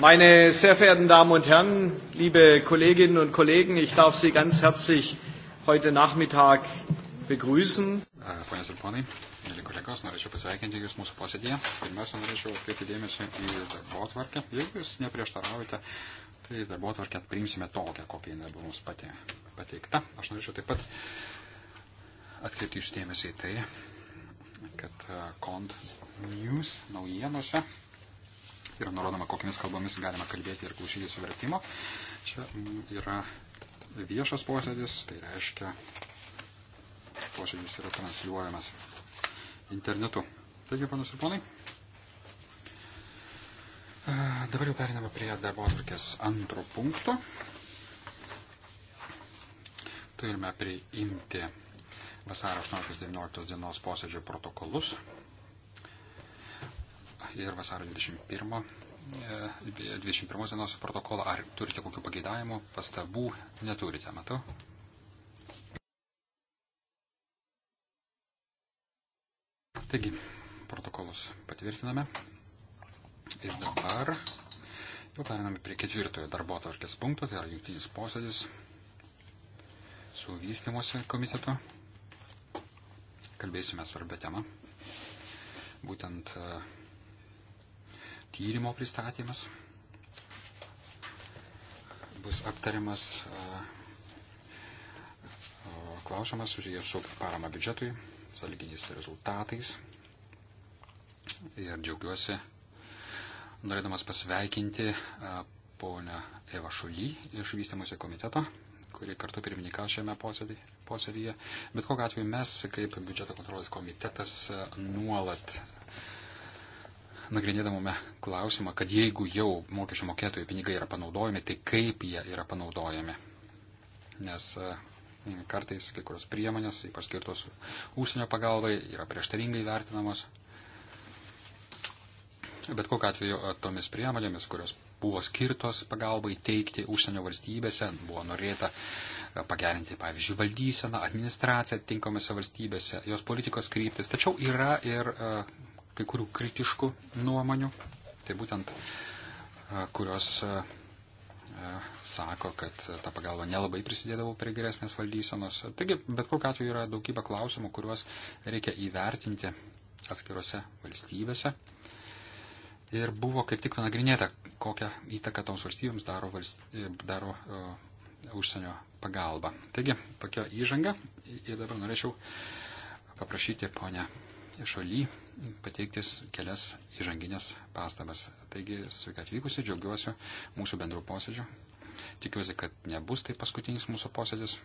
Meine sehr verehrten Damen und Herren, liebe Kolleginnen und Kollegen, ich darf Sie ganz herzlich heute Nachmittag begrüßen. Ponios ir ponai, mėly kolegos, norėčiau pasveikinti Jūs mūsų posėdėje. Pirmiausia, norėčiau atkreipti dėmesį į darbo atvarkę. Jeigu Jūs neprieštaraujate, tai darbo atvarkę priimsime tokią, kokia jinai buvo mums pati, pateikta. Aš norėčiau taip pat atkreipti Jūsų dėmesį į tai, kad e, Kont News naujienose yra nurodoma, kokiamis kalbomis galima kalbėti ir klausytis vertimo. Čia yra viešas posėdis, tai reiškia, posėdis yra transliuojamas internetu. Taigi, panus ir ponai, e, dabar jau periname prie darbo atvarkės antro punkto. Turime priimti vasaro 18-19 dienos posėdžio protokolus ir vasario 21, 21 e, dienos protokolą. Ar turite kokių pageidavimų, pastabų? Neturite, matau. Taigi, protokolus patvirtiname. Ir dabar jau periname prie ketvirtojo darbo atvarkės punkto, tai yra jungtinis posėdis su vystimuose komitetu. Kalbėsime svarbę temą. Būtent uh, tyrimo pristatymas. Bus aptariamas klausimas susijęs su parama biudžetui, salginiais rezultatais. Ir džiaugiuosi, norėdamas pasveikinti ponę Eva Šuly iš vystimuose komiteto, kuri kartu pirmininką šiame posėdyje. Bet kokiu atveju mes, kaip biudžeto kontrolės komitetas, nuolat nagrinėdamome klausimą, kad jeigu jau mokesčių mokėtojų pinigai yra panaudojami, tai kaip jie yra panaudojami. Nes e, kartais kai kurios priemonės, ypač skirtos ūsienio pagalbai, yra prieštaringai vertinamos. Bet kokiu atveju e, tomis priemonėmis, kurios buvo skirtos pagalbai teikti užsienio valstybėse, buvo norėta e, pagerinti, pavyzdžiui, valdyseną, administraciją tinkamose valstybėse, jos politikos kryptis. Tačiau yra ir uh, kai kurių kritiškų nuomonių, tai būtent e, kurios e, e, sako, kad ta pagalba nelabai prisidėdavo prie geresnės valdysenos. Taigi, bet kokiu atveju yra daugybė klausimų, kuriuos reikia įvertinti atskirose valstybėse. Ir buvo kaip tik panagrinėta, kokią įtaką toms valstybėms daro, valst... daro uh, užsienio pagalba. Taigi, tokia įžanga. Ir dabar norėčiau paprašyti ponę Šaly pateikti kelias įžanginės pastabas. Taigi, sveiki atvykusi, džiaugiuosi mūsų bendrų posėdžių. Tikiuosi, kad nebus tai paskutinis mūsų posėdis.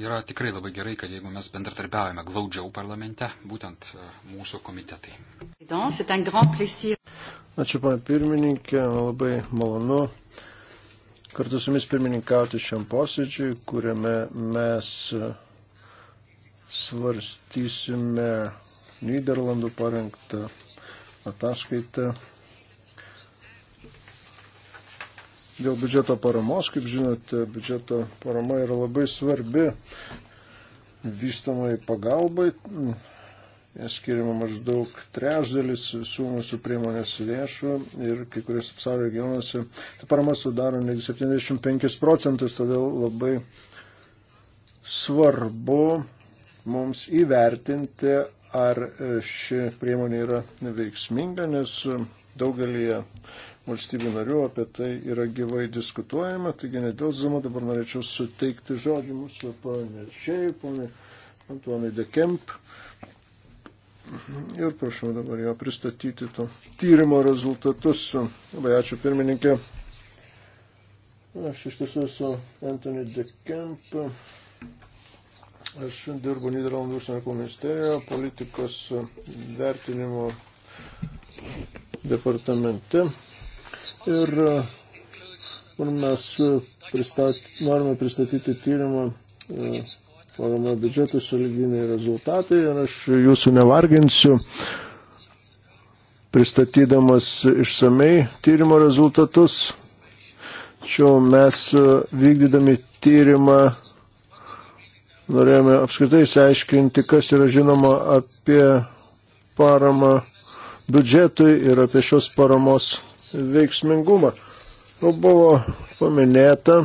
Yra tikrai labai gerai, kad jeigu mes bendratarbiaujame glaudžiau parlamente, būtent e, mūsų komitetai. Ačiū, pana pirmininkė, labai malonu kartu su jumis pirmininkauti šiam posėdžiui, kuriame mes svarstysime Niderlandų parengtą ataskaitą dėl biudžeto paramos. Kaip žinote, biudžeto parama yra labai svarbi vystamai pagalbai. Skiriama maždaug trešdalis visų mūsų priemonės lėšų ir kai kurios apsaulio regionuose ta parama sudaro negi 75 procentus, todėl labai svarbu mums įvertinti, ar ši priemonė yra veiksminga, nes daugelį valstybių narių apie tai yra gyvai diskutuojama. Taigi, nedėlzama, dabar norėčiau suteikti žodį mūsų pranešėjai, ponai Antuanai Dekemp. Ir prašau dabar jo pristatyti to tyrimo rezultatus. Labai ačiū pirmininkė. Aš iš tiesų esu Antony Dekemp Aš dirbu Niderlandų užsienio reikalų ministerijoje, politikos vertinimo departamente. Ir e, mes pristat, norime pristatyti tyrimą e, pagal biudžetų salyginiai rezultatai ir aš jūsų nevarginsiu pristatydamas išsamei tyrimo rezultatus. Tačiau mes e, vykdydami tyrimą norėjome apskritai įsiaiškinti, kas yra žinoma apie paramą biudžetui ir apie šios paramos veiksmingumą. Jau nu, buvo paminėta,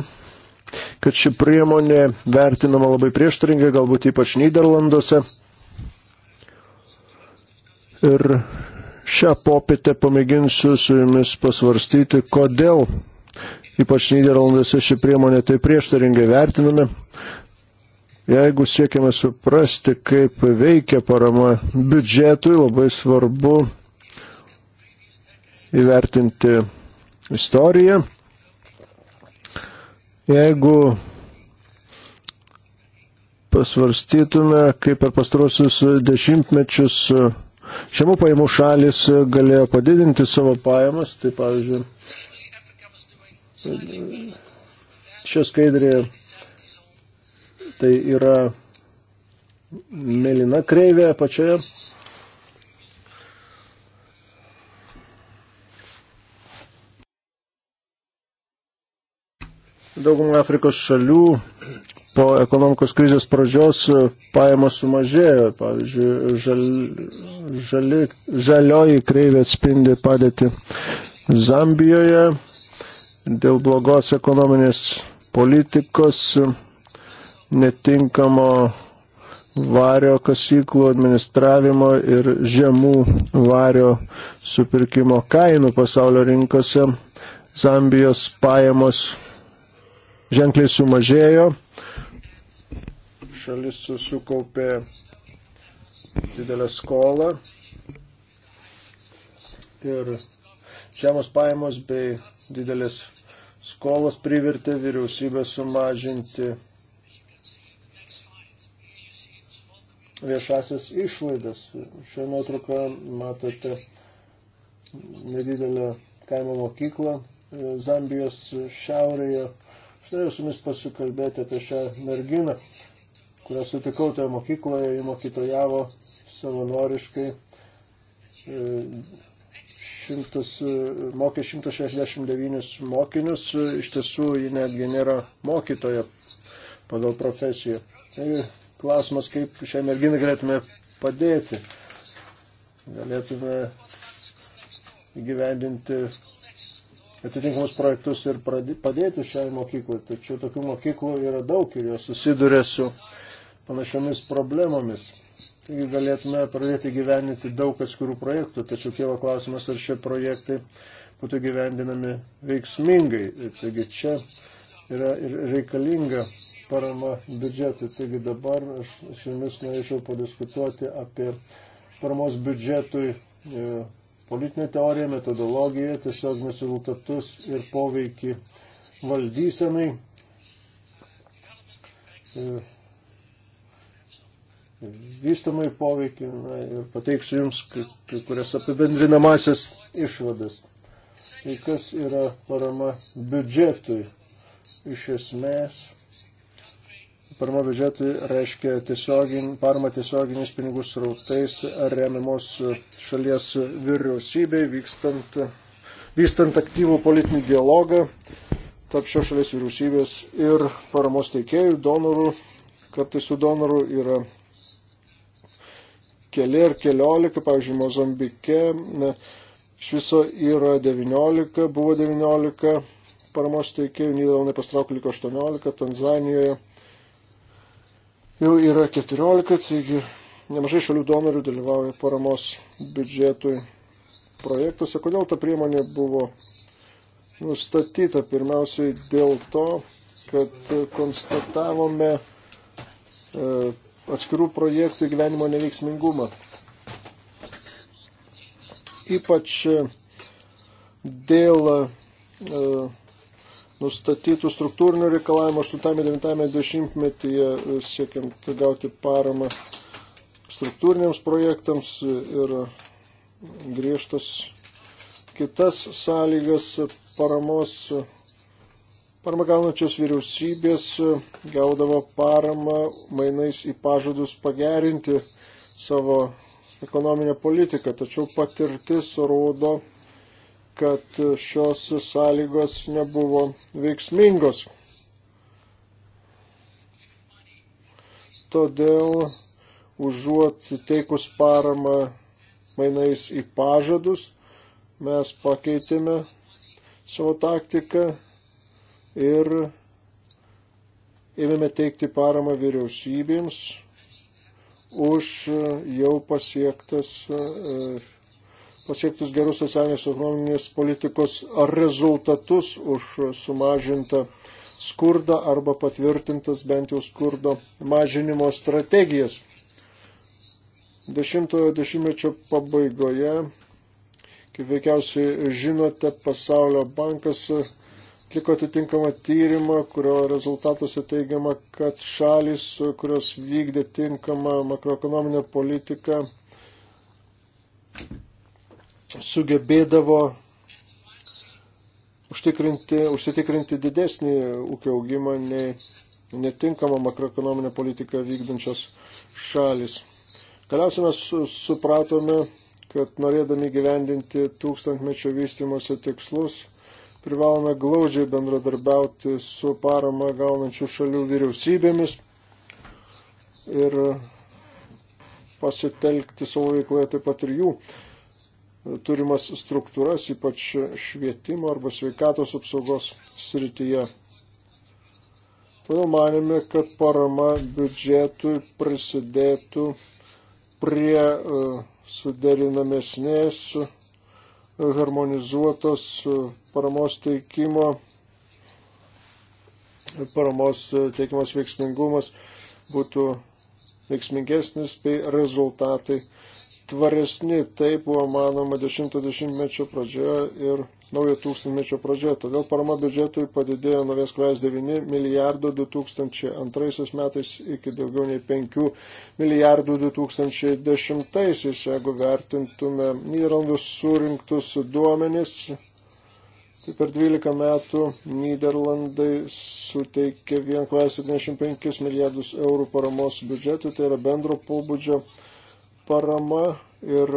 kad ši priemonė vertinama labai prieštaringai, galbūt ypač Niderlanduose. Ir šią popietę pamėginsiu su jumis pasvarstyti, kodėl ypač Niderlanduose ši priemonė taip prieštaringai vertiname. Jeigu siekiame suprasti, kaip veikia parama biudžetui, labai svarbu įvertinti istoriją. Jeigu pasvarstytume, kaip per pastarosius dešimtmečius šiamų pajamų šalis galėjo padidinti savo pajamas, tai pavyzdžiui, šią skaidrį Tai yra melina kreivė apačioje. Daugumą Afrikos šalių po ekonomikos krizės pradžios pajamos sumažėjo. Pavyzdžiui, žal, žali, žalioji kreivė atspindi padėti Zambijoje dėl blogos ekonominės politikos netinkamo vario kasyklų administravimo ir žemų vario supirkimo kainų pasaulio rinkose. Zambijos pajamos ženkliai sumažėjo, šalis sukaupė didelę skolą ir žemos pajamos bei didelės skolos privertė vyriausybę sumažinti viešasias išlaidas. Šioje nuotraukoje matote nedidelę kaimo mokyklą e, Zambijos šiaurėje. Aš norėjau su jumis pasikalbėti apie šią merginą, kurią sutikau toje mokykloje, ji mokytojavo savanoriškai. E, šimtas, e, mokė 169 mokinius, iš tiesų ji netgi nėra mokytoja pagal profesiją. Tai klausimas, kaip šią merginą galėtume padėti. Galėtume įgyvendinti atitinkamus projektus ir padėti šiai mokyklai. Tačiau tokių mokyklų yra daug ir jos susiduria su panašiomis problemomis. Taigi galėtume pradėti gyveninti daug atskirų projektų, tačiau kėla klausimas, ar šie projektai būtų gyvendinami veiksmingai. Taigi čia yra ir reikalinga parama biudžetui. Taigi dabar aš su jumis norėčiau padiskutuoti apie paramos biudžetui e, politinę teoriją, metodologiją, tiesioginius rezultatus ir poveikį valdysenai. E, Vystamai poveikį na, ir pateiksiu Jums kai, kai kurias apibendrinamasias išvadas. Tai kas yra parama biudžetui? iš esmės parama biudžetui reiškia tiesiogin, parama tiesioginiais pinigų srautais remiamos šalies vyriausybei, vykstant, vykstant aktyvų politinį dialogą tarp šios šalies vyriausybės ir paramos teikėjų, donorų. Kartais su donoru yra keli ar keliolika, pavyzdžiui, Mozambike. Ne, iš viso yra 19, buvo 19 paramos teikėjų, Nyderlandai pastraukė liko 18, Tanzanijoje jau yra 14, taigi nemažai šalių donorių dalyvauja paramos biudžetui projektuose. Kodėl ta priemonė buvo nustatyta? Pirmiausiai dėl to, kad konstatavome e, atskirų projektų gyvenimo neveiksmingumą. Ypač e, dėl e, nustatytų struktūrinių reikalavimų 8-9-10-metyje e, siekiant gauti paramą struktūriniams projektams ir griežtas kitas sąlygas paramos. Parma gaunančios vyriausybės gaudavo paramą mainais į pažadus pagerinti savo ekonominę politiką, tačiau patirtis rodo, kad šios sąlygos nebuvo veiksmingos. Todėl užuot teikus paramą mainais į pažadus, mes pakeitėme savo taktiką ir ėmėme teikti paramą vyriausybėms už jau pasiektas pasiektus gerus socialinės ekonominės politikos rezultatus už sumažintą skurdą arba patvirtintas bent jau skurdo mažinimo strategijas. Dešimtojo dešimtmečio pabaigoje, kaip veikiausiai žinote, pasaulio bankas atliko atitinkamą tyrimą, kurio rezultatuose teigiama, kad šalis, kurios vykdė tinkamą makroekonominę politiką, sugebėdavo užtikrinti, užsitikrinti didesnį ūkio augimą nei netinkamą makroekonominę politiką vykdančios šalis. Galiausiai mes supratome, kad norėdami gyvendinti tūkstantmečio vystimosi tikslus, privalome glaudžiai bendradarbiauti su parama gaunančių šalių vyriausybėmis ir pasitelkti savo veikloje taip pat ir jų turimas struktūras, ypač švietimo arba sveikatos apsaugos srityje. Todėl manėme, kad parama biudžetui prisidėtų prie e, suderinamesnės, harmonizuotos e, paramos teikimo, paramos e, teikimas veiksmingumas būtų veiksmingesnis bei rezultatai tvaresni, taip buvo manoma 10-mečio pradžioje ir naujo tūkstantmečio pradžioje. Todėl parama biudžetui padidėjo nuo 1,9 milijardo 2002 metais iki daugiau nei 5 milijardų 2010, jeigu vertintume Nyderlandus surinktus duomenis. Tai per 12 metų Niderlandai suteikė 1,75 milijardus eurų paramos biudžetui, tai yra bendro pobūdžio parama ir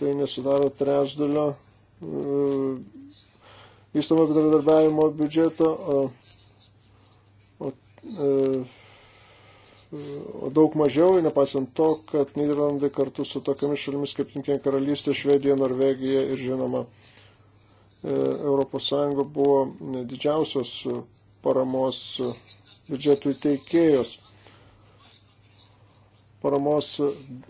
tai nesudaro trečdalio vystomo e, bendradarbiavimo biudžeto, o, o, e, o daug mažiau, nepaisant to, kad Niderlandai kartu su tokiamis šalimis kaip Junktinė karalystė, Švedija, Norvegija ir žinoma ES buvo didžiausios paramos biudžetų teikėjos paramos,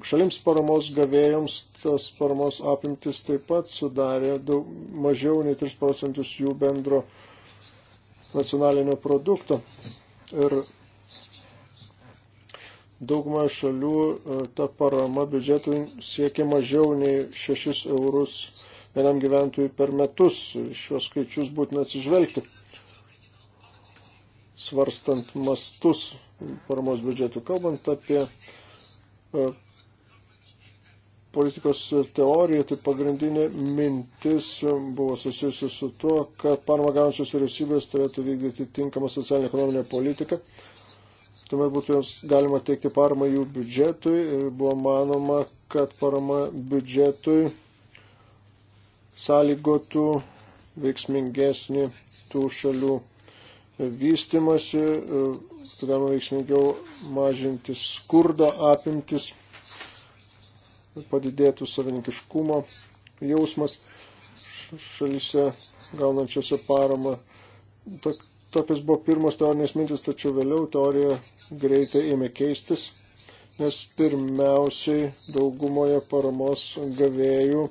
šalims paramos gavėjoms tas paramos apimtis taip pat sudarė daug, mažiau nei 3 procentus jų bendro nacionalinio produkto. Ir daugumą šalių e, ta parama biudžetui siekia mažiau nei 6 eurus vienam gyventojui per metus. Šiuos skaičius būtina atsižvelgti, svarstant mastus paramos biudžetų. Kalbant apie E, politikos teorija, tai pagrindinė mintis buvo susijusi su tuo, kad parma gaunančios vyriausybės turėtų vykdyti tinkamą socialinę ekonominę politiką. Tuomet būtų jums galima teikti parmą jų biudžetui ir buvo manoma, kad parama biudžetui sąlygotų veiksmingesnį tų šalių vystimasi, e, galima veiksmingiau mažinti skurdo apimtis, padidėtų savininkiškumo jausmas šalyse gaunančiose paramą. Tokios buvo pirmos teorinės mintis, tačiau vėliau teorija greitai ėmė keistis, nes pirmiausiai daugumoje paramos gavėjų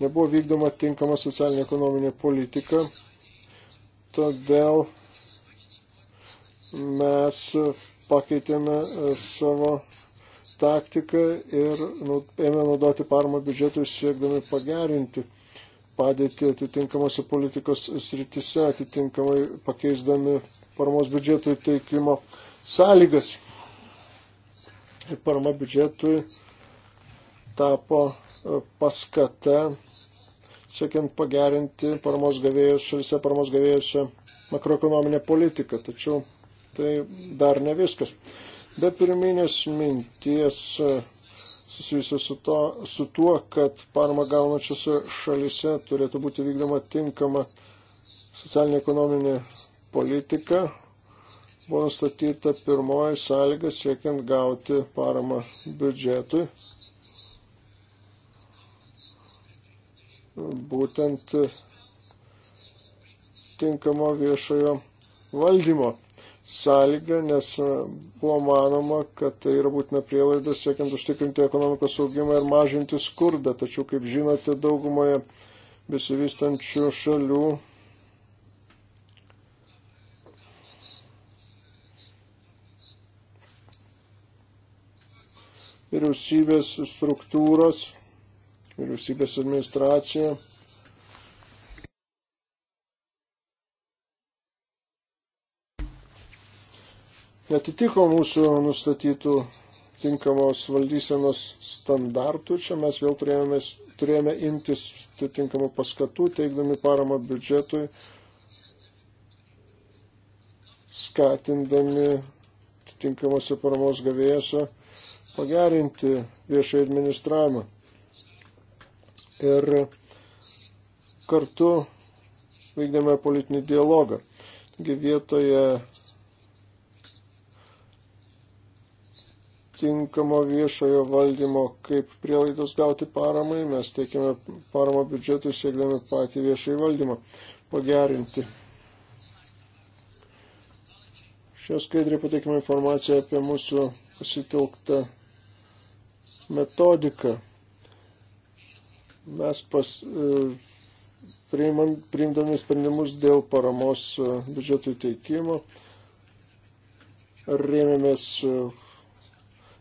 nebuvo vykdoma tinkama socialinė ekonominė politika, todėl mes pakeitėme e, savo taktiką ir nu, ėmė naudoti paramą biudžetui siekdami pagerinti padėtį atitinkamose politikos sritise, atitinkamai pakeisdami paramos biudžetui teikimo sąlygas. Ir parama biudžetui tapo e, paskata siekiant pagerinti paramos gavėjus, šalise paramos gavėjus makroekonominę politiką. Tačiau tai dar ne viskas. Be pirminės minties e, susijusio su, to, su tuo, kad parama gaunačiose šalise turėtų būti vykdoma tinkama socialinė ekonominė politika, buvo nustatyta pirmoji sąlyga siekiant gauti paramą biudžetui. Būtent tinkamo viešojo valdymo sąlyga, nes e, buvo manoma, kad tai yra būtina prielaida siekiant užtikrinti ekonomikos augimą ir mažinti skurdą. Tačiau, kaip žinote, daugumoje besivystančių šalių vyriausybės struktūros, vyriausybės administracija netitiko mūsų nustatytų tinkamos valdysenos standartų. Čia mes vėl turėjome, turėjome imtis atitinkamų paskatų, teikdami paramą biudžetui, skatindami atitinkamose paramos gavėjose pagerinti viešai administravimą. Ir kartu vykdėme politinį dialogą. Taigi vietoje tinkamo viešojo valdymo kaip prielaidos gauti paramai. Mes teikiame paramą biudžetui siekdami patį viešąjį valdymą pagerinti. Šią skaidrį pateikime informaciją apie mūsų pasitelktą metodiką. Mes pas, e, priimant, priimdami sprendimus dėl paramos e, biudžetų teikimo rėmėmės e,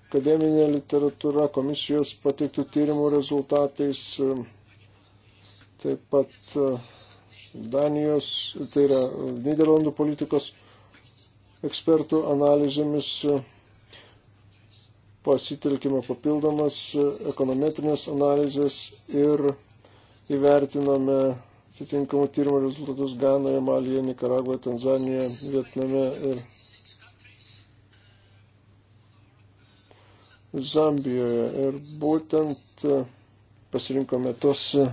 akademinė literatūra, komisijos pateiktų tyrimų rezultatais, taip pat e, Danijos, tai yra e, Niderlandų politikos ekspertų analizėmis e, pasitelkime papildomas ekonometrinės analizės ir įvertiname atitinkamų tyrimų rezultatus Ganoje, Malyje, Nikaragvoje, Tanzanijoje, Vietname ir Zambijoje. Ir būtent e, pasirinkome tos, e,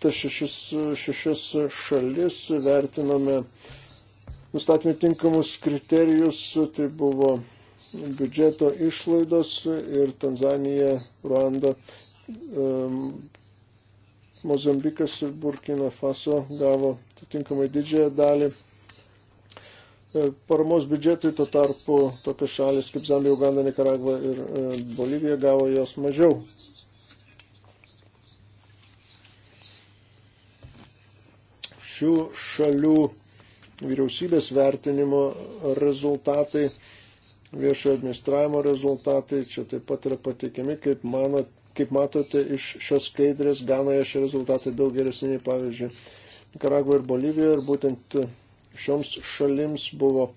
tas šešis, e, šešis šalis, vertinome, nustatėme tinkamus kriterijus, tai buvo biudžeto išlaidos ir Tanzanija, Ruanda, Mozambikas ir Burkina Faso gavo atitinkamai didžiąją dalį E, paramos biudžetui, tuo tarpu tokios šalis kaip Zambija, Uganda, Nikaragva ir e, Bolivija gavo jos mažiau. Šių šalių vyriausybės vertinimo rezultatai, viešojo administravimo rezultatai, čia taip pat yra pateikiami, kaip, mano, kaip matote, iš šios skaidrės Ganoje šie rezultatai daug geresni nei, pavyzdžiui, Nikaragvoje ir Bolivijoje ir būtent šioms šalims buvo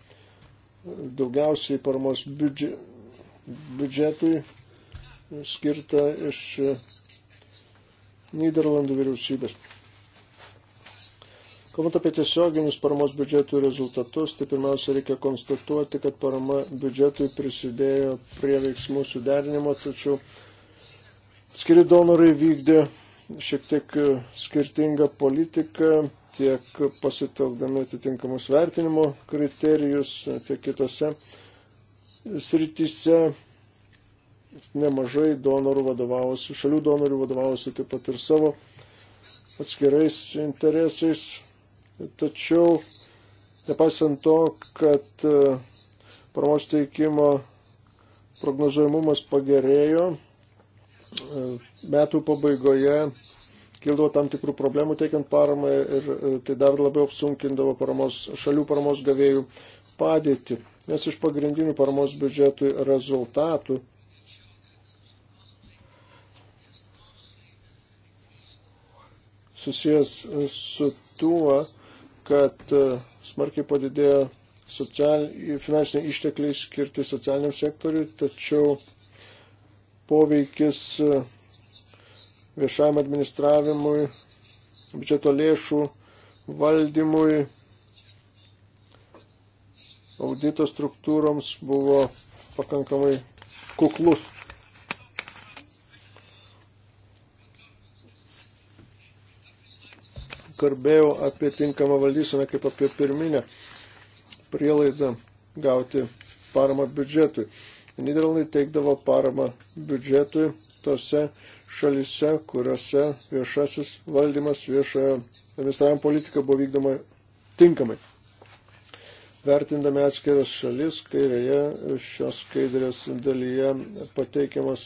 daugiausiai paramos biudži, biudžetui skirta iš Niderlandų vyriausybės. Kalbant apie tiesioginius paramos biudžetų rezultatus, tai pirmiausia reikia konstatuoti, kad parama biudžetui prisidėjo prie veiksmų suderinimo, tačiau skiri donorai vykdė šiek tiek skirtingą politiką, tiek pasitelkdami atitinkamus vertinimo kriterijus, tiek kitose srityse. Nemažai donorų vadovavosi, šalių donorių vadovavosi taip pat ir savo atskirais interesais. Tačiau, nepaisant to, kad e, paramos teikimo prognozuojamumas pagerėjo, e, metų pabaigoje kildavo tam tikrų problemų teikiant paramą ir e, tai dar labiau apsunkindavo paramos, šalių paramos gavėjų padėtį. Nes iš pagrindinių paramos biudžetui rezultatų susijęs e, su tuo, kad e, smarkiai padidėjo social, finansiniai ištekliai skirti socialiniam sektoriui, tačiau poveikis viešajam administravimui, biudžeto lėšų valdymui, audito struktūroms buvo pakankamai kuklus. Kalbėjau apie tinkamą valdyseną kaip apie pirminę prielaidą gauti paramą biudžetui. Niderlandai teikdavo paramą biudžetui tose šalise, kuriuose viešasis valdymas, viešojo administravimo politika buvo vykdoma tinkamai. Vertindami atskiras šalis, kairėje šios skaidrės dalyje pateikiamas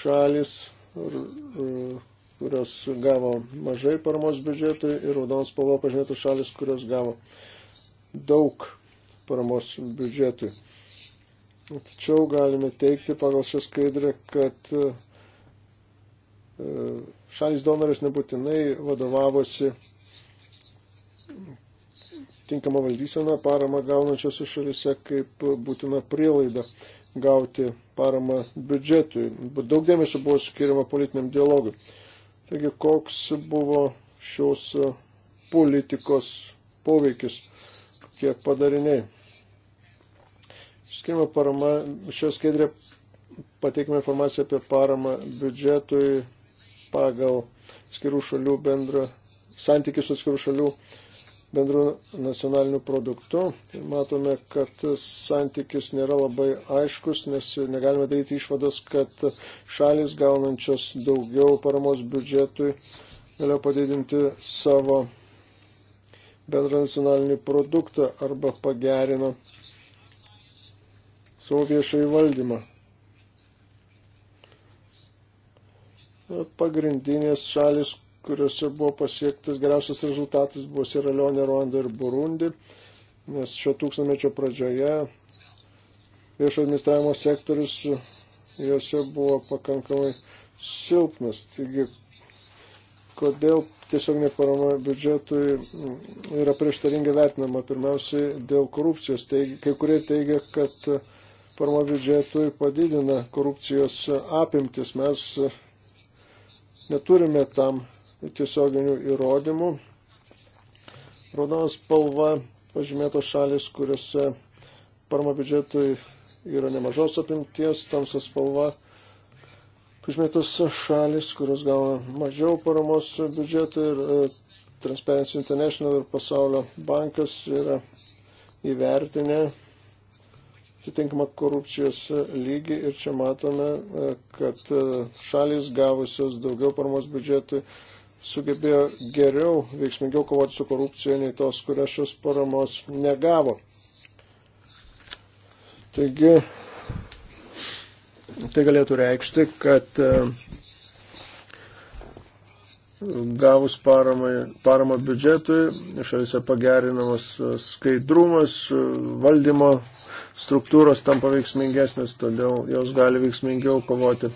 šalis, kurios gavo mažai paramos biudžetui ir raudonos spalvos pažymėtos šalis, kurios gavo daug paramos biudžetui. Tačiau galime teikti pagal šią skaidrę, kad E, šalis donoras nebūtinai vadovavosi tinkama valdysena parama gaunančiose šalise kaip būtina prielaida gauti paramą biudžetui. Daug dėmesio buvo skiriama politiniam dialogui. Taigi, koks buvo šios politikos poveikis, kokie padariniai. Skiriama parama, šią skaidrę pateikime informaciją apie paramą biudžetui pagal skirų šalių bendrą santykius su skirų šalių bendru nacionaliniu produktu. Ir matome, kad santykis nėra labai aiškus, nes negalime daryti išvados, kad šalis gaunančios daugiau paramos biudžetui galėjo padidinti savo bendrą nacionalinį produktą arba pagerino savo viešąjį valdymą. pagrindinės šalis, kuriuose buvo pasiektas geriausias rezultatas, buvo Siralionė, Ruanda ir Burundi, nes šio tūkstantmečio pradžioje viešo administravimo sektorius juose buvo pakankamai silpnas. Taigi, kodėl tiesiog neparama biudžetui yra prieštaringai vertinama. Pirmiausiai dėl korupcijos. Teigi, kai kurie teigia, kad parama biudžetui padidina korupcijos apimtis. Mes Neturime tam tiesioginių įrodymų. Raudonas spalva pažymėtos šalis, kuriuose parama biudžetui yra nemažos apimties, tamsa spalva pažymėtos šalis, kurios gavo mažiau paramos biudžetui ir e, Transparency International ir pasaulio bankas yra įvertinę atitinkamą korupcijos lygį ir čia matome, e, kad e, šalis gavusios daugiau paramos biudžetui sugebėjo geriau, veiksmingiau kovoti su korupcija nei tos, kurios šios paramos negavo. Taigi, tai galėtų reikšti, kad e, gavus paramą, paramą biudžetui, šalise pagerinamas skaidrumas, valdymo struktūros tampa veiksmingesnės, todėl jos gali veiksmingiau kovoti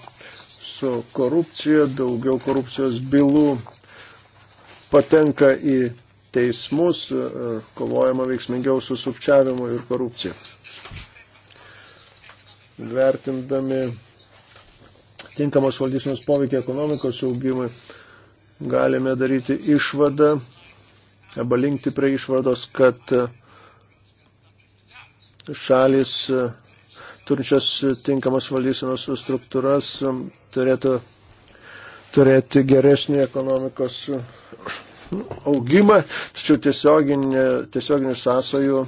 su korupcija, daugiau korupcijos bylų patenka į teismus, e, kovojama veiksmingiau su sukčiavimu ir korupcija. Vertindami tinkamos valdysinos poveikį ekonomikos augimui, galime daryti išvadą, arba linkti prie išvados, kad šalis e, turinčios tinkamas valdysenos struktūras e, turėtų turėti geresnį ekonomikos e, augimą, tačiau tiesioginių, tiesioginių sąsajų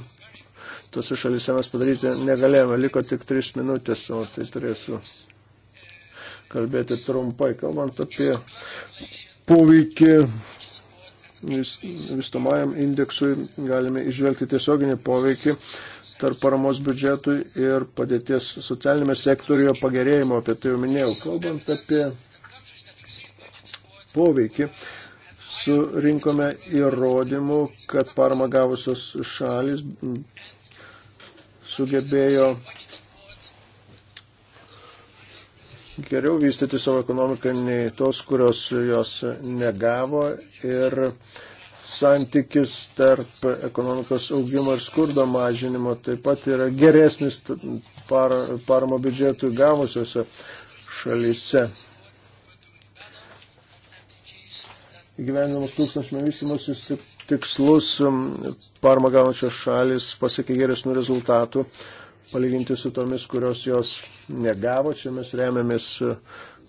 tose šalise mes padaryti negalėjome. Liko tik tris minutės, o tai turėsiu kalbėti trumpai, kalbant apie poveikį vis, vystomajam indeksui galime išvelgti tiesioginį poveikį tarp paramos biudžetui ir padėties socialinėme sektorijoje pagerėjimo, apie tai jau minėjau. Kalbant apie poveikį, surinkome įrodymų, kad parama gavusios šalis sugebėjo geriau vystyti savo ekonomiką nei tos, kurios jos negavo ir uh, santykis tarp ekonomikos augimo ir skurdo mažinimo taip pat yra geresnis par, paramo biudžetui gavusiuose šalyse. Gyvenimus tūkstančio vystimus tikslus um, parama gaunančios šalis pasiekė geresnių rezultatų, palyginti su tomis, kurios jos negavo. Čia mes remiamės uh,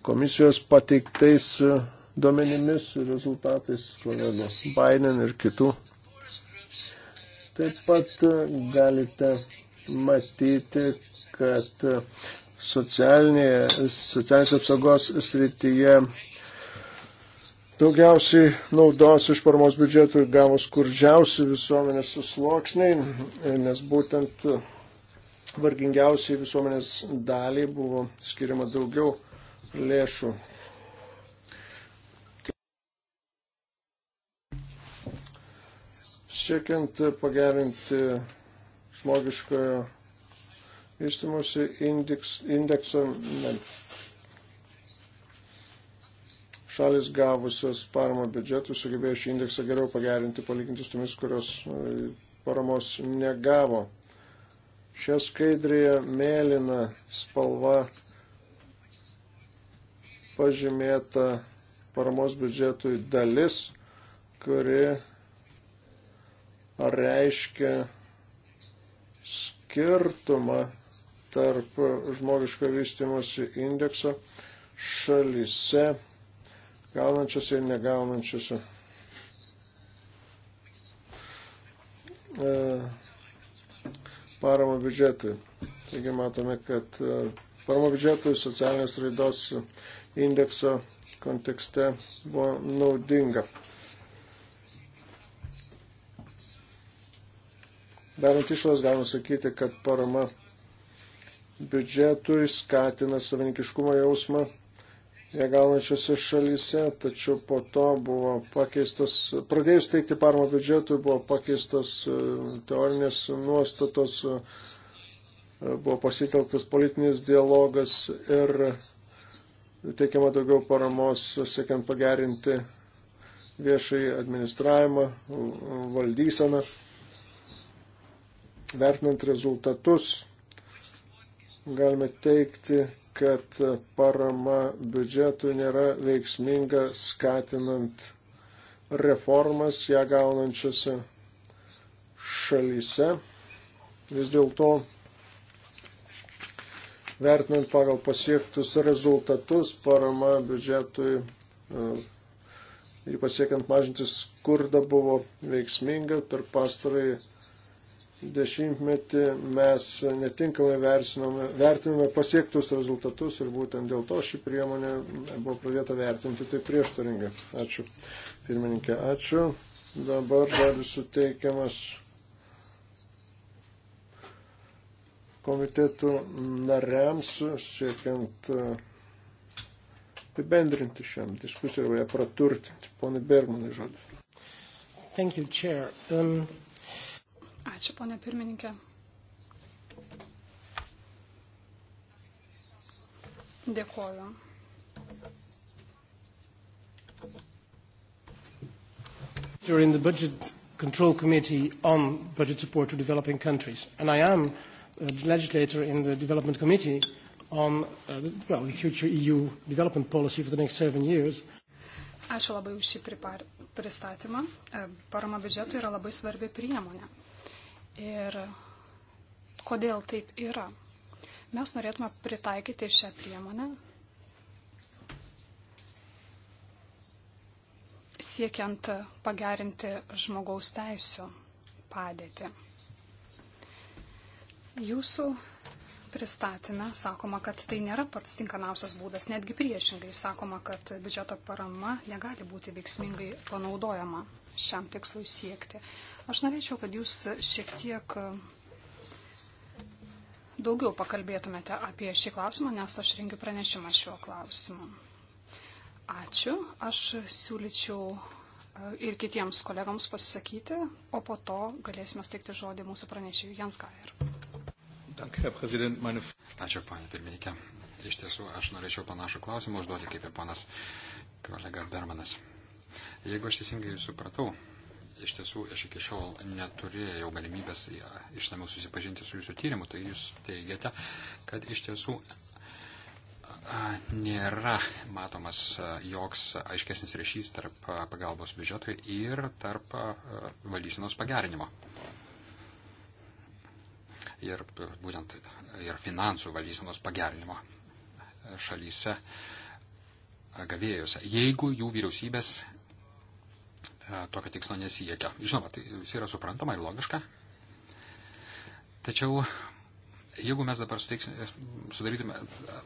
komisijos pateiktais uh, duomenimis rezultatais, kolegų Biden ir kitų. Taip pat e, galite matyti, kad socialinės apsaugos srityje daugiausiai naudos iš paramos biudžetų gavo skurdžiausi visuomenės susloksniai, nes būtent vargingiausiai visuomenės daliai buvo skiriama daugiau lėšų Siekiant pagerinti žmogiškojo vystimusi indeksą, šalis gavusios paramą biudžetų sugebėjo šį indeksą geriau pagerinti palyginti su tomis, kurios e, paramos negavo. Šią skaidrėje mėlyna spalva pažymėta paramos biudžetui dalis, kuri reiškia skirtumą tarp žmogiško vystimosi indekso šalise, gaunančiose ir negaunančiose. E, paramo biudžetui. Taigi matome, kad e, paramo biudžetui socialinės raidos indekso kontekste buvo naudinga. Darant išvadas, galima sakyti, kad parama biudžetui skatina savininkiškumo jausmą ją gaunančiose šalyse, tačiau po to buvo pakeistas, pradėjus teikti paramą biudžetui, buvo pakeistas e, teorinės nuostatos, e, buvo pasitelktas politinis dialogas ir teikiama daugiau paramos, siekiant pagerinti viešai administravimą, valdyseną vertinant rezultatus, galime teikti, kad parama biudžetui nėra veiksminga skatinant reformas ją gaunančiose šalyse. Vis dėlto, vertinant pagal pasiektus rezultatus, parama biudžetui ir e, pasiekiant mažinti skurdą buvo veiksminga per pastarąjį dešimtmetį mes netinkamai vertinome pasiektus rezultatus ir būtent dėl to ši priemonė buvo pradėta vertinti taip prieštaringai. Ačiū. Pirmininkė, ačiū. Dabar žodis suteikiamas komitetų nariams siekiant uh, apibendrinti šiam diskusijai arba ją praturtinti. Pone Bergmanai žodis. Thank you, Chair. Um... Ačiū, ponė pirmininkė. Dėkoju. During the budget control committee on budget support to developing countries, and I am uh, the legislator in the development committee on uh, well, the future EU development policy for the next seven years. Ačiū labai už šį pristatymą. Uh, parama biudžetui yra labai svarbi priemonė ir kodėl taip yra. Mes norėtume pritaikyti šią priemonę siekiant pagerinti žmogaus teisų padėtį. Jūsų pristatymę sakoma, kad tai nėra pats tinkamiausias būdas, netgi priešingai sakoma, kad biudžeto parama negali būti veiksmingai panaudojama šiam tikslui siekti. Aš norėčiau, kad jūs šiek tiek e, daugiau pakalbėtumėte apie šį klausimą, nes aš rengiu pranešimą šiuo klausimu. Ačiū. Aš siūlyčiau e, ir kitiems kolegams pasisakyti, o po to galėsime steigti žodį mūsų pranešėjui Jans Gair. Ačiū, panė pirmininkė. Iš tiesų, aš norėčiau panašų klausimą užduoti kaip ir panas kolega Bermanas. Jeigu aš teisingai supratau, iš tiesų aš iki šiol neturėjau galimybės e, išsamiau susipažinti su jūsų tyrimu, tai jūs teigiate, kad iš tiesų nėra matomas joks aiškesnis ryšys tarp pagalbos biudžetui ir tarp valdysenos pagerinimo. Ir būtent ir finansų valdysenos pagerinimo šalyse gavėjose, jeigu jų vyriausybės E, tokio tikslo nesiekia. Žinoma, tai yra suprantama ir logiška. Tačiau, jeigu mes dabar e, sudarytume, e,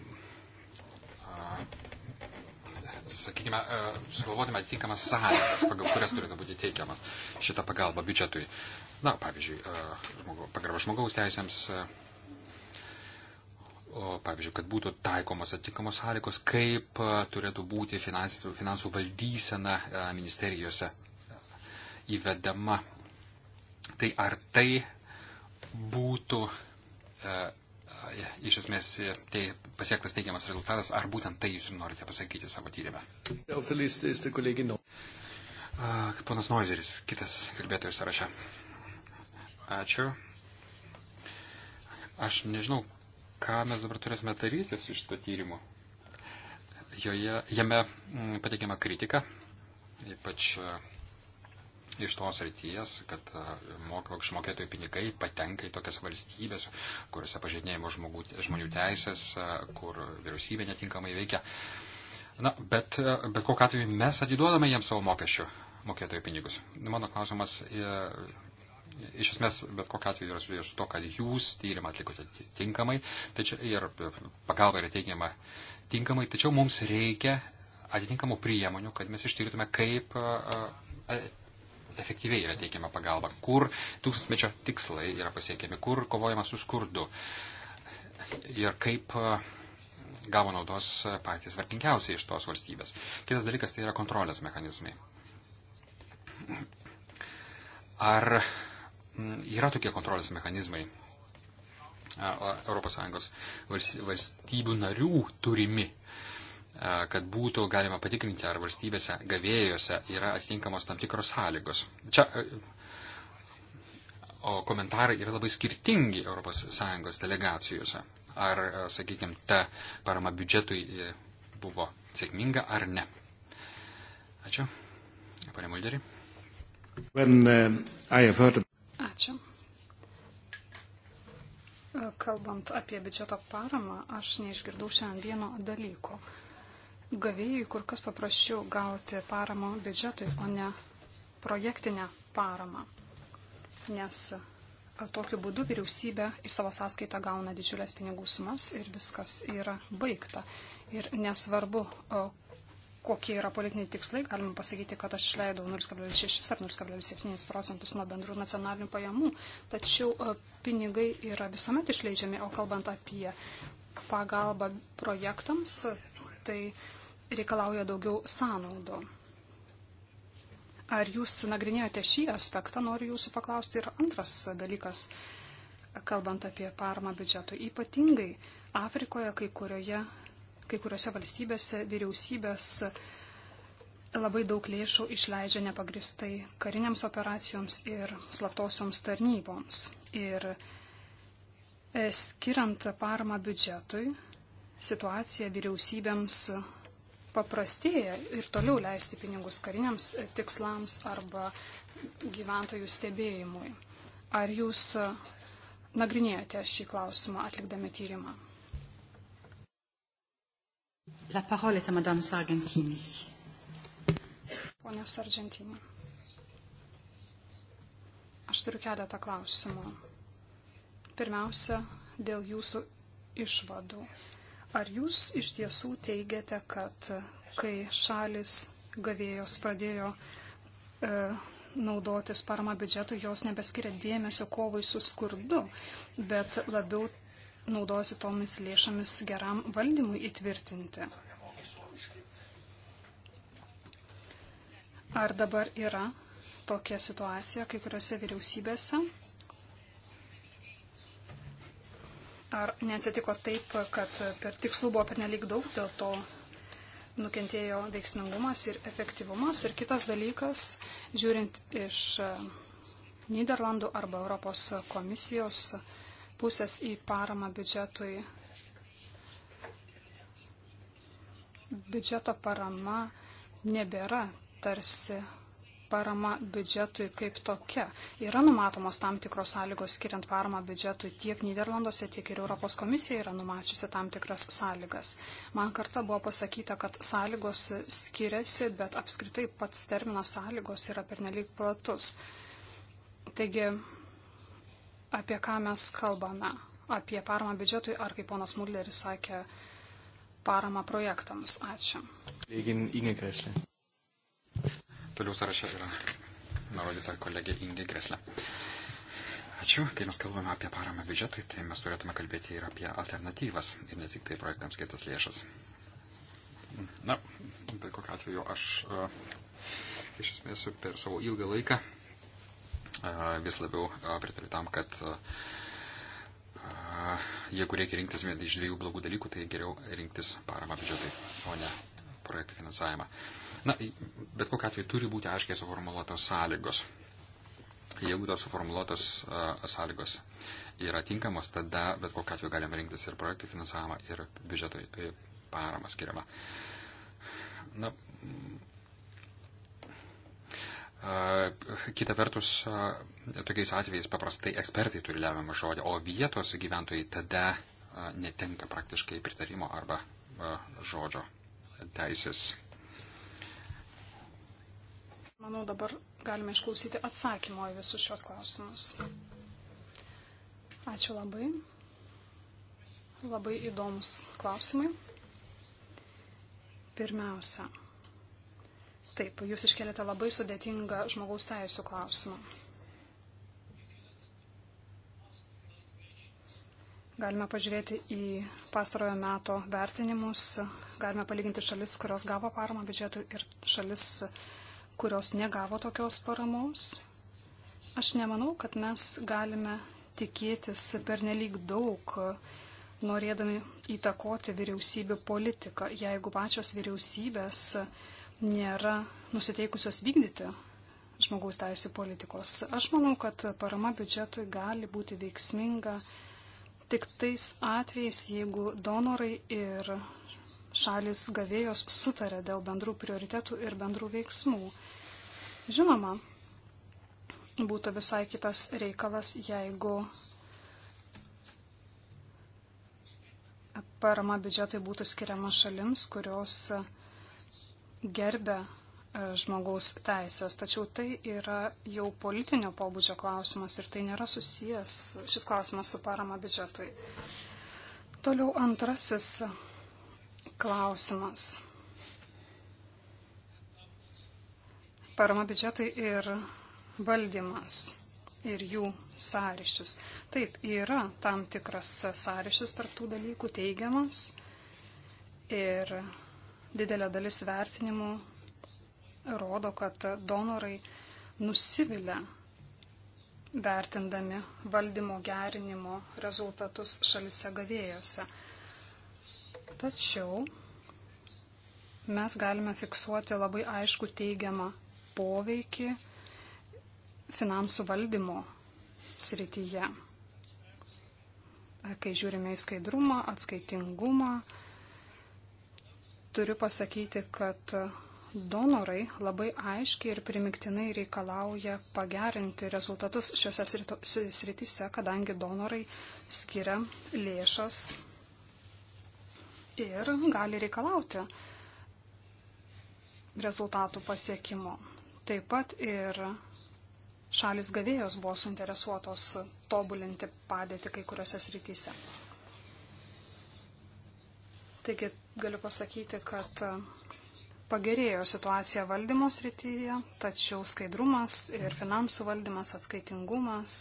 sakykime, sugalvotume atitinkamas sąlygas, pagal kurias turėtų būti teikiamas šita pagalba biudžetui, na, pavyzdžiui, pagarba žmogaus teisėms, pavyzdžiui, kad būtų taikomos atitinkamos sąlygos, kaip turėtų būti finansų, finansų valdysena ministerijose įvedama. Tai ar tai būtų e, e iš esmės e, tai pasiektas teigiamas rezultatas, ar būtent tai jūs norite pasakyti savo tyrimę? Ponas Noizeris, kitas kalbėtojų sąraše. Ačiū. Aš nežinau, ką mes dabar turėsime daryti su šito tyrimu. Joje, jame pateikiama kritika, ypač iš tos ryties, kad e, mokesčių mokėtojų pinigai patenka į tokias valstybės, kuriuose pažeidinėjimo žmonių teisės, e, kur vyriausybė netinkamai veikia. Na, bet, e, bet kokiu atveju mes atiduodame jiems savo mokesčių mokėtojų pinigus. Mano klausimas iš esmės bet kokia atveju yra susijęs su to, kad jūs tyrimą atlikote tinkamai tačiau, ir pagalba yra teikiama tinkamai, tačiau mums reikia atitinkamų priemonių, kad mes ištirtume, kaip efektyviai yra teikiama pagalba, kur tūkstantmečio tikslai yra pasiekiami, kur kovojama su skurdu ir kaip e, gavo naudos e, patys vartingiausiai iš tos valstybės. Kitas dalykas tai yra kontrolės mechanizmai. Ar yra tokie kontrolės mechanizmai ES valstybių narių turimi kad būtų galima patikrinti, ar valstybėse gavėjose yra atitinkamos tam tikros sąlygos. Čia o komentarai yra labai skirtingi ES delegacijose. Ar, sakykime, ta parama biudžetui e, buvo sėkminga ar ne. Ačiū. Pane Mulderi. When, uh, heard... Ačiū. Kalbant apie biudžeto paramą, aš neišgirdau šiandien vieno dalyko. Uh, gavėjai kur kas paprasčiau gauti paramą biudžetui, o ne projektinę paramą. Nes e, tokiu būdu vyriausybė į savo sąskaitą gauna didžiulės pinigų sumas ir viskas yra baigta. Ir nesvarbu, e, kokie yra politiniai tikslai, galima pasakyti, kad aš išleidau 0,6 ar 0,7 procentus nuo bendrų nacionalinių pajamų, tačiau e, pinigai yra visuomet išleidžiami, o kalbant apie pagalbą projektams, tai reikalauja daugiau sąnaudų. Ar jūs nagrinėjote šį aspektą, noriu jūsų paklausti. Ir antras dalykas, kalbant apie parmą biudžeto, ypatingai Afrikoje, kai, kurioje, kai kuriuose valstybėse vyriausybės labai daug lėšų išleidžia nepagristai kariniams operacijoms ir slaptosioms tarnyboms. Ir e, skiriant paramą biudžetui, situacija vyriausybėms paprastėja ir toliau leisti pinigus kariniams tikslams arba gyventojų stebėjimui. Ar jūs e, nagrinėjote šį klausimą atlikdami tyrimą? La parole est à Madame Sargentini. Pone Sargentini. Aš turiu keletą klausimų. Pirmiausia, dėl jūsų išvadų. Ar jūs iš tiesų teigiate, kad kai šalis gavėjos pradėjo e, naudotis parama biudžetu, jos nebeskiria dėmesio kovai su skurdu, bet labiau naudosi tomis lėšomis geram valdymui įtvirtinti? Ar dabar yra tokia situacija kai kuriuose vyriausybėse? Ar neatsitiko taip, kad per tikslų buvo pernelyg daug, dėl to nukentėjo veiksmingumas ir efektyvumas. Ir kitas dalykas, žiūrint iš e, Niderlandų arba Europos komisijos pusės į paramą biudžetui, biudžeto parama nebėra tarsi parama biudžetui kaip tokia. Yra numatomos tam tikros sąlygos skiriant paramą biudžetui tiek Niderlanduose, tiek ir Europos komisija yra numačiusi tam tikras sąlygas. Man kartą buvo pasakyta, kad sąlygos skiriasi, bet apskritai pats terminas sąlygos yra pernelyg platus. Taigi, apie ką mes kalbame? Apie paramą biudžetui ar, kaip ponas Mulleris sakė, paramą projektams. Ačiū. Lėgin, Toliau sąraše yra nurodyta kolegė Inge Greslė. Ačiū. Kai mes kalbame apie paramą biudžetui, tai mes turėtume kalbėti ir apie alternatyvas ir ne tik tai projektams skirtas lėšas. Na, bet kokiu atveju aš uh, iš esmės per savo ilgą laiką uh, vis labiau uh, pritariu tam, kad jeigu reikia rinktis vien iš dviejų blogų dalykų, tai geriau rinktis paramą biudžetui, o ne projektų finansavimą. Uh, Na, bet kokiu atveju turi būti aiškiai suformuoluotos sąlygos. Jeigu tos suformuoluotos sąlygos yra tinkamos, tada bet kokiu atveju galima rinktis ir projektų finansavimą, ir biudžeto paramą skiriamą. Na, Kita vertus, tokiais atvejais paprastai ekspertai turi lemiamą žodį, o vietos gyventojai tada netenka praktiškai pritarimo arba žodžio teisės. Manau, dabar galime išklausyti atsakymo į visus šios klausimus. Ačiū labai. Labai įdomus klausimai. Pirmiausia. Taip, jūs iškelėte labai sudėtingą žmogaus teisų klausimą. Galime pažiūrėti į pastarojo meto vertinimus, galime palyginti šalis, kurios gavo paramą biudžetų ir šalis, kurios negavo tokios paramos. Aš nemanau, kad mes galime tikėtis pernelyg daug, norėdami įtakoti vyriausybių politiką, jeigu pačios vyriausybės nėra nusiteikusios vykdyti žmogaus teisų politikos. Aš manau, kad parama biudžetui gali būti veiksminga tik tais atvejais, jeigu donorai ir šalis gavėjos sutarė dėl bendrų prioritetų ir bendrų veiksmų. Žinoma, būtų visai kitas reikalas, jeigu parama biudžetai būtų skiriama šalims, kurios gerbia e, žmogaus teisės. Tačiau tai yra jau politinio pobūdžio klausimas ir tai nėra susijęs šis klausimas su parama biudžetui. Toliau antrasis klausimas. parama biudžetui ir valdymas ir jų sąryšis. Taip, yra tam tikras sąryšis tarptų dalykų teigiamas ir didelė dalis vertinimų rodo, kad donorai nusivilia vertindami valdymo gerinimo rezultatus šalise gavėjose. Tačiau mes galime fiksuoti labai aišku teigiamą poveikį finansų valdymo srityje. Kai žiūrime į skaidrumą, atskaitingumą, turiu pasakyti, kad donorai labai aiškiai ir primiktinai reikalauja pagerinti rezultatus šiuose srityse, kadangi donorai skiria lėšas ir gali reikalauti rezultatų pasiekimo. Taip pat ir šalis gavėjos buvo suinteresuotos tobulinti padėtį kai kuriuose srityse. Taigi galiu pasakyti, kad pagerėjo situacija valdymo srityje, tačiau skaidrumas ir finansų valdymas, atskaitingumas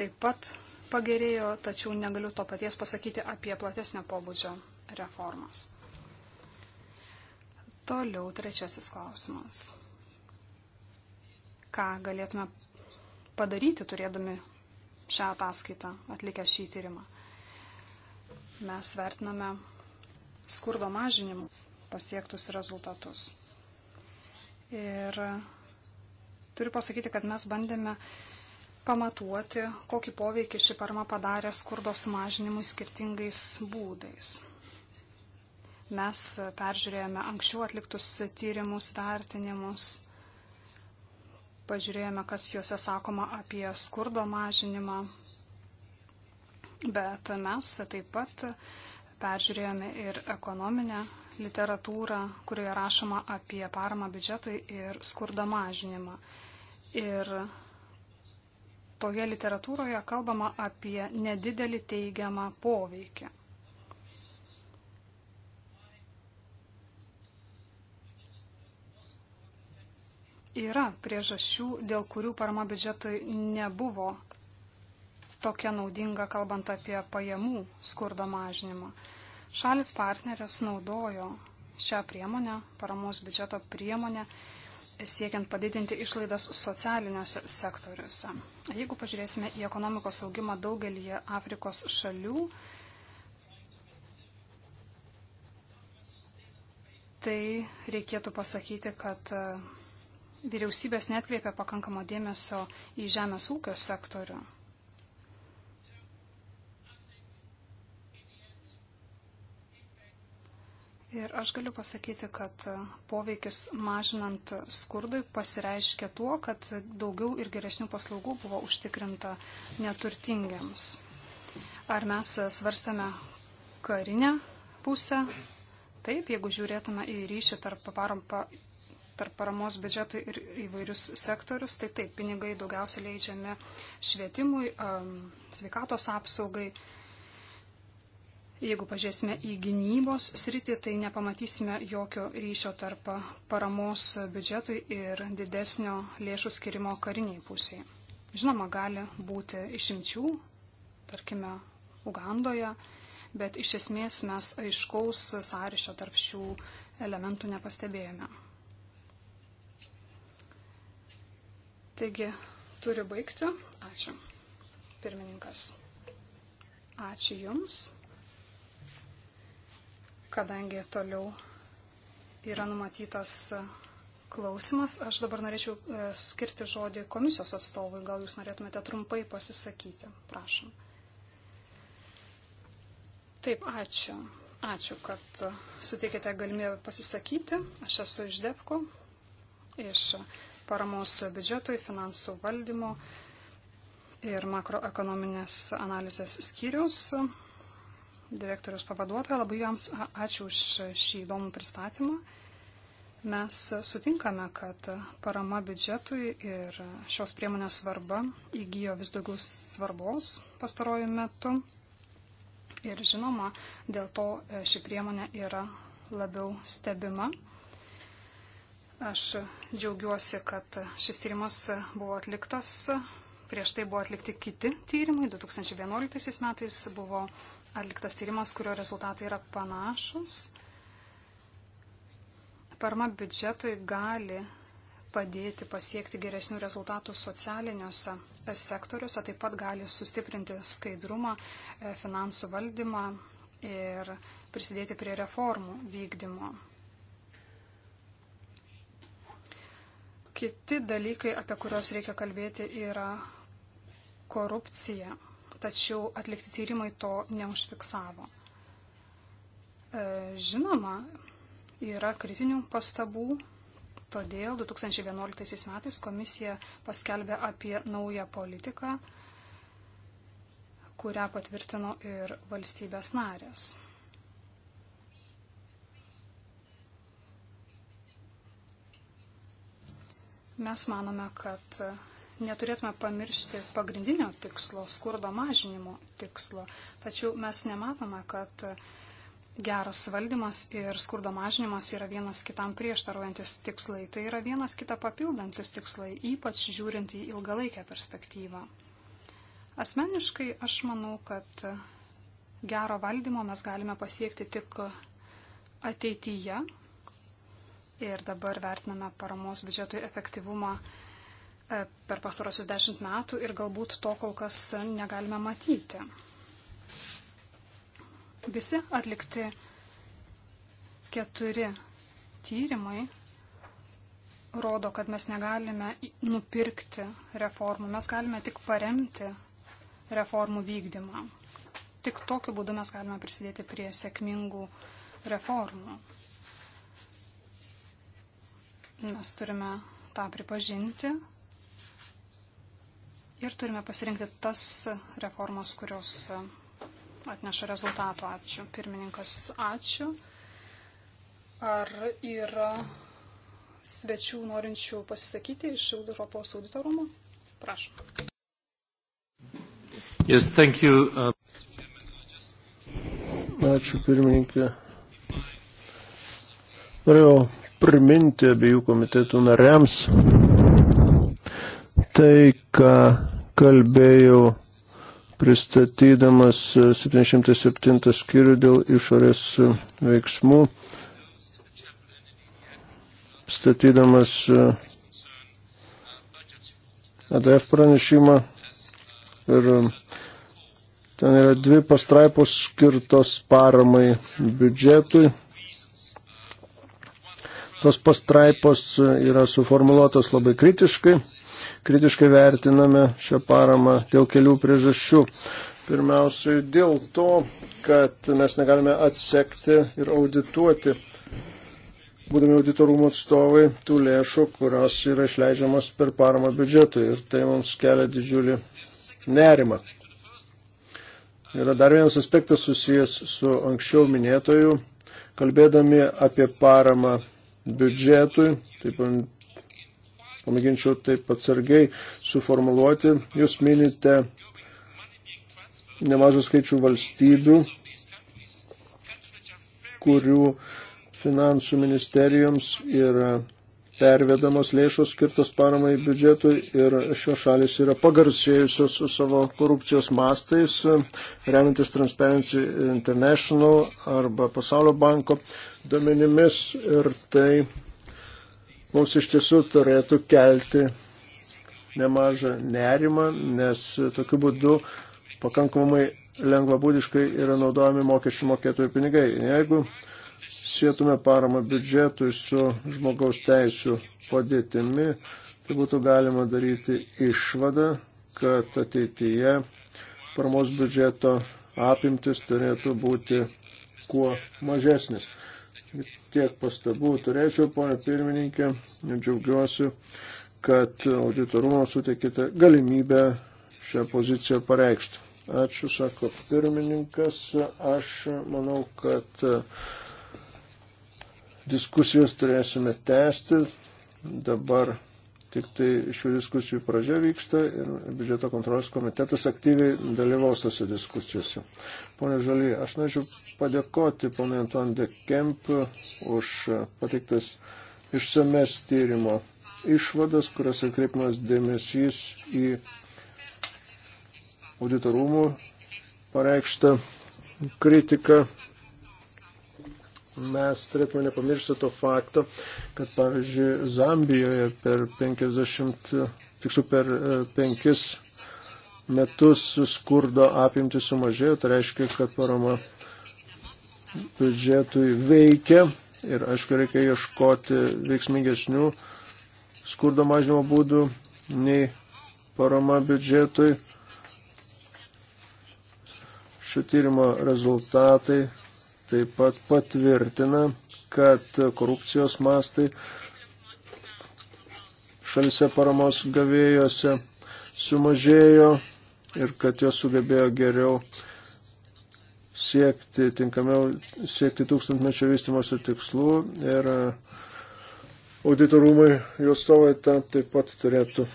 taip pat pagerėjo, tačiau negaliu to paties pasakyti apie platesnio pobūdžio reformas. Toliau trečiasis klausimas. Ką galėtume padaryti, turėdami šią ataskaitą, atlikę šį tyrimą? Mes vertiname skurdo mažinimų pasiektus rezultatus. Ir turiu pasakyti, kad mes bandėme pamatuoti, kokį poveikį ši parama padarė skurdo sumažinimui skirtingais būdais. Mes peržiūrėjome anksčiau atliktus tyrimus, vertinimus, pažiūrėjome, kas juose sakoma apie skurdo mažinimą, bet mes taip pat peržiūrėjome ir ekonominę literatūrą, kurioje rašoma apie paramą biudžetui ir skurdo mažinimą. Ir toje literatūroje kalbama apie nedidelį teigiamą poveikį. yra priežasčių, dėl kurių parama biudžetui nebuvo tokia naudinga, kalbant apie pajamų skurdo mažinimą. Šalis partnerės naudojo šią priemonę, paramos biudžeto priemonę, siekiant padidinti išlaidas socialiniuose sektoriuose. Jeigu pažiūrėsime į ekonomikos augimą daugelį Afrikos šalių, tai reikėtų pasakyti, kad vyriausybės netkreipia pakankamo dėmesio į žemės ūkio sektorių. Ir aš galiu pasakyti, kad poveikis mažinant skurdui pasireiškia tuo, kad daugiau ir geresnių paslaugų buvo užtikrinta neturtingiams. Ar mes svarstame karinę pusę? Taip, jeigu žiūrėtume į ryšį tarp tarp paramos biudžetui ir įvairius sektorius, tai taip, pinigai daugiausiai leidžiami švietimui, sveikatos apsaugai. Jeigu pažiūrėsime į gynybos sritį, tai nepamatysime jokio ryšio tarp paramos biudžetui ir didesnio lėšų skirimo kariniai pusiai. Žinoma, gali būti išimčių, tarkime, Ugandoje, bet iš esmės mes aiškaus sąryšio tarp šių elementų nepastebėjome. Taigi, turi baigti. Ačiū. Pirmininkas. Ačiū Jums, kadangi toliau yra numatytas klausimas. Aš dabar norėčiau e, skirti žodį komisijos atstovui. Gal Jūs norėtumėte trumpai pasisakyti? Prašom. Taip, ačiū. Ačiū, kad suteikėte galimybę pasisakyti. Aš esu iš DEPKO, iš paramos biudžetui, finansų valdymo ir makroekonominės analizės skyrius. Direktorius pavaduotoja, labai jums ačiū už šį įdomų pristatymą. Mes sutinkame, kad parama biudžetui ir šios priemonės svarba įgyjo vis daugiau svarbos pastarojų metų. Ir žinoma, dėl to e, ši priemonė yra labiau stebima. Aš džiaugiuosi, kad šis tyrimas buvo atliktas. Prieš tai buvo atlikti kiti tyrimai. 2011 metais buvo atliktas tyrimas, kurio rezultatai yra panašus. Parma biudžetui gali padėti pasiekti geresnių rezultatų socialiniuose sektoriuose, taip pat gali sustiprinti skaidrumą, e, finansų valdymą ir prisidėti prie reformų vykdymo. Kiti dalykai, apie kuriuos reikia kalbėti, yra korupcija. Tačiau atlikti tyrimai to neužfiksavo. E, žinoma, yra kritinių pastabų, todėl 2011 metais komisija paskelbė apie naują politiką, kurią patvirtino ir valstybės narės. Mes manome, kad neturėtume pamiršti pagrindinio tikslo, skurdo mažinimo tikslo. Tačiau mes nematome, kad geras valdymas ir skurdo mažinimas yra vienas kitam prieštarojantis tikslai. Tai yra vienas kitą papildantis tikslai, ypač žiūrint į ilgalaikę perspektyvą. Asmeniškai aš manau, kad gero valdymo mes galime pasiekti tik ateityje, ir dabar vertiname paramos biudžetui efektyvumą e, per pastarosius dešimt metų ir galbūt to kol kas negalime matyti. Visi atlikti keturi tyrimai rodo, kad mes negalime nupirkti reformų, mes galime tik paremti reformų vykdymą. Tik tokiu būdu mes galime prisidėti prie sėkmingų reformų. Mes turime tą pripažinti ir turime pasirinkti tas reformas, kurios atneša rezultatų. Ačiū. Pirmininkas, ačiū. Ar yra svečių norinčių pasisakyti iš Europos auditorumo? Prašom. Yes, thank you. Uh, ačiū pirmininkė. Norėjau priminti abiejų komitetų nariams tai, ką kalbėjau pristatydamas 707 skyrių dėl išorės veiksmų, statydamas ADF pranešimą ir ten yra dvi pastraipos skirtos paramai biudžetui tos pastraipos yra suformuoluotos labai kritiškai. Kritiškai vertiname šią paramą dėl kelių priežasčių. Pirmiausiai dėl to, kad mes negalime atsekti ir audituoti, būdami auditorumo atstovai, tų lėšų, kurios yra išleidžiamas per paramą biudžetui. Ir tai mums kelia didžiulį nerimą. Yra dar vienas aspektas susijęs su anksčiau minėtoju. Kalbėdami apie paramą biudžetui. Taip pamėginčiau taip atsargiai suformuluoti. Jūs minite nemažą skaičių valstybių, kurių finansų ministerijoms yra pervedamos lėšos skirtos paramai biudžetui ir šios šalis yra pagarsėjusios su savo korupcijos mastais, remiantis Transparency International arba Pasaulio banko duomenimis ir tai mums iš tiesų turėtų kelti nemažą nerimą, nes tokiu būdu pakankamai lengvabūdiškai yra naudojami mokesčių mokėtojų pinigai. Jeigu sėtume paramą biudžetui su žmogaus teisų padėtimi, tai būtų galima daryti išvadą, kad ateityje paramos biudžeto apimtis turėtų būti kuo mažesnis tiek pastabų turėčiau, ponė pirmininkė, džiaugiuosi, kad auditorumo suteikite galimybę šią poziciją pareikšti. Ačiū, sako pirmininkas. Aš manau, kad diskusijos turėsime tęsti. Dabar tik tai šių diskusijų pradžia vyksta ir biudžeto kontrolės komitetas aktyviai dalyvaus tose diskusijose. Pone Žaly, aš norėčiau padėkoti ponai Antoine de Kemp už pateiktas išsames tyrimo išvadas, kurias atkreipimas dėmesys į auditorumų pareikštą kritiką. Mes turėtume nepamiršti to fakto, kad pavyzdžiui Zambijoje per 50, tiksliau per 5 e, metus skurdo apimtis sumažėjo, tai reiškia, kad parama biudžetui veikia ir aišku reikia ieškoti veiksmingesnių skurdo mažinimo būdų nei parama biudžetui. Šio tyrimo rezultatai taip pat patvirtina, kad korupcijos mastai šalise paramos gavėjose sumažėjo ir kad jos sugebėjo geriau siekti, tinkamiau siekti tūkstantmečio vystimosi tikslų ir uh, auditorumai jų atstovai tą taip pat turėtų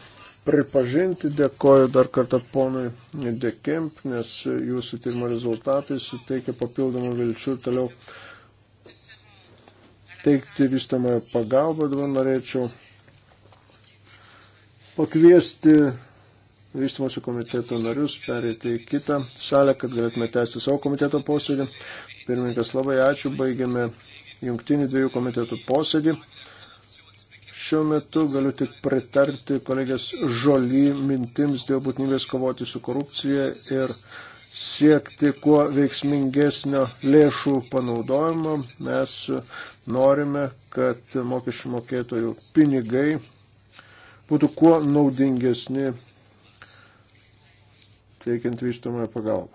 pripažinti. Dėkoju dar kartą ponui Dekemp, nes jūsų tyrimo rezultatai suteikia papildomų vilčių toliau teikti vystamąją pagalbą. Dabar norėčiau pakviesti vystimosi komiteto narius perėti į kitą salę, kad galėtume tęsti savo komiteto posėdį. Pirmininkas, labai ačiū, baigėme jungtinį dviejų komitetų posėdį. Šiuo metu galiu tik pritarti kolegės Žoly mintims dėl būtinybės kovoti su korupcija ir siekti kuo veiksmingesnio lėšų panaudojimo. Mes norime, kad mokesčių mokėtojų pinigai būtų kuo naudingesni teikiant vystomąją pagalbą.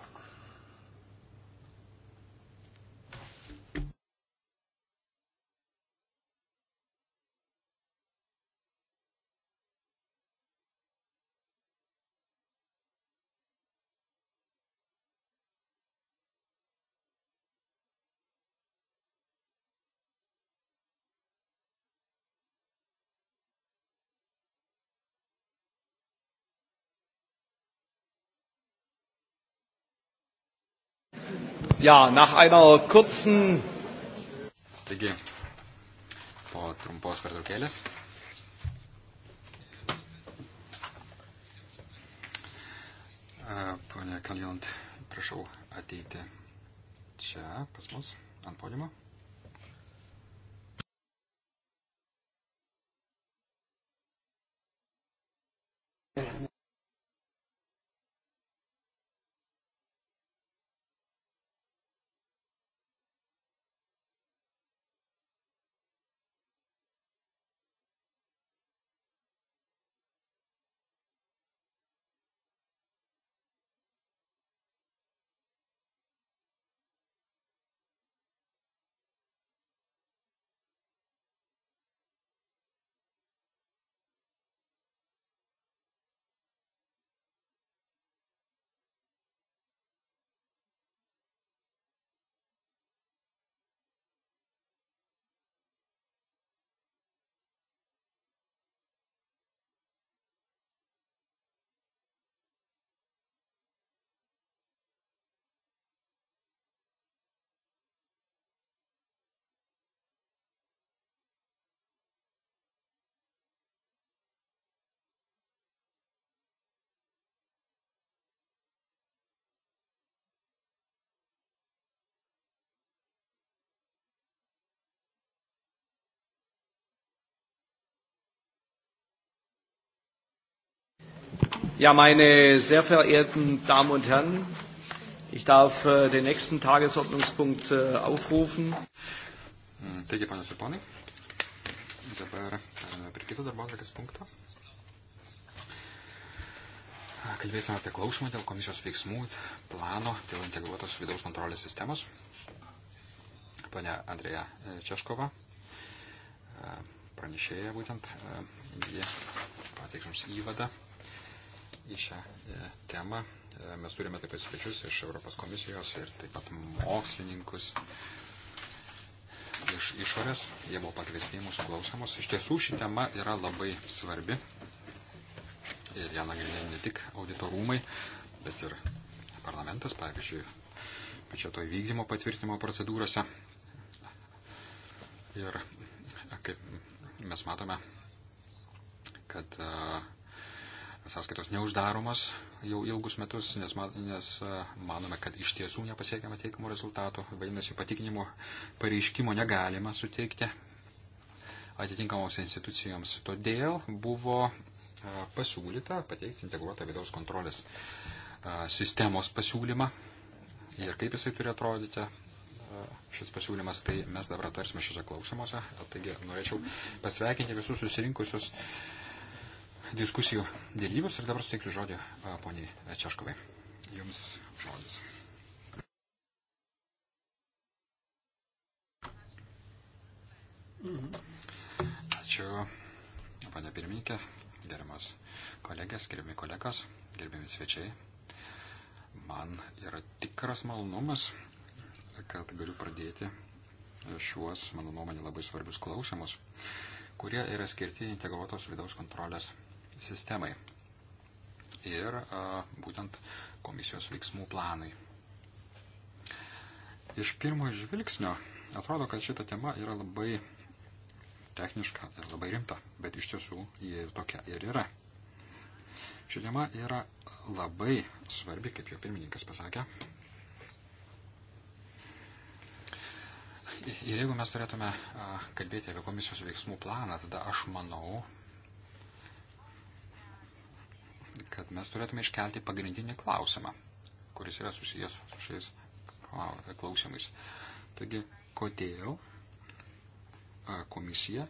Ja, nach einer kurzen. Taigi, po trumpos pertraukėlės. Pone Kaljont, prašau ateiti čia pas mus ant podiumo. Ja, meine sehr verehrten Damen und Herren, ich darf äh, den nächsten Tagesordnungspunkt äh, aufrufen. Hm, Taigi, panas ir ponai, äh, dabar prie kito darbo atvarkės punkto. Kalbėsime apie klausimą dėl komisijos veiksmų plano dėl integruotos vidaus kontrolės sistemos. Pane Andrėja e, Češkova, pranešėja būtent, jie pateiks e, jums įvadą į šią e, temą. E, mes turime taip pat svečius iš Europos komisijos ir taip pat mokslininkus iš išorės. Jie buvo pakviesti į mūsų klausimus. Iš tiesų ši tema yra labai svarbi ir ją nagrinėja ne tik auditorumai, bet ir parlamentas, pavyzdžiui, biudžeto įvykdymo patvirtimo procedūrose. Ir kaip mes matome, kad uh, sąskaitos neuždaromos jau ilgus metus, nes, man, nes e, manome, kad iš tiesų nepasiekiama teikiamų rezultatų, vadinasi, patikinimo pareiškimo negalima suteikti atitinkamoms institucijoms. Todėl buvo e, pasiūlyta pateikti integruotą vidaus kontrolės e, sistemos pasiūlymą ir kaip jisai turi atrodyti. Šis pasiūlymas, tai mes dabar aptarsime šiuose klausimuose. Taigi norėčiau pasveikinti visus susirinkusius uh, diskusijų dėlyvius ir dabar suteiksiu žodį poniai Češkovai. Jums žodis. Ačiū, pane pirmininkė, gerimas kolegės, gerimi kolegos, gerbiami svečiai. Man yra tikras malonumas, kad galiu pradėti šiuos, mano nuomonė, labai svarbius klausimus, kurie yra skirti integruotos vidaus kontrolės sistemai ir būtent komisijos veiksmų planui. Iš pirmo žvilgsnio atrodo, kad šita tema yra labai techniška ir labai rimta, bet iš tiesų jie ir tokia ir yra. Ši tema yra labai svarbi, kaip jo pirmininkas pasakė. Ir jeigu mes turėtume kalbėti apie komisijos veiksmų planą, tada aš manau, kad mes turėtume iškelti pagrindinį klausimą, kuris yra susijęs su šiais klausimais. Taigi, kodėl komisija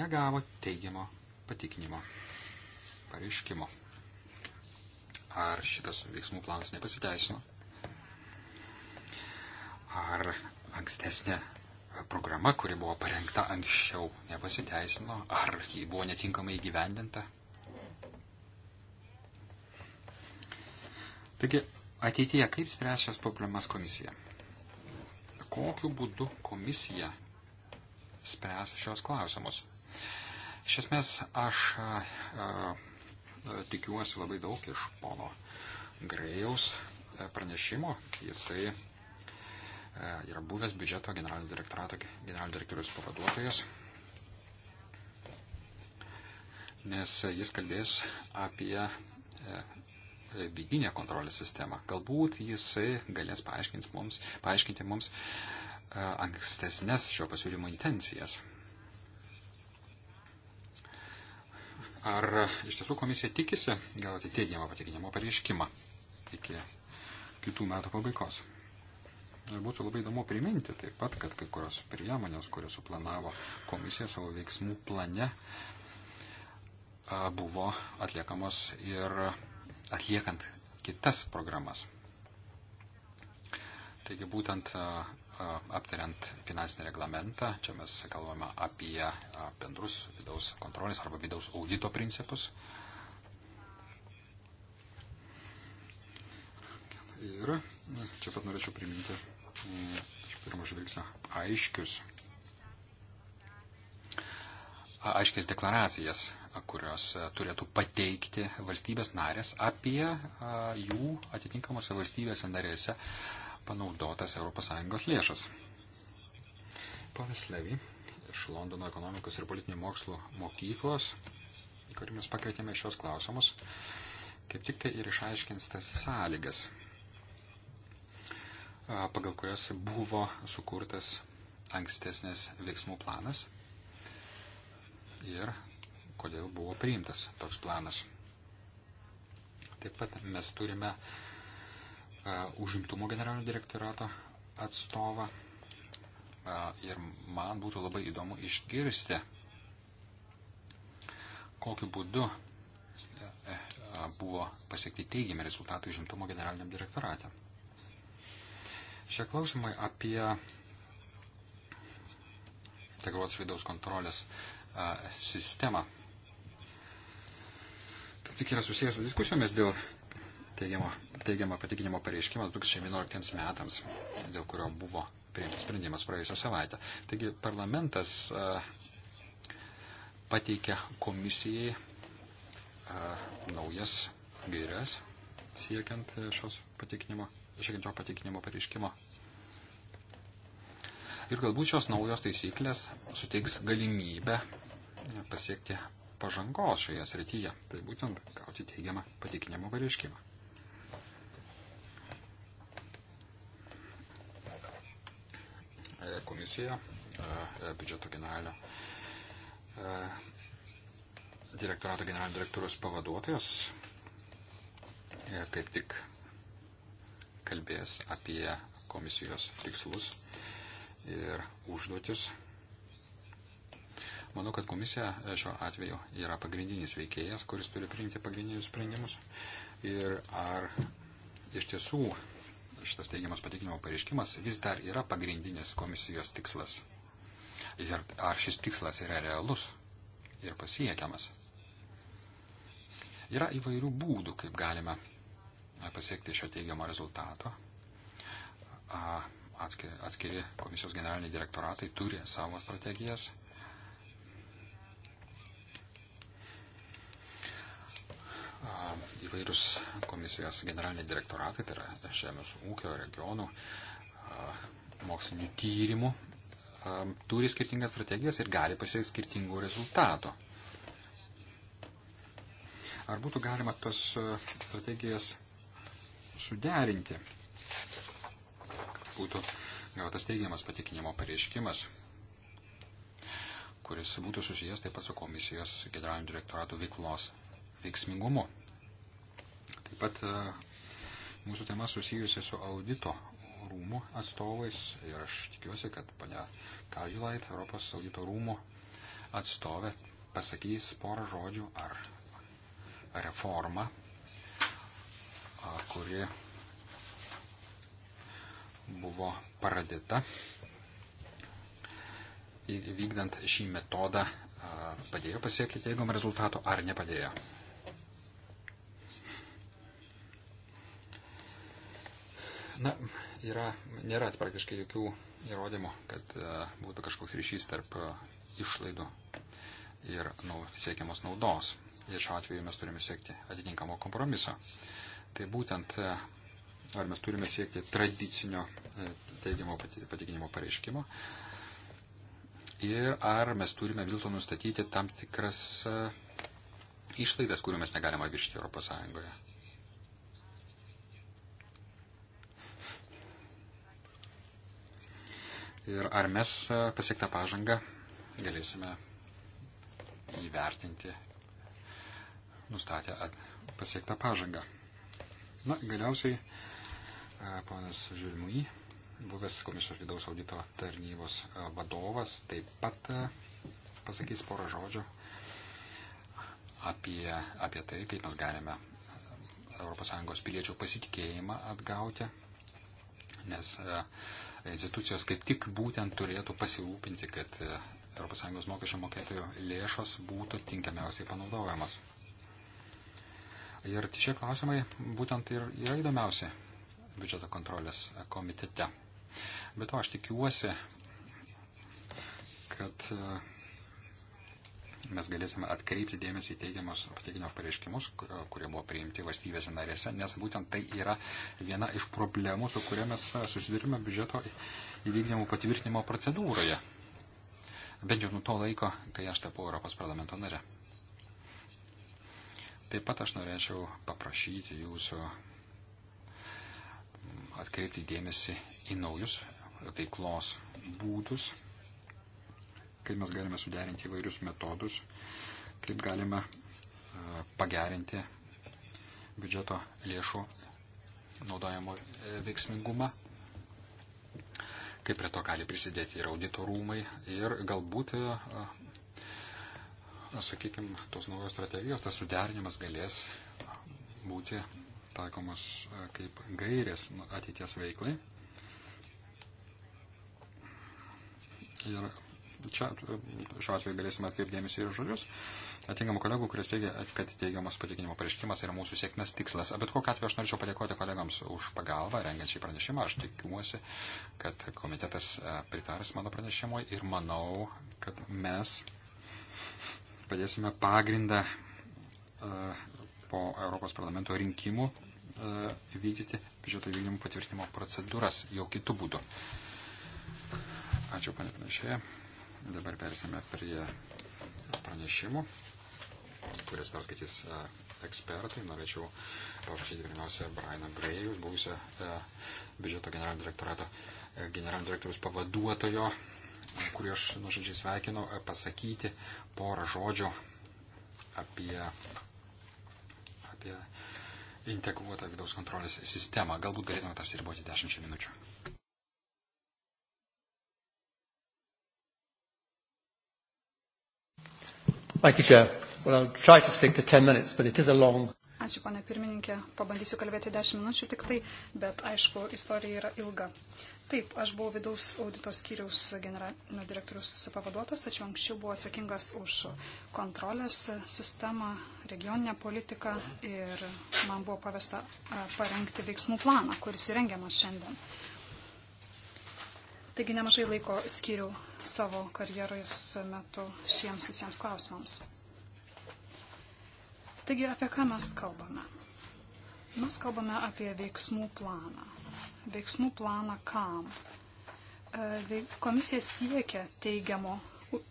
negavo teigiamo patikinimo, pareiškimo? Ar šitas veiksmų planas nepasiteisino? Ar ankstesnė programa, kuri buvo parengta anksčiau, nepasiteisino? Ar ji buvo netinkamai įgyvendinta? Taigi, ateityje kaip spręs šias problemas komisija? Kokiu būdu komisija spręs šios klausimus? Iš esmės, aš a, a, tikiuosi labai daug iš pono Grėjaus e, pranešimo. Jisai e, yra buvęs biudžeto generalinio direktorato generalinio direktorius pavaduotojas, nes jis kalbės apie e, vidinę kontrolės sistemą. Galbūt jisai galės paaiškinti mums, paaiškinti mums e, ankstesnės šio pasiūlymo intencijas. Ar iš tiesų komisija tikisi gauti teigiamą patikinimo pareiškimą iki kitų metų pabaigos? Ir būtų labai įdomu priminti taip pat, kad kai kurios priemonės, kurias suplanavo komisija savo veiksmų plane, buvo atliekamos ir atliekant kitas programas. Taigi būtent aptariant finansinį reglamentą, čia mes kalbame apie bendrus vidaus kontrolės arba vidaus audito principus. Ir čia pat norėčiau priminti iš pirmo žvilgsnio aiškius, aiškias deklaracijas kurios turėtų pateikti valstybės narės apie jų atitinkamose valstybėse narėse panaudotas ES lėšas. Ponas Levy iš Londono ekonomikos ir politinių mokslų mokyklos, kurį mes pakvietėme šios klausimus, kaip tik tai ir išaiškins tas sąlygas, pagal kurias buvo sukurtas ankstesnis veiksmų planas ir kodėl buvo priimtas toks planas. Taip pat mes turime uh, užimtumo generalinio direktorato atstovą uh, ir man būtų labai įdomu išgirsti, kokiu būdu uh, buvo pasiekti teigiami rezultatai užimtumo generaliniam direktorate. Šie klausimai apie integruotos vidaus kontrolės sistemą tik yra susijęs su diskusijomis dėl teigiamo, teigiamo patikinimo pareiškimo 2011 metams, dėl kurio buvo priimtas sprendimas praėjusią savaitę. Taigi parlamentas pateikia komisijai naujas gairias siekiant šios patikinimo, siekiant jo patikinimo pareiškimo. Ir galbūt šios naujos taisyklės suteiks galimybę pasiekti pažangos šioje srityje, tai būtent gauti teigiamą patikinimo pareiškimą. E, komisija, e, e, biudžeto generalinio direktorato generalinio direktoriaus pavaduotojas kaip tik kalbės apie komisijos tikslus ir užduotis Manau, kad komisija e, šiuo atveju yra pagrindinis veikėjas, kuris turi priimti pagrindinius sprendimus. Ir ar iš tiesų šitas teigiamas patikinimo pareiškimas vis dar yra pagrindinis komisijos tikslas. Ir ar šis tikslas yra realus ir pasiekiamas. Yra įvairių būdų, kaip galime e, pasiekti šio teigiamo rezultato. Atskiri, atskiri komisijos generaliniai direktoratai turi savo strategijas įvairius komisijos generaliniai direktoratai, tai yra Žemės ūkio regionų, mokslinių tyrimų, turi skirtingas strategijas ir gali pasiekti skirtingų rezultatų. Ar būtų galima tas strategijas suderinti? Būtų gautas teigiamas patikinimo pareiškimas, kuris būtų susijęs taip pat su komisijos generaliniu direktoratu veiklos veiksmingumu. Taip pat e, mūsų tema susijusi su audito rūmų atstovais ir aš tikiuosi, kad ponia Kajulait, Europos audito rūmų atstovė, pasakys porą žodžių ar reforma, kuri buvo pradėta vykdant šį metodą padėjo pasiekti teigiamą rezultatų ar nepadėjo. Na, yra, nėra praktiškai jokių įrodymų, kad e, būtų kažkoks ryšys tarp e, išlaidų ir nu, siekiamos naudos. Ir šiuo atveju mes turime siekti atitinkamo kompromiso. Tai būtent e, ar mes turime siekti tradicinio teigiamo patikinimo pareiškimo ir ar mes turime vis dėlto nustatyti tam tikras išlaidas, kurių mes negalime viršti Europos Sąjungoje. ir ar mes e, pasiektą pažangą galėsime įvertinti, nustatę pasiektą pažangą. Na, galiausiai e, ponas Žilmui, buvęs komisijos vidaus audito tarnybos e, vadovas, taip pat pasakys porą žodžių apie, apie tai, kaip mes galime ES piliečių pasitikėjimą atgauti nes e, institucijos kaip tik būtent turėtų pasirūpinti, kad ES mokesčio mokėtojų lėšos būtų tinkamiausiai panaudojamos. Ir šie klausimai būtent ir yra įdomiausi biudžeto kontrolės komitete. Bet to aš tikiuosi, kad e, mes galėsime atkreipti dėmesį į teigiamus teiginio pareiškimus, kurie buvo priimti valstybėse narėse, nes būtent tai yra viena iš problemų, su kuria mes susidurime biudžeto įvykdymų patvirtinimo procedūroje. Bent jau nuo to laiko, kai aš tapau Europos parlamento nare. Taip pat aš norėčiau paprašyti jūsų mm, atkreipti dėmesį į naujus veiklos būdus kaip mes galime suderinti įvairius metodus, kaip galime e, pagerinti biudžeto lėšų naudojimo e, veiksmingumą, kaip prie to gali prisidėti ir auditorumai ir galbūt, e, sakykime, tos naujos strategijos, tas suderinimas galės būti taikomas kaip gairės ateities veiklai. Ir Čia šiuo atveju galėsime atkreipdėmėsi ir žodžius. Atinkamų kolegų, kuris teigia, kad teigiamas patikinimo pareiškimas yra mūsų sėkmės tikslas. Bet kokiu atveju aš norėčiau padėkoti kolegams už pagalbą rengiant šį pranešimą. Aš tikiuosi, kad komitetas e, pritars mano pranešimui ir manau, kad mes padėsime pagrindą e, po Europos parlamento rinkimų e, vykdyti biudžeto vykdymo patvirtinimo procedūras jau kitų būdų. Ačiū, panė pranešėja. Dabar persime prie pranešimų, kurias perskaitys e, ekspertai. Norėčiau paprašyti pirmiausia Brianą Grėjų, buvusio e, biudžeto generalinio direktorato e, generalinio direktorius pavaduotojo, kurį aš nuoširdžiai sveikinu, pasakyti porą žodžių apie, apie integruotą vidaus kontrolės sistemą. Galbūt galėtume apsiriboti 10 minučių. Thank you, Chair. Well, I'll try to stick to 10 minutes, but it is a long. Ačiū, ponė pirmininkė. Pabandysiu kalbėti 10 minučių tik tai, bet aišku, istorija yra ilga. Taip, aš buvau vidaus audito skyriaus generalinio direktorius pavaduotas, tačiau anksčiau buvau atsakingas už kontrolės sistemą, regioninę politiką ir man buvo pavesta parengti veiksmų planą, kuris įrengiamas šiandien. Uh, Taigi nemažai laiko skiriau savo karjeros metu šiems visiems klausimams. Taigi apie ką mes kalbame? Mes kalbame apie veiksmų planą. Veiksmų planą kam? E, komisija siekia teigiamo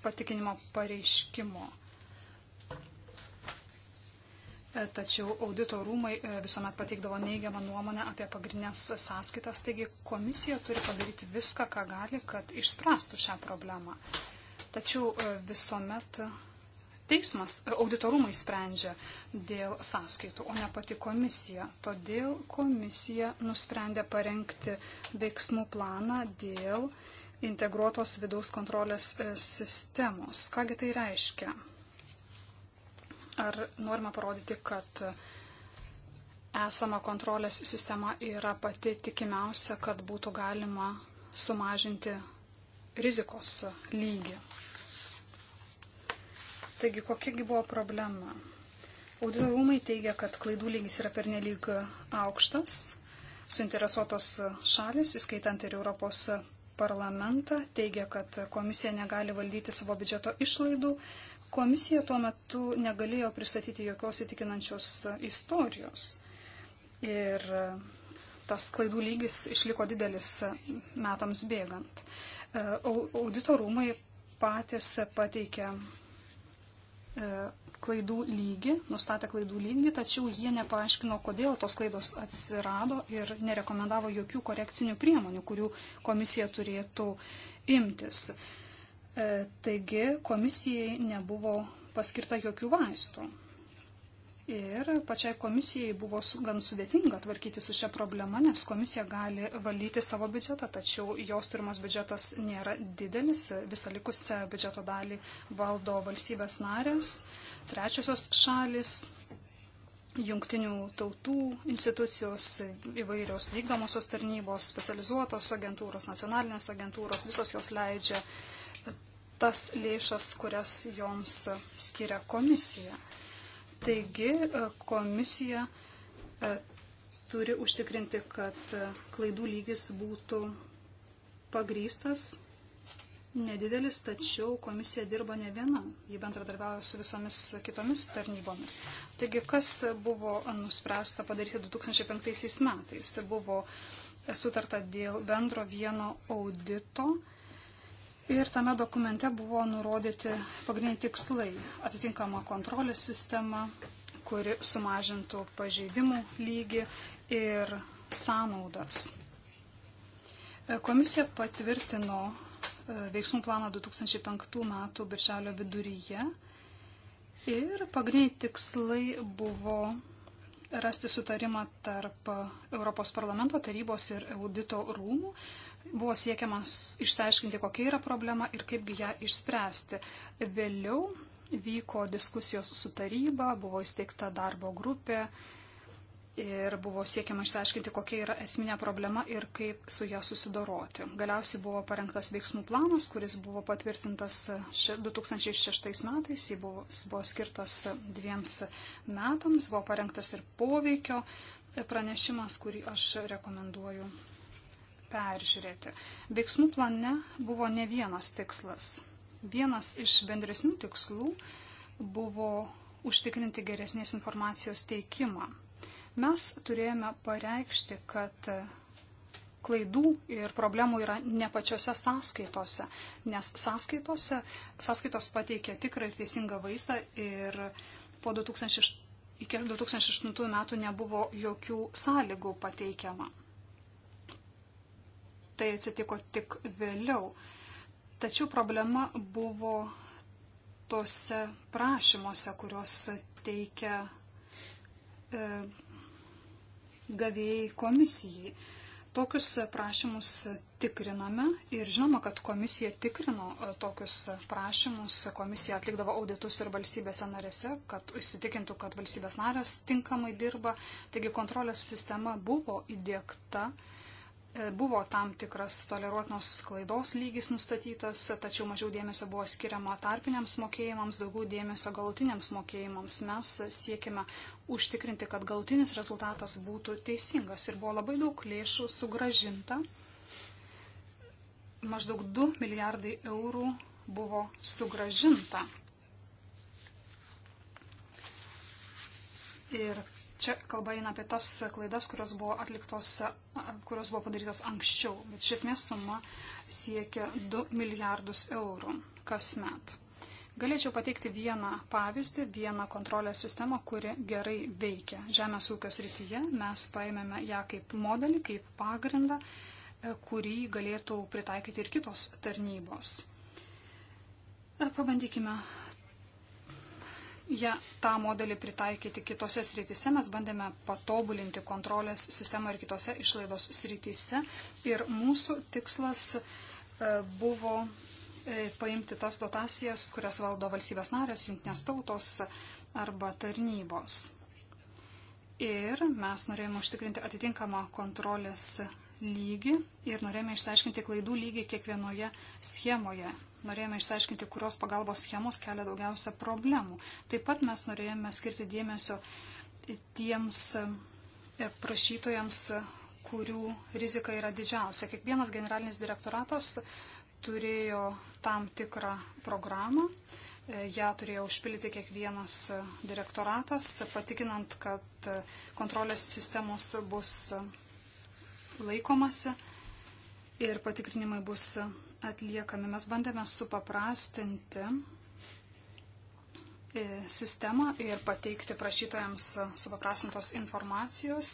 patikinimo pareiškimo tačiau audito rūmai e, visuomet pateikdavo neigiamą nuomonę apie pagrindinės sąskaitas, taigi komisija turi padaryti viską, ką gali, kad išspręstų šią problemą. Tačiau e, visuomet teismas, e, auditorumai sprendžia dėl sąskaitų, o ne pati komisija. Todėl komisija nusprendė parengti veiksmų planą dėl integruotos vidaus kontrolės sistemos. Kągi tai reiškia? Ar norima parodyti, kad esama kontrolės sistema yra pati tikimiausia, kad būtų galima sumažinti rizikos lygį. Taigi, kokiagi buvo problema? Auditorumai teigia, kad klaidų lygis yra pernelyg aukštas. Suinteresuotos šalis, įskaitant ir Europos parlamentą, teigia, kad komisija negali valdyti savo biudžeto išlaidų, Komisija tuo metu negalėjo pristatyti jokios įtikinančios istorijos. Ir e, tas klaidų lygis išliko didelis metams bėgant. E, audito rūmai patys pateikė e, klaidų lygį, nustatė klaidų lygį, tačiau jie nepaaiškino, kodėl tos klaidos atsirado ir nerekomendavo jokių korekcinių priemonių, kurių komisija turėtų imtis. E, taigi komisijai nebuvo paskirta jokių vaistų. Ir pačiai komisijai buvo gan sudėtinga tvarkyti su šia problema, nes komisija gali valdyti savo biudžetą, tačiau jos turimas biudžetas nėra didelis, visą likusią biudžeto dalį valdo valstybės narės, trečiosios šalis, jungtinių tautų institucijos, įvairios vykdomosios tarnybos, specializuotos agentūros, nacionalinės agentūros, visos jos leidžia uh, tas lėšas, kurias joms skiria komisija. Taigi e, komisija e, turi užtikrinti, kad e, klaidų lygis būtų pagrystas, nedidelis, tačiau komisija dirba ne viena, ji bendradarbiauja su visomis kitomis tarnybomis. Taigi, kas buvo nuspręsta padaryti 2005 metais? Buvo sutarta dėl bendro vieno audito Ir tame dokumente buvo nurodyti pagrindiniai tikslai - atitinkama kontrolės sistema, kuri sumažintų pažeidimų lygį ir sąnaudas. Komisija patvirtino e, veiksmų planą 2005 metų birželio viduryje ir pagrindiniai tikslai buvo rasti sutarimą tarp Europos parlamento tarybos ir audito rūmų, Buvo siekiama išsiaiškinti, kokia yra problema ir kaipgi ją išspręsti. Vėliau vyko diskusijos su taryba, buvo įsteigta darbo grupė ir buvo siekiama išsiaiškinti, kokia yra esminė problema ir kaip su ją susidoroti. Galiausiai buvo parengtas veiksmų planas, kuris buvo patvirtintas 2006 e, metais, jis buvo, buvo skirtas e, dviems metams, buvo parengtas ir poveikio e, pranešimas, kurį aš rekomenduoju peržiūrėti. Veiksmų plane buvo ne vienas tikslas. Vienas iš bendresnių tikslų buvo užtikrinti geresnės informacijos teikimą. Mes turėjome pareikšti, kad klaidų ir problemų yra ne pačiose sąskaitose, nes sąskaitose, sąskaitos pateikia tikrą ir teisingą vaizdą ir po 2006, iki 2008 metų nebuvo jokių sąlygų pateikiama tai atsitiko tik vėliau. Tačiau problema buvo tose prašymuose, kuriuos teikia e, gavėjai komisijai. Tokius prašymus tikriname ir žinoma, kad komisija tikrino e, tokius prašymus. Komisija atlikdavo auditus ir valstybėse narėse, kad įsitikintų, kad valstybės narės tinkamai dirba. Taigi kontrolės sistema buvo įdėkta. E, Buvo tam tikras toleruotinos klaidos lygis nustatytas, tačiau mažiau dėmesio buvo skiriama tarpiniams mokėjimams, daugiau dėmesio galutiniams mokėjimams. Mes siekime užtikrinti, kad galutinis rezultatas būtų teisingas ir buvo labai daug lėšų sugražinta. Maždaug 2 milijardai eurų buvo sugražinta. Ir čia kalba eina apie tas klaidas, kurios buvo, atliktos, kurios buvo padarytos anksčiau, bet iš esmės suma siekia 2 milijardus eurų kasmet. Galėčiau pateikti vieną pavyzdį, vieną kontrolės sistemą, kuri gerai veikia. Žemės ūkio srityje mes paėmėme ją kaip modelį, kaip pagrindą, e, kurį galėtų pritaikyti ir kitos tarnybos. E, pabandykime ja, tą modelį pritaikyti kitose srityse. Mes bandėme patobulinti kontrolės sistemą ir kitose išlaidos srityse. Ir mūsų tikslas e, buvo e, paimti tas dotacijas, kurias valdo valstybės narės, jungtinės tautos arba tarnybos. Ir mes norėjome užtikrinti atitinkamą kontrolės lygį ir norėjome išsiaiškinti klaidų lygį kiekvienoje schemoje norėjome išsiaiškinti, kurios pagalbos schemos kelia daugiausia problemų. Taip pat mes norėjome skirti dėmesio tiems e, prašytojams, kurių rizika yra didžiausia. Kiekvienas generalinis direktoratas turėjo tam tikrą programą, e, ją turėjo užpildyti kiekvienas e, direktoratas, patikinant, kad kontrolės sistemos bus laikomasi ir patikrinimai bus atliekami. Mes bandėme supaprastinti e, sistemą ir pateikti prašytojams supaprastintos informacijos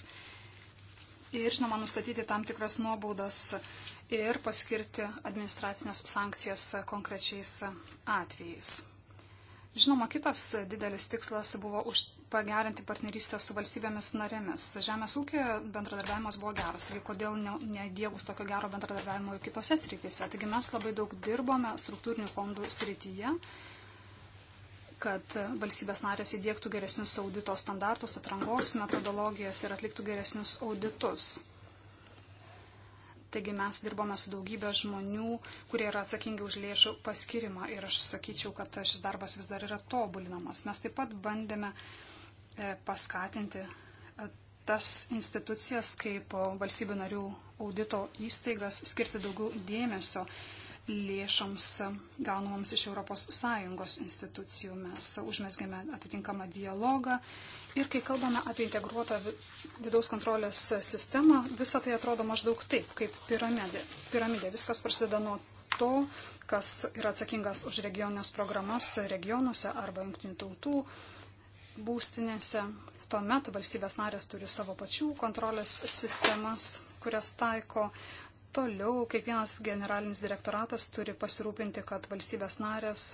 ir, žinoma, nustatyti tam tikras nuobaudas ir paskirti administracinės sankcijas konkrečiais atvejais. Žinoma, kitas didelis tikslas buvo už pagerinti partnerystę su valstybėmis narėmis. Žemės ūkio bendradarbiavimas buvo geras, taigi kodėl nedėgus tokio gero bendradarbiavimo ir kitose srityse. Taigi mes labai daug dirbome struktūrinių fondų srityje, kad valstybės narės įdėktų geresnius audito standartus, atrangos metodologijas ir atliktų geresnius auditus. Taigi mes dirbome su daugybė žmonių, kurie yra atsakingi už lėšų paskirimą ir aš sakyčiau, kad šis darbas vis dar yra tobulinamas. Mes taip pat bandėme e, paskatinti e, tas institucijas kaip valstybių narių audito įstaigas skirti daugiau dėmesio lėšoms e, gaunamoms iš ES institucijų. Mes užmesgėme atitinkamą dialogą Ir kai kalbame apie integruotą vidaus kontrolės sistemą, visa tai atrodo maždaug taip, kaip piramidė. piramidė. Viskas prasideda nuo to, kas yra atsakingas už regioninės programas regionuose arba jungtinių tautų būstinėse. Tuomet valstybės narės turi savo pačių kontrolės sistemas, kurias taiko. Toliau kiekvienas generalinis direktoratas turi pasirūpinti, kad valstybės narės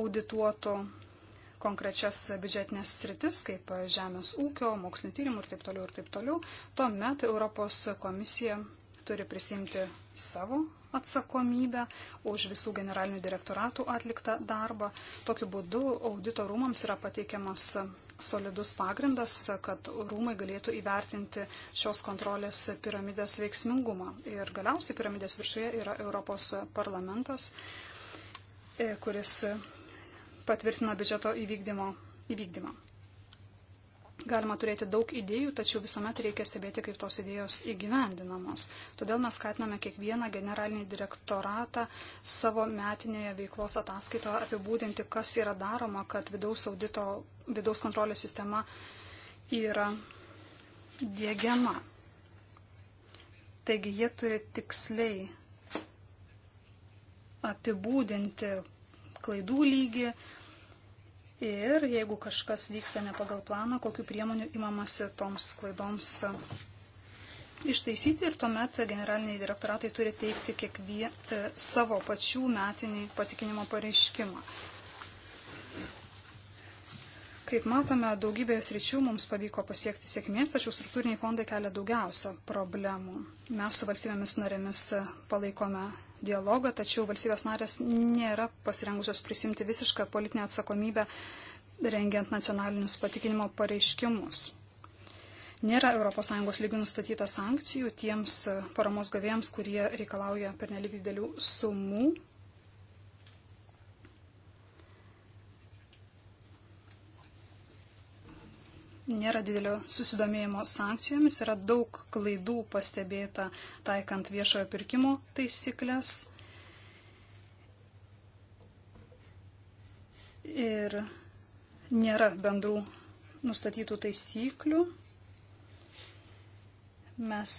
audituotų konkrečias biudžetinės sritis, kaip žemės ūkio, mokslinio tyrimų ir taip toliau ir taip toliau, tuomet Europos komisija turi prisimti savo atsakomybę už visų generalinių direktoratų atliktą darbą. Tokiu būdu audito rūmams yra pateikiamas solidus pagrindas, kad rūmai galėtų įvertinti šios kontrolės piramidės veiksmingumą. Ir galiausiai piramidės viršuje yra Europos parlamentas, e, kuris patvirtina biudžeto įvykdymo, įvykdymą. Galima turėti daug idėjų, tačiau visuomet reikia stebėti, kaip tos idėjos įgyvendinamos. Todėl mes skatiname kiekvieną generalinį direktoratą savo metinėje veiklos ataskaitoje apibūdinti, kas yra daroma, kad vidaus, audito, vidaus kontrolės sistema yra dėgiama. Taigi jie turi tiksliai apibūdinti klaidų lygį, ir jeigu kažkas vyksta ne pagal planą, kokiu priemoniu imamasi toms klaidoms ištaisyti ir tuomet generaliniai direktoratai turi teikti kiekvien e, savo pačių metinį patikinimo pareiškimą. Kaip matome, daugybėje sričių mums pavyko pasiekti sėkmės, tačiau struktūriniai fondai kelia daugiausia problemų. Mes su valstybėmis narėmis palaikome dialogą, tačiau valstybės narės nėra pasirengusios prisimti visišką politinę atsakomybę rengiant nacionalinius patikinimo pareiškimus. Nėra ES lygių nustatyta sankcijų tiems paramos gavėjams, kurie reikalauja pernelyg didelių sumų nėra didelio susidomėjimo sankcijomis, yra daug klaidų pastebėta taikant viešojo pirkimo taisyklės. Ir nėra bendrų nustatytų taisyklių. Mes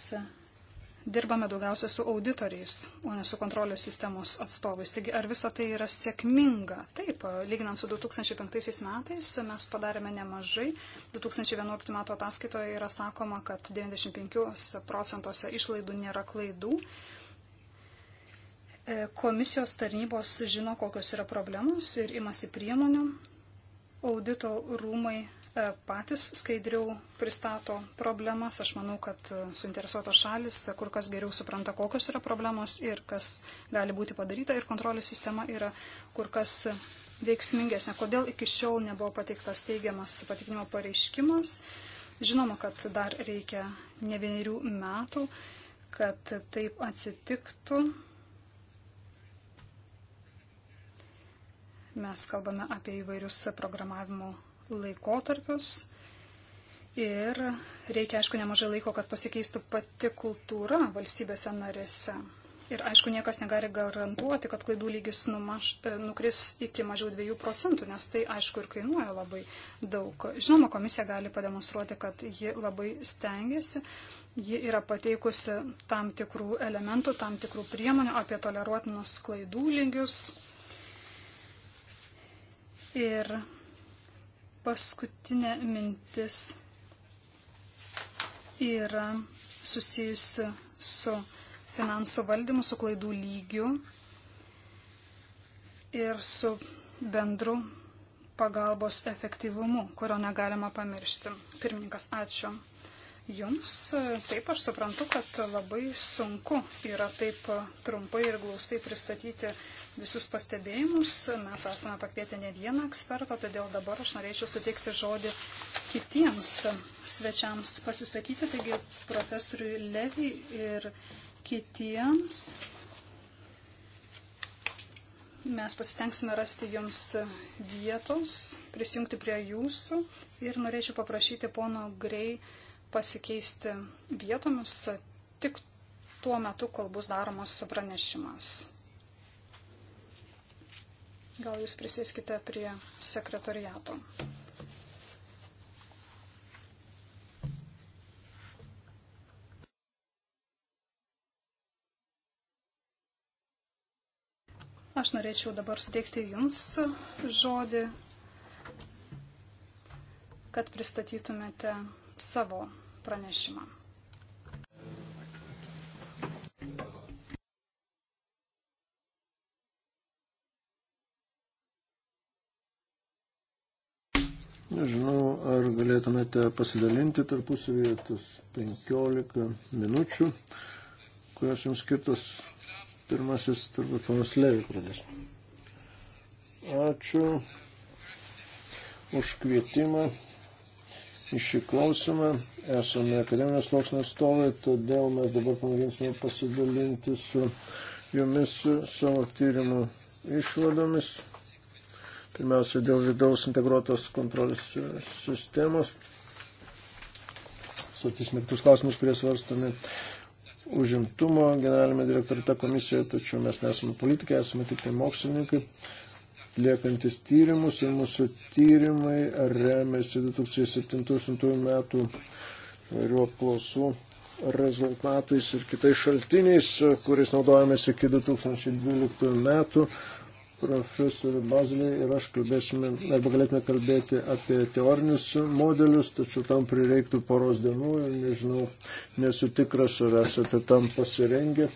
dirbame daugiausia su auditoriais, o ne su kontrolės sistemos atstovais. Taigi, ar visa tai yra sėkminga? Taip, lyginant su 2005 metais mes padarėme nemažai. 2011 metų ataskaitoje yra sakoma, kad 95 procentuose išlaidų nėra klaidų. E, komisijos tarnybos žino, kokios yra problemos ir imasi priemonių. Audito rūmai E, patys skaidriau pristato problemas. Aš manau, kad suinteresuotos šalis kur kas geriau supranta, kokios yra problemos ir kas gali būti padaryta. Ir kontrolės sistema yra kur kas veiksmingesnė. Kodėl iki šiol nebuvo pateiktas teigiamas patikinimo pareiškimas? Žinoma, kad dar reikia ne vienerių metų, kad taip atsitiktų. Mes kalbame apie įvairius programavimo laikotarpius. Ir reikia, aišku, nemažai laiko, kad pasikeistų pati kultūra valstybėse narėse. Ir aišku, niekas negali garantuoti, kad klaidų lygis numaž, nukris iki mažiau 2 procentų, nes tai aišku ir kainuoja labai daug. Žinoma, komisija gali pademonstruoti, kad ji labai stengiasi, ji yra pateikusi tam tikrų elementų, tam tikrų priemonių apie toleruotinus klaidų lygius. Ir Paskutinė mintis yra susijusi su finansų valdymu, su klaidų lygiu ir su bendru pagalbos efektyvumu, kurio negalima pamiršti. Pirmininkas, ačiū. Jums, taip aš suprantu, kad labai sunku yra taip trumpai ir glaustai pristatyti visus pastebėjimus. Mes esame pakvietę ne vieną ekspertą, todėl dabar aš norėčiau suteikti žodį kitiems svečiams pasisakyti, taigi profesoriui Levi ir kitiems. Mes pasitengsime rasti jums vietos, prisijungti prie jūsų ir norėčiau paprašyti pono Grei pasikeisti vietomis tik tuo metu, kol bus daromas pranešimas. Gal jūs prisėskite prie sekretoriato. Aš norėčiau dabar suteikti Jums žodį, kad pristatytumėte savo pranešimą. Nežinau, ar galėtumėte pasidalinti tarpusavėje tas 15 minučių, kurios jums skirtos pirmasis, turbūt, ponas Levi pradės. Ačiū už kvietimą į šį klausimą. Esame akademijos sluoksnio atstovai, todėl mes dabar pamėginsime pasidalinti su jumis savo tyrimų išvadomis. Pirmiausia, dėl vidaus integruotos kontrolės sistemos. Sutisime kitus klausimus, kurie svarstami užimtumo generalinėme direktorite komisijoje, tačiau mes nesame politikai, esame tik tai mokslininkai, liekantis tyrimus ir mūsų tyrimai remiasi 2007-2008 metų įvairių apklausų rezultatais ir kitais šaltiniais, kuris naudojamės iki 2012 metų profesorių Bazlį ir aš kalbėsime, arba galėtume kalbėti apie teorinius modelius, tačiau tam prireiktų poros dienų ir nežinau, nesu tikras, ar esate tam pasirengę.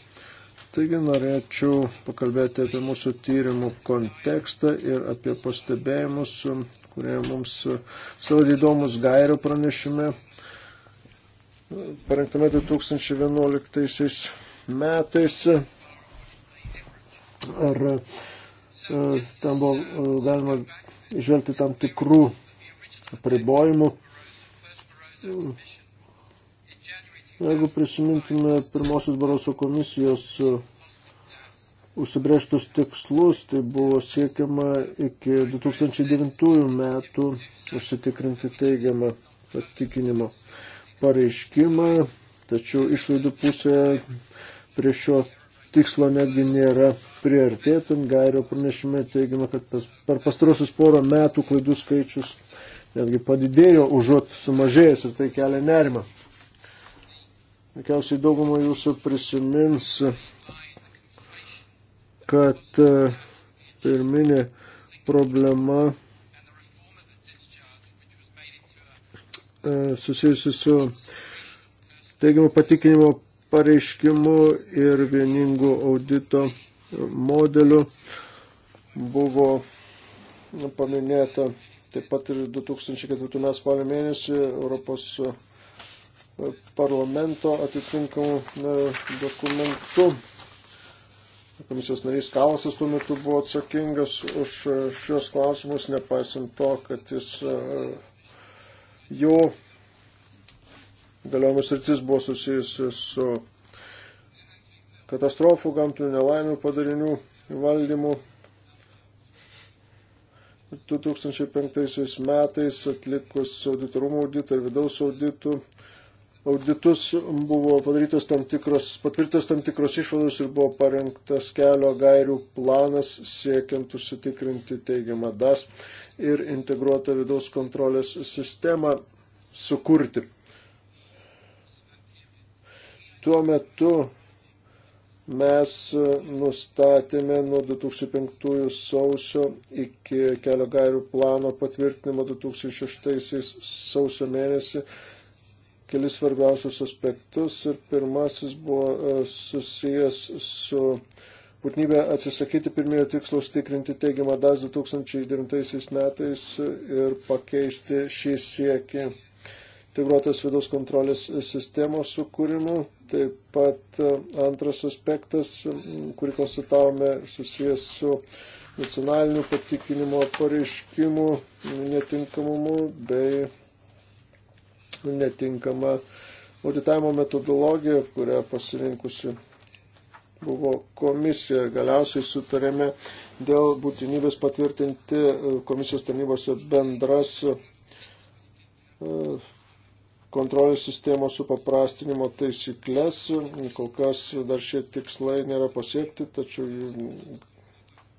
Taigi norėčiau pakalbėti apie mūsų tyrimų kontekstą ir apie pastebėjimus, kurie mums savo įdomus gairių pranešime parengtame 2011 metais. Ar E, ten buvo e, galima žvelgti tam tikrų pribojimų. Jeigu prisimintume pirmosios Baroso komisijos e, užsibrėžtus tikslus, tai buvo siekiama iki 2009 metų užsitikrinti teigiamą patikinimo pareiškimą, tačiau išlaidų pusė prie šio tikslo netgi nėra priartėtum. Gairio pranešime teigiama, kad pas, per pastarosius porą metų klaidų skaičius netgi padidėjo užuot sumažėjęs ir tai kelia nerimą. Tikiausiai dauguma jūsų prisimins, kad e, pirminė problema e, susijusi su teigiamo patikinimo pareiškimu ir vieningu audito modeliu buvo paminėta taip pat ir 2004 m. spalio mėnesį Europos parlamento atitinkamų dokumentų. Komisijos narys Kalasas tuo metu buvo atsakingas už šios klausimus, nepaisant to, kad jis jo galiojimo sritis buvo susijusi su katastrofų, gamtinių nelaimių padarinių valdymu. 2005 metais atlikus auditorumo auditą ir vidaus auditų, auditus buvo padarytos tam tikros, patvirtos tam tikros išvados ir buvo parengtas kelio gairių planas siekiant užsitikrinti teigiamą DAS ir integruotą vidaus kontrolės sistemą sukurti. Tuo metu mes nustatėme nuo 2005 sausio iki kelio gairių plano patvirtinimo 2006 sausio mėnesį kelis svarbiausius aspektus ir pirmasis buvo e, susijęs su būtinybė atsisakyti pirmiejo tikslo stikrinti teigiamą DAS 2009 metais ir pakeisti šį siekį integruotos vidaus kontrolės sistemos sukūrimu. Taip pat e, antras aspektas, kurį konstatavome susijęs su nacionaliniu patikinimo pareiškimu netinkamumu bei netinkama auditavimo metodologija, kurią pasirinkusi buvo komisija. Galiausiai sutarėme dėl būtinybės patvirtinti e, komisijos tarnybose bendras e, kontrolės sistemos supaprastinimo taisyklės. Kol kas dar šie tikslai nėra pasiekti, tačiau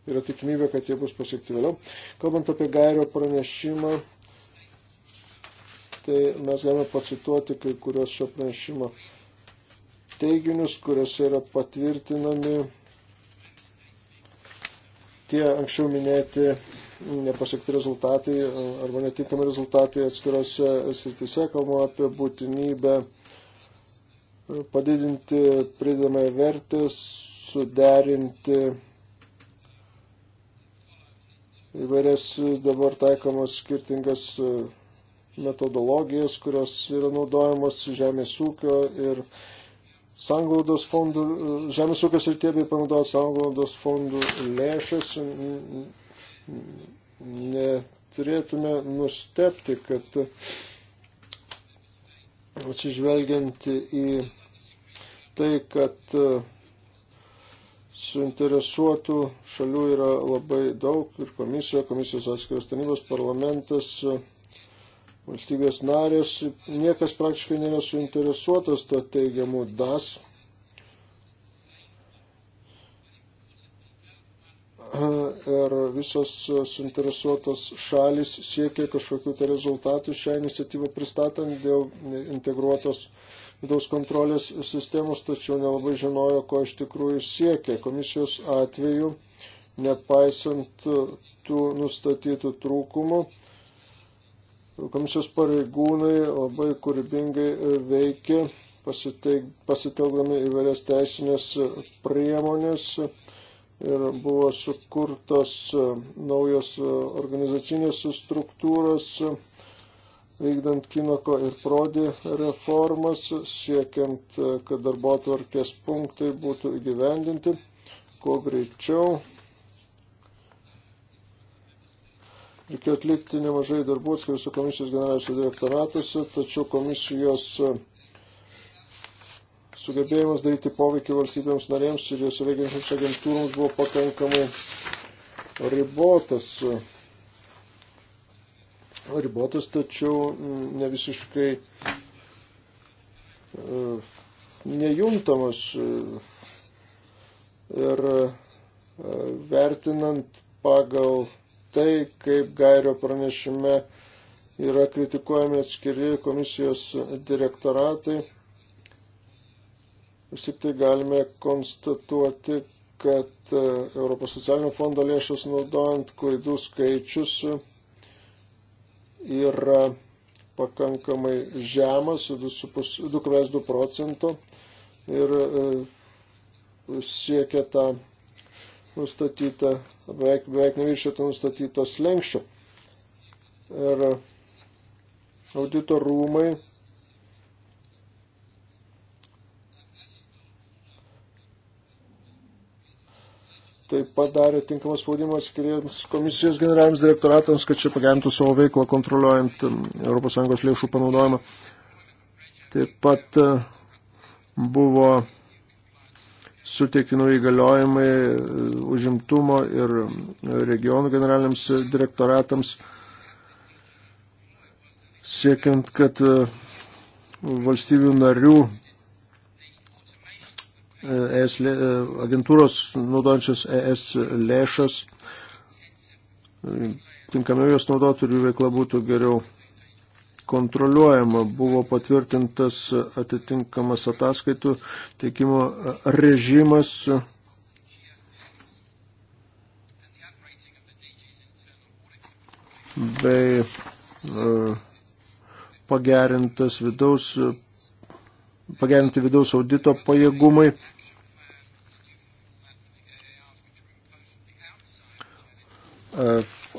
yra tikimybė, kad jie bus pasiekti vėliau. Kalbant apie gairio pranešimą, tai mes galime pacituoti kai kurios šio pranešimo teiginius, kuriuose yra patvirtinami tie anksčiau minėti nepasiekti rezultatai arba netinkami rezultatai atskirose srityse, kalbama apie būtinybę padidinti pridamą vertę, suderinti įvairias dabar taikomas skirtingas metodologijas, kurios yra naudojamos žemės ūkio ir sanglaudos fondų, žemės ūkio srityje bei panaudoja sanglaudos fondų lėšas, neturėtume nustepti, kad atsižvelgiant į tai, kad suinteresuotų šalių yra labai daug ir komisija, komisijos atskiros tarnybos, parlamentas, valstybės narės, niekas praktiškai nėra suinteresuotas tuo teigiamu DAS ir visos suinteresuotos šalis siekia kažkokių tai rezultatų šią iniciatyvą pristatant dėl integruotos vidaus kontrolės sistemos, tačiau nelabai žinojo, ko iš tikrųjų siekia. Komisijos atveju, nepaisant tų nustatytų trūkumų, komisijos pareigūnai labai kūrybingai veikia pasitelkdami įvairias teisinės priemonės ir buvo sukurtos e, naujos e, organizacinės struktūros, e, vykdant Kinoko ir Prodi reformas, siekiant, kad darbo atvarkės punktai būtų įgyvendinti kuo greičiau. Reikėjo atlikti nemažai darbų atskiriuose komisijos generaliniuose direktoratuose, tačiau komisijos sugebėjimas daryti poveikį valstybėms narėms ir jos veikiančiams agentūroms buvo pakankamai ribotas. Ribotas, tačiau ne visiškai e, nejuntamas ir e, vertinant pagal tai, kaip gairio pranešime yra kritikuojami atskiri komisijos direktoratai, Vis tik tai galime konstatuoti, kad e, Europos socialinio fondo lėšas naudojant klaidų skaičius yra pakankamai žemas, 2,2 procento ir e, siekia tą nustatytą, beveik, beveik neviršėtą nustatytos lenkščio. Ir e, audito rūmai taip pat darė tinkamą spaudimą atskiriems komisijos generaliniams direktoratams, kad čia pagerintų savo veiklą kontroliuojant um, ES lėšų panaudojimą. Taip pat uh, buvo suteikti nauji galiojimai uh, užimtumo ir um, regionų generaliniams direktoratams, siekiant, kad uh, valstybių narių ES, e, agentūros naudojančios ES lėšas, tinkamiau jos naudotų ir jų veikla būtų geriau kontroliuojama. Buvo patvirtintas atitinkamas ataskaitų teikimo režimas. bei e, pagerintas vidaus pagerinti vidaus audito pajėgumai.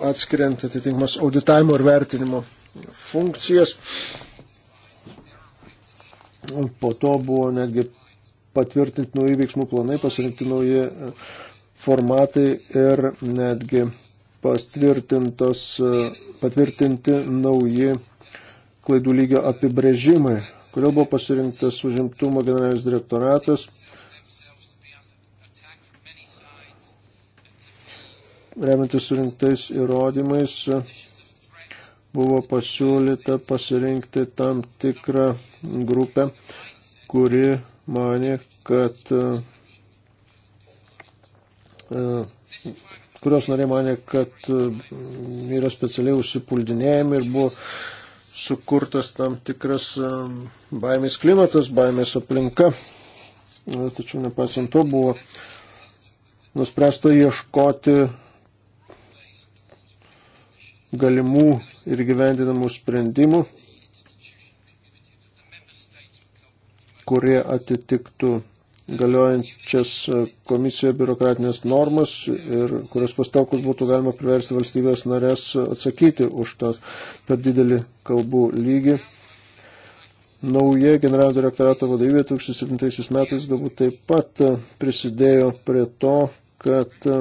atskiriant atitinkamas auditavimo ir vertinimo funkcijas. Po to buvo netgi patvirtinti nauji veiksmų planai, pasirinkti nauji e, formatai ir netgi e, patvirtinti nauji klaidų lygio apibrėžimai Kodėl buvo pasirinktas užimtumo generalinis direktoratas? Remiantis surinktais įrodymais buvo pasiūlyta pasirinkti tam tikrą grupę, kuri mane, kad e, kurios norė mane, kad e, yra specialiai užsipuldinėjami ir buvo sukurtas tam tikras baimės klimatas, baimės aplinka. Tačiau nepasiant to buvo nuspręsta ieškoti galimų ir gyvendinamų sprendimų, kurie atitiktų galiojančias e, komisijoje biurokratinės normas ir kurias pastokus būtų galima priversti valstybės narės atsakyti už tą per didelį kalbų lygį. Nauja generalinio direktorato vadovybė 2007 metais galbūt taip pat e, prisidėjo prie to, kad e,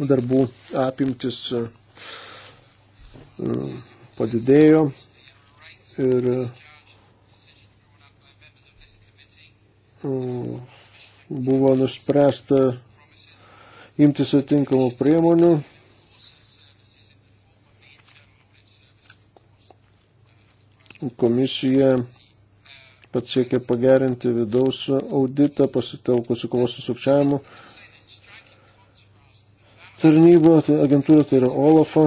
darbų apimtis padidėjo ir buvo nuspręsta imtis atinkamų priemonių. Komisija pat siekia pagerinti vidaus auditą pasitelkusi kovos su sukčiavimu tarnybą, tai agentūrą, tai yra OLAFą.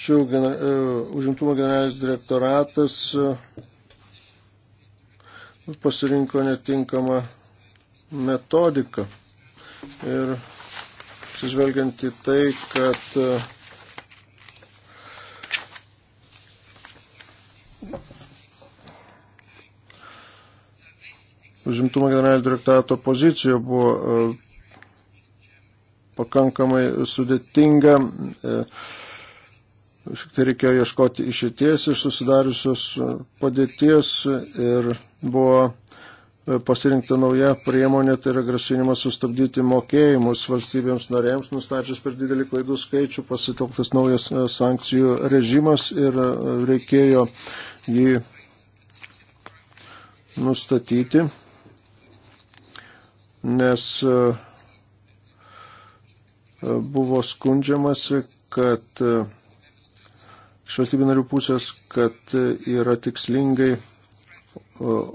Tačiau e, užimtumo generalinis direktoratas e, pasirinko netinkamą metodiką. Ir atsižvelgiant į tai, kad e, užimtumo generalinio direktorato pozicija buvo pakankamai sudėtinga. E, tai reikėjo ieškoti išėties iš susidariusios e, padėties ir buvo e, pasirinkta nauja priemonė, tai yra grasinimas sustabdyti mokėjimus valstybėms narėms, nustačius per didelį klaidų skaičių, pasitelktas naujas e, sankcijų režimas ir reikėjo jį nustatyti, nes buvo skundžiamasi, kad iš valstybių narių pusės, kad yra tikslingai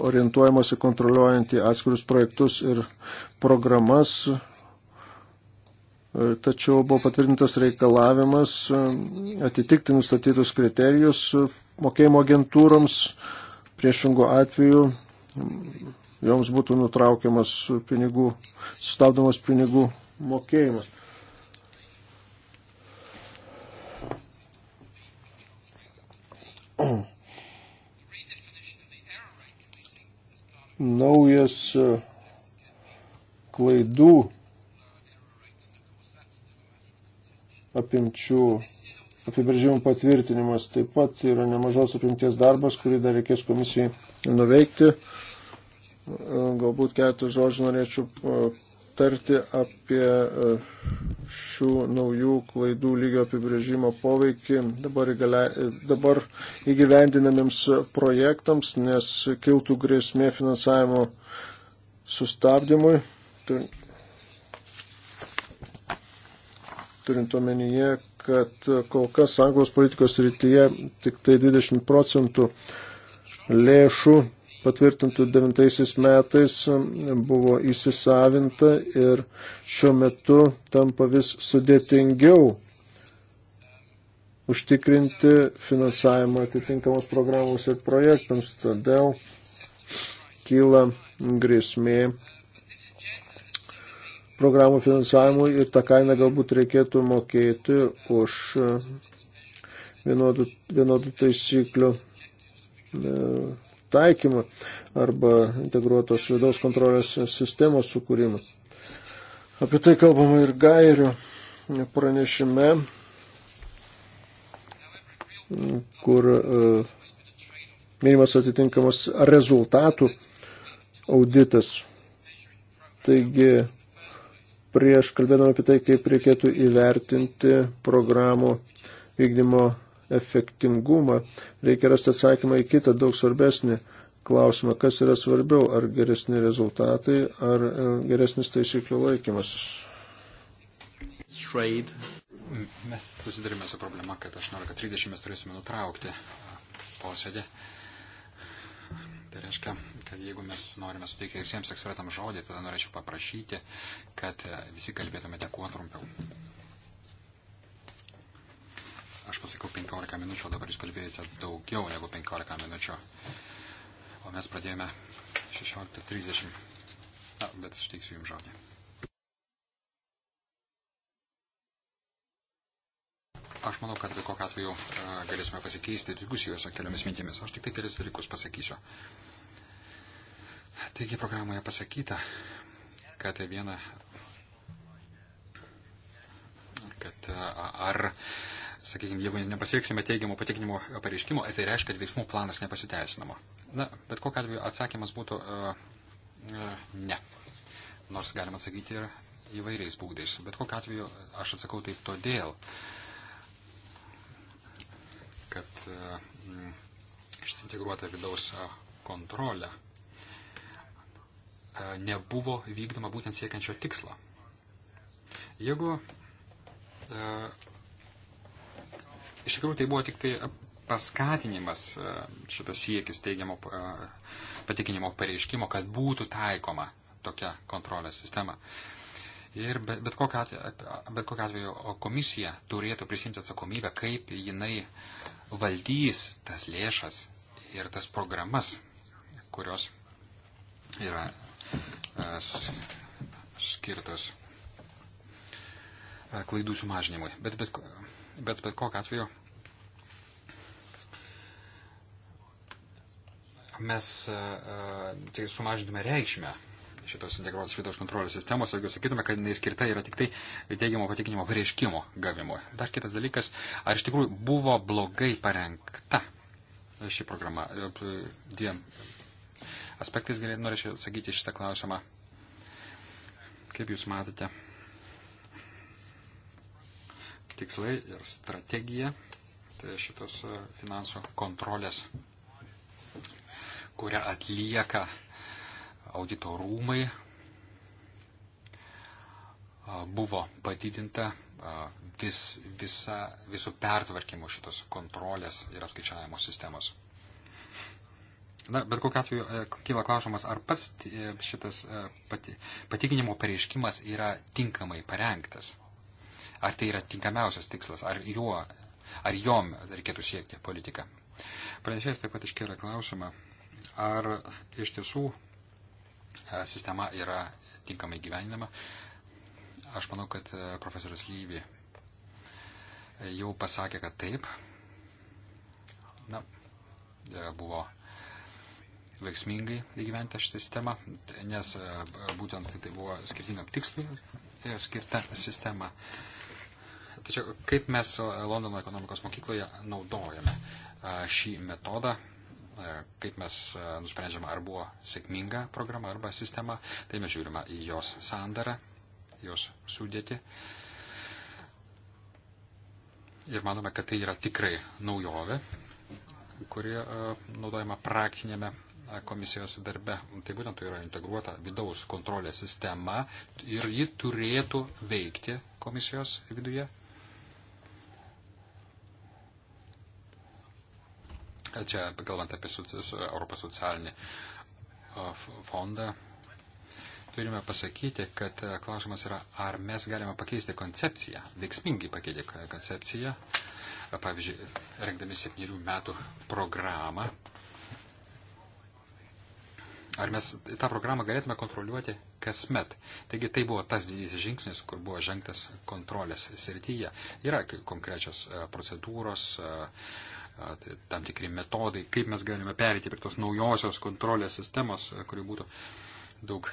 orientuojamasi kontroliuojant į atskirius projektus ir programas, e, tačiau buvo patvirtintas reikalavimas e, atitikti nustatytus kriterijus e, mokėjimo agentūroms, priešingų atveju joms būtų nutraukiamas pinigų, sustabdomas pinigų mokėjimas. Naujas e, klaidų apimčių apibrėžimų patvirtinimas taip pat yra nemažos apimties darbas, kurį dar reikės komisijai nuveikti. E, galbūt keletą žodžių norėčiau e, tarti apie e, šių naujų klaidų lygio apibrėžimo poveikį dabar, įgalia, dabar įgyvendinamiems projektams, nes kiltų grėsmė finansavimo sustabdymui. Turint omenyje, kad kol kas anglos politikos rytyje tik tai 20 procentų lėšų patvirtintų 9 metais um, buvo įsisavinta ir šiuo metu tampa vis sudėtingiau užtikrinti finansavimą atitinkamos programos ir projektams. Todėl kyla grėsmė programų finansavimui ir tą kainą galbūt reikėtų mokėti už uh, vienodų, vienodų taisyklių uh, taikymą arba integruotos vidaus kontrolės sistemos sukūrimą. Apie tai kalbama ir gairių pranešime, kur e, minimas atitinkamas rezultatų auditas. Taigi, prieš kalbėdami apie tai, kaip reikėtų įvertinti programų vykdymo efektingumą, reikia rasti atsakymą į kitą daug svarbesnį klausimą, kas yra svarbiau, ar geresni rezultatai, ar e, geresnis taisyklių laikymasis. Trade. Mes susidarėme su problema, kad 18.30 mes turėsime nutraukti e, posėdį. Tai reiškia, kad jeigu mes norime suteikti visiems ekspertams žodį, tada norėčiau paprašyti, kad e, visi kalbėtumėte kuo trumpiau. 15 minučių, o dabar jūs kalbėjote daugiau negu 15 minučių. O mes pradėjome 16.30. Na, bet išteiksiu jums žodį. Aš manau, kad bet kokiu atveju e, galėsime pasikeisti diskusijose keliomis mintimis. Aš tik tai kelias dalykus pasakysiu. Taigi programoje pasakyta, kad viena kad e, ar sakykime, jeigu nepasieksime teigiamų patikinimo pareiškimų, tai reiškia, kad veiksmų planas nepasiteisinama. Na, bet kokiu atveju atsakymas būtų uh, uh, ne. Nors galima sakyti ir įvairiais būdais. Bet kokiu atveju e, aš atsakau taip todėl, kad uh, šitą integruotą vidaus kontrolę uh, nebuvo vykdoma būtent siekiančio tikslo. Jeigu uh, iš tikrųjų tai buvo tik tai paskatinimas e, šitas siekis teigiamo e, patikinimo pareiškimo, kad būtų taikoma tokia kontrolės sistema. Ir bet, bet, kokia atveju, bet kokia atveju komisija turėtų prisimti atsakomybę, kaip jinai valdys tas lėšas ir tas programas, kurios yra as, e, skirtos klaidų sumažinimui. Bet, bet Bet bet kokiu atveju mes e, e, tai sumažintume reikšmę šitos integruotos vidaus kontrolės sistemos, jeigu sakytume, kad jinai skirta yra tik tai teigiamo patikinimo pareiškimo gavimui. Dar kitas dalykas, ar iš tikrųjų buvo blogai parengta ši programa. E, dviem aspektais galėtų norėčiau sakyti šitą klausimą. Kaip Jūs matote? tikslai ir strategija, tai šitos e, finansų kontrolės, kurią atlieka audito rūmai, e, buvo padidinta e, vis, visa, visų pertvarkymų šitos kontrolės ir apskaičiavimo sistemos. Na, bet kokiu atveju kyla klausimas, ar pats šitas pati, patikinimo pareiškimas yra tinkamai parengtas. Ar tai yra tinkamiausias tikslas, ar, juo, ar jom reikėtų siekti politiką. Pranešėjas taip pat iškėlė klausimą, ar iš tiesų e, sistema yra tinkamai gyveninama. Aš manau, kad e, profesorius Lyvi e, jau pasakė, kad taip. Na, buvo veiksmingai įgyventi šitą sistemą, nes būtent tai buvo skirtingam tikslui skirta sistema. Tačiau kaip mes e, Londono ekonomikos mokykloje naudojame e, šį metodą, e, kaip mes nusprendžiame, ar buvo sėkminga programa arba sistema, tai mes žiūrime į jos sandarą, jos sudėti. Ir manome, kad tai yra tikrai naujovė, kuri naudojama praktinėme komisijos darbe. Tai būtent tai yra integruota vidaus kontrolės sistema ir ji turėtų veikti komisijos viduje. čia kalbant apie Europos socialinį fondą, turime pasakyti, kad e, klausimas yra, ar mes galime pakeisti koncepciją, veiksmingai pakeisti koncepciją, e, pavyzdžiui, rengdami septynių metų programą. Ar mes tą programą galėtume kontroliuoti kasmet? Taigi tai buvo tas didysis žingsnis, kur buvo žengtas kontrolės srityje. Yra konkrečios e, procedūros, uh, Tai tam tikri metodai, kaip mes galime perėti prie tos naujosios kontrolės sistemos, kuri būtų daug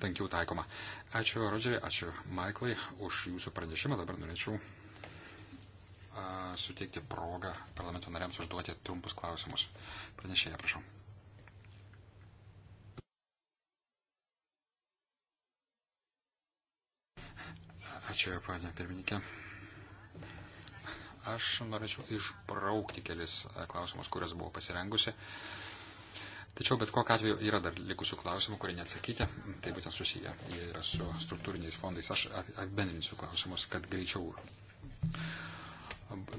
tankiau taikoma. Ačiū, Rodžeriai, ačiū, Maiklai, už jūsų pranešimą. Dabar norėčiau a, suteikti progą parlamento nariams užduoti trumpus klausimus. Pranešėja, prašau. Ačiū, ponia pirmininkė. Aš norėčiau išbraukti kelis e, klausimus, kurias buvau pasirengusi. Tačiau bet kokiu atveju yra dar likusių klausimų, kurie neatsakyti. Tai būtent susiję. Jie yra su struktūriniais fondais. Aš apibendrinsiu klausimus, kad greičiau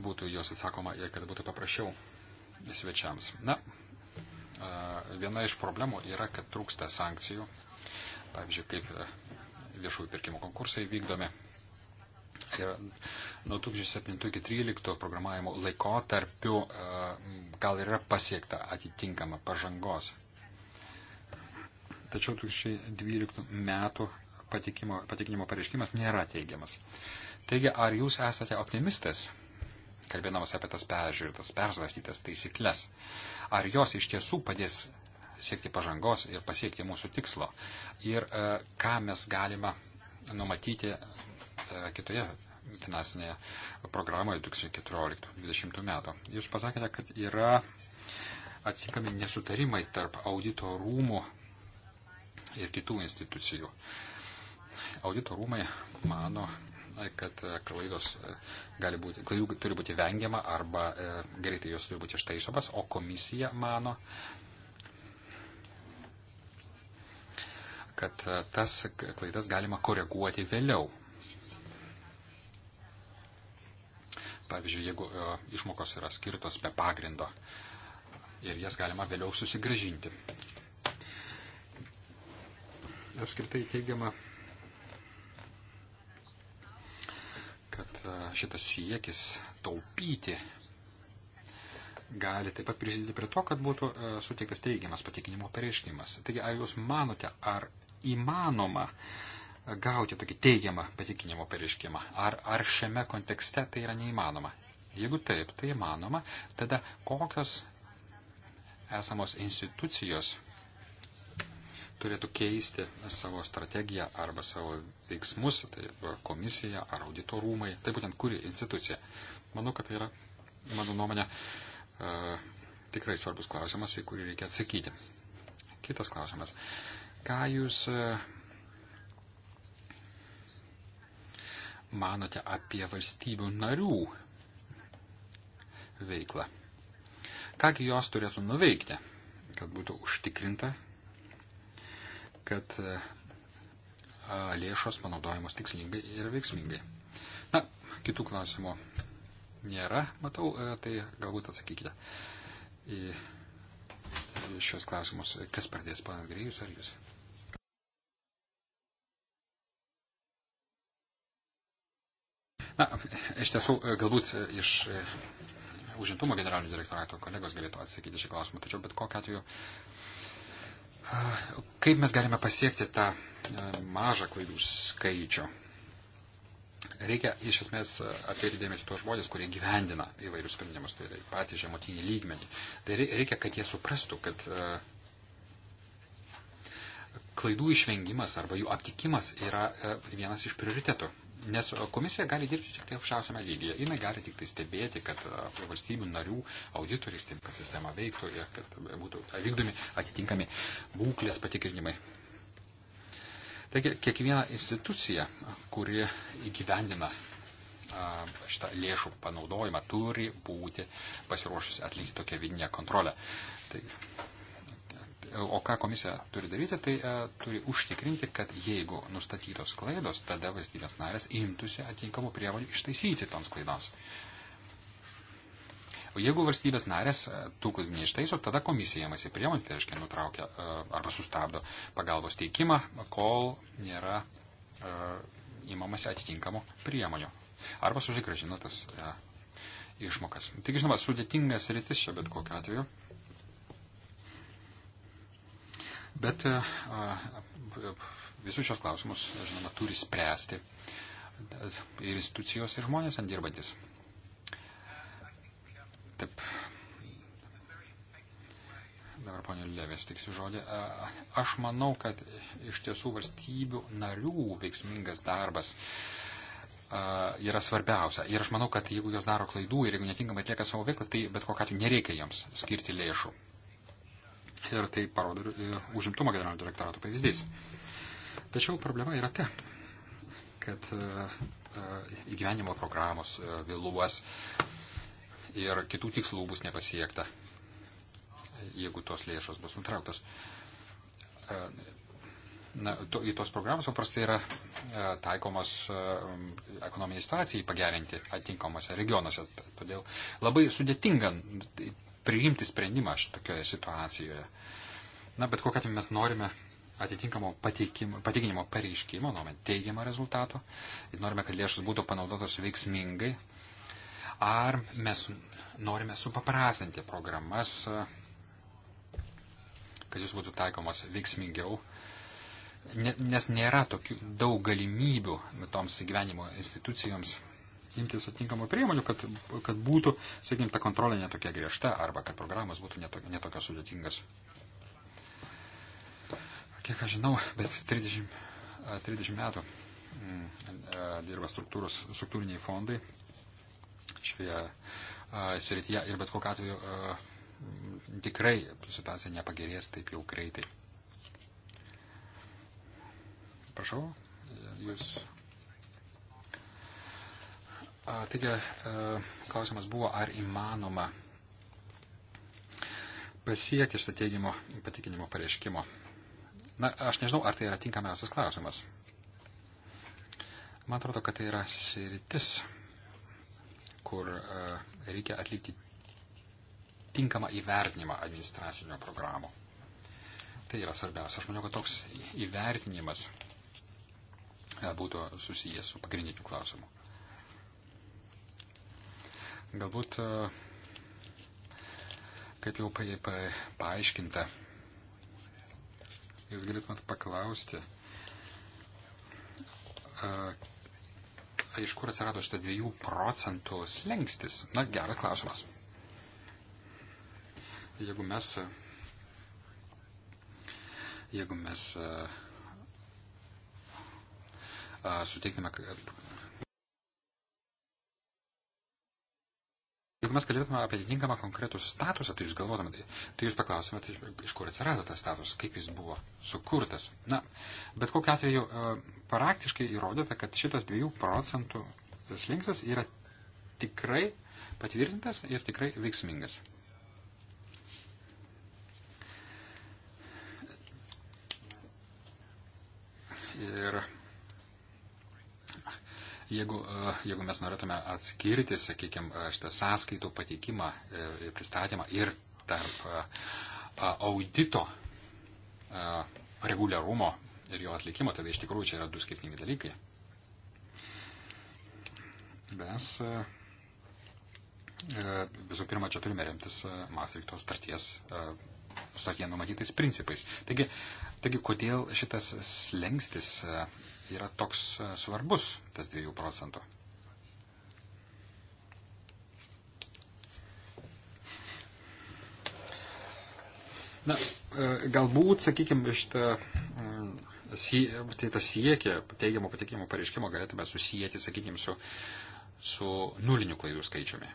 būtų jos atsakoma ir kad būtų paprasčiau svečiams. Na, viena iš problemų yra, kad trūksta sankcijų. Pavyzdžiui, kaip e, viešųjų pirkimų konkursai vykdomi Tai yra nuo 2007 iki 2013 programavimo laikotarpiu e, gal yra pasiekta atitinkama pažangos. Tačiau 2012 metų patikimo, patikinimo pareiškimas nėra teigiamas. Taigi, ar jūs esate optimistas, kalbėdamas apie tas peržiūrėtas, persvarstytas taisyklės, ar jos iš tiesų padės siekti pažangos ir pasiekti mūsų tikslo ir e, ką mes galime numatyti E, kitoje finansinėje programoje 2014-2020 metų. Jūs pasakėte, kad yra atitinkami nesutarimai tarp audito rūmų ir kitų institucijų. Audito rūmai mano, e, kad e, klaidos gali būti, klaidų turi būti vengiama arba e, greitai jos turi būti ištaisomas, o komisija mano, kad tas klaidas galima koreguoti vėliau. Pavyzdžiui, jeigu e, išmokos yra skirtos be pagrindo ir jas galima vėliau susigražinti. Apskritai teigiama, kad e, šitas siekis taupyti gali taip pat prisidėti prie to, kad būtų e, suteiktas teigiamas patikinimo pareiškimas. Taigi, ar jūs manote, ar įmanoma uh, gauti tokį teigiamą patikinimo pareiškimą? Ar, ar šiame kontekste tai yra neįmanoma? Jeigu taip, tai įmanoma, tada kokios esamos institucijos turėtų keisti savo strategiją arba savo veiksmus, tai komisija ar auditorumai, tai būtent kuri institucija. Manau, kad tai yra, mano nuomonė, e, tikrai svarbus klausimas, į kurį reikia atsakyti. Kitas klausimas. Ką jūs manote apie valstybių narių veiklą? Kągi jos turėtų nuveikti, kad būtų užtikrinta, kad lėšos panaudojamos tikslingai ir veiksmingai? Na, kitų klausimų nėra, matau, e, tai galbūt atsakykite į šios klausimus. Kas pradės, panas Grėjus ar jūs? Na, iš tiesų, e, galbūt e, iš e, užimtumo generalinio direktorato kolegos galėtų atsakyti šį klausimą, tačiau bet kokiu atveju, kaip mes galime pasiekti tą mažą klaidų skaičių? Reikia iš esmės atkreipti dėmesį tuos žmonės, kurie gyvendina įvairius sprendimus, tai patį žemutinį lygmenį. Tai reikia, kad jie suprastų, kad klaidų išvengimas arba jų aptikimas yra vienas iš prioritetų Nes komisija gali dirbti tik tai aukščiausiame lygyje. Jis gali tik tai stebėti, kad e, valstybių narių auditoriai stebėtų, kad sistema veiktų ir kad būtų vykdomi atitinkami būklės patikrinimai. Taigi, kiekviena institucija, kuri įgyvendina e, šitą lėšų panaudojimą, turi būti pasiruošusi atlikti tokią vidinę kontrolę. Taigi, o ką komisija turi daryti, tai e, turi užtikrinti, kad jeigu nustatytos klaidos, tada valstybės narės imtųsi atinkamų prievalių ištaisyti toms klaidoms. O jeigu valstybės narės e, tų klaidų neištaiso, tada komisija įmasi priemonių, tai reiškia nutraukia e, arba sustabdo pagalbos teikimą, kol nėra įmamasi e, atitinkamų priemonių. Arba susigražina tas e, išmokas. Tik žinoma, sudėtingas rytis čia bet kokiu atveju. Bet e, visus šios klausimus, žinoma, turi spręsti ir institucijos, ir žmonės ant dirbantis. Taip. Dabar, ponė Lėvės, tiksiu žodį. Aš manau, kad iš tiesų valstybių narių veiksmingas darbas yra svarbiausia. Ir aš manau, kad jeigu jos daro klaidų ir jeigu netinkamai atlieka savo veiklą, tai bet kokiu atveju nereikia jiems skirti lėšų. Ir tai parodo ir užimtumo generalinio direktorato pavyzdys. Tačiau problema yra ta, kad e, e, įgyvenimo programos e, vėluos ir kitų tikslų bus nepasiekta, jeigu tos lėšos bus nutrauktos. Na, to, į tos programos paprastai yra e, taikomos e, ekonominiai situacijai pagerinti atitinkamuose regionuose. Todėl labai sudėtinga priimti sprendimą šitokioje situacijoje. Na, bet kokią atveju mes norime atitinkamo patikinimo pareiškimo, norime teigiamą rezultato ir norime, kad lėšas būtų panaudotos veiksmingai. Ar mes norime supaprastinti programas, kad jūs būtų taikomos veiksmingiau, nes nėra tokių daug galimybių toms gyvenimo institucijoms imtis atinkamų priemonių, kad, kad būtų, sakykime, ta kontrolė netokia griežta arba kad programas būtų netokia, netokia sudėtingas. Kiek aš žinau, bet 30, 30 metų mm, dirba struktūriniai fondai šioje srityje ir bet kokiu atveju a, tikrai situacija nepagerės taip jau greitai. Prašau, jūs Taigi, e, klausimas buvo, ar įmanoma pasiekti šitą teigiamo patikinimo pareiškimo. Na, aš nežinau, ar tai yra tinkamiausias klausimas. Man atrodo, kad tai yra sritis, kur e, reikia atlikti tinkamą įvertinimą administracinio programų. Tai yra svarbiausia. Aš manau, kad toks įvertinimas e, būtų susijęs su pagrindiniu klausimu. Galbūt, e, kaip jau paaiškinta, jūs galėtumėt paklausti, e, iš kur atsirado šitas dviejų procentų slengstis? Na, geras klausimas. Jeigu mes, jeigu mes e, suteiksime Jeigu mes kalbėtume apie atitinkamą konkretų statusą, tai jūs galvotumėte, tai jūs paklausimėte, iš kur atsirado tas statusas, kaip jis buvo sukurtas. Na, bet kokiu atveju e, praktiškai įrodyta, kad šitas 2 procentų slinksas yra tikrai patvirtintas ir tikrai veiksmingas. Ir Jeigu, e, jeigu mes norėtume atskirti, sakykime, šitą sąskaitų pateikimą ir e, pristatymą ir tarp e, audito reguliarumo ir jo atlikimo, tada iš tikrųjų čia yra du skirtingi dalykai. Mes visų pirma, čia turime remtis Mastrichto starties sutartyje numatytais principais. Taigi, taigi kodėl šitas slengstis e, yra toks e, svarbus, tas 2 procentų? Na, e, galbūt, sakykime, šitą mm, tai tą siekį teigiamo patikimo pareiškimo galėtume susijęti, sakykime, su, su nuliniu klaidų skaičiumi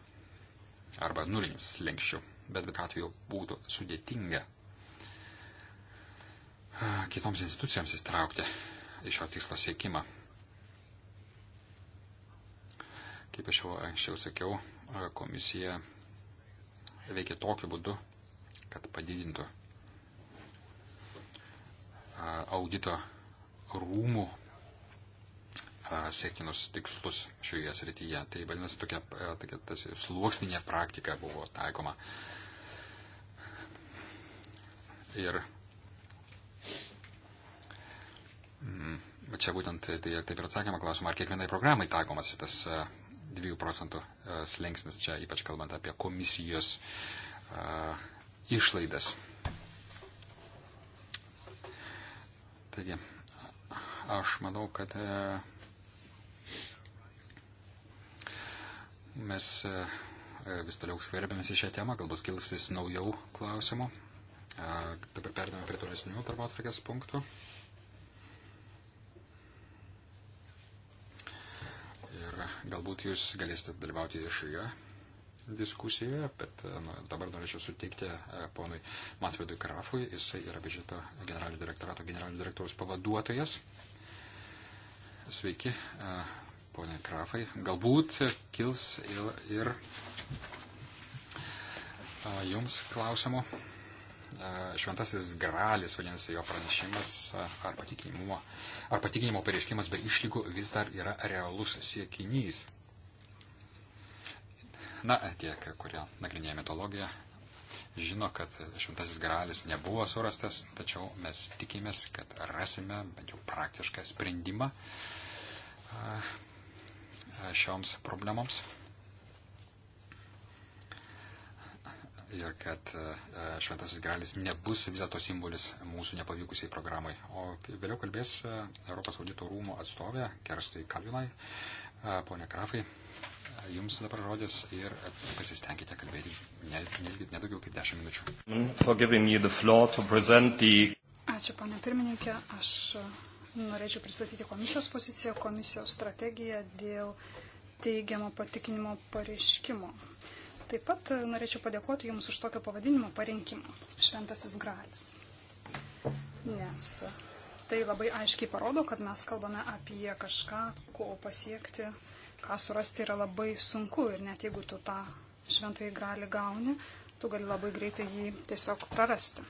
arba nuliniu slengščiu bet kokiu atveju būtų sudėtinga kitoms institucijoms įstraukti į šio tikslo siekimą. Kaip aš jau anksčiau sakiau, komisija veikia tokiu būdu, kad padidintų audito rūmų siekinus tikslus šioje srityje. Tai vadinasi, tokia, tokia tas sluoksninė praktika buvo taikoma Ir mm, čia būtent tai, tai taip ir atsakymą klausimą, ar kiekvienai programai taikomas šitas 2 e, procentų e, slengsnis čia, ypač kalbant apie komisijos uh, išlaidas. Taigi, aš manau, kad uh, mes uh, vis toliau skverbėmės į šią temą, galbūt kils vis naujų klausimų. Dabar perdame prie tolesnių darbo atrakės punktų. Ir galbūt jūs galėsite dalyvauti ir šioje diskusijoje, bet e, nu, dabar norėčiau suteikti e, ponui Matvedui Karafui, jisai yra biudžeto generalinio direktorato generalinio direktoriaus pavaduotojas. Sveiki, e, ponai Karafai. Galbūt kils ir, ir jums klausimų šventasis gralis, vadinasi, jo pranešimas ar patikinimo, ar patikinimo pareiškimas be išlygų vis dar yra realus siekinys. Na, tie, kurie nagrinėja mitologiją, žino, kad šventasis gralis nebuvo surastas, tačiau mes tikimės, kad rasime bent jau praktišką sprendimą šioms problemoms. ir kad e, Šventasis Gralis nebus vis dėlto simbolis mūsų nepavykusiai programai. O vėliau kalbės e, Europos audito rūmų atstovė Kerstai Kalvinai, e, ponė Krafai. Jums dabar žodis ir pasistengkite kalbėti nedaugiau ne, ne kaip 10 minučių. Ačiū, ponė pirmininkė. Aš norėčiau pristatyti komisijos poziciją, komisijos strategiją dėl teigiamo patikinimo pareiškimo Taip pat norėčiau padėkoti Jums už tokio pavadinimo parinkimą - Šventasis Gralis. Nes tai labai aiškiai parodo, kad mes kalbame apie kažką, ko pasiekti, ką surasti yra labai sunku ir net jeigu tu tą šventąjį gralį gauni, tu gali labai greitai jį tiesiog prarasti.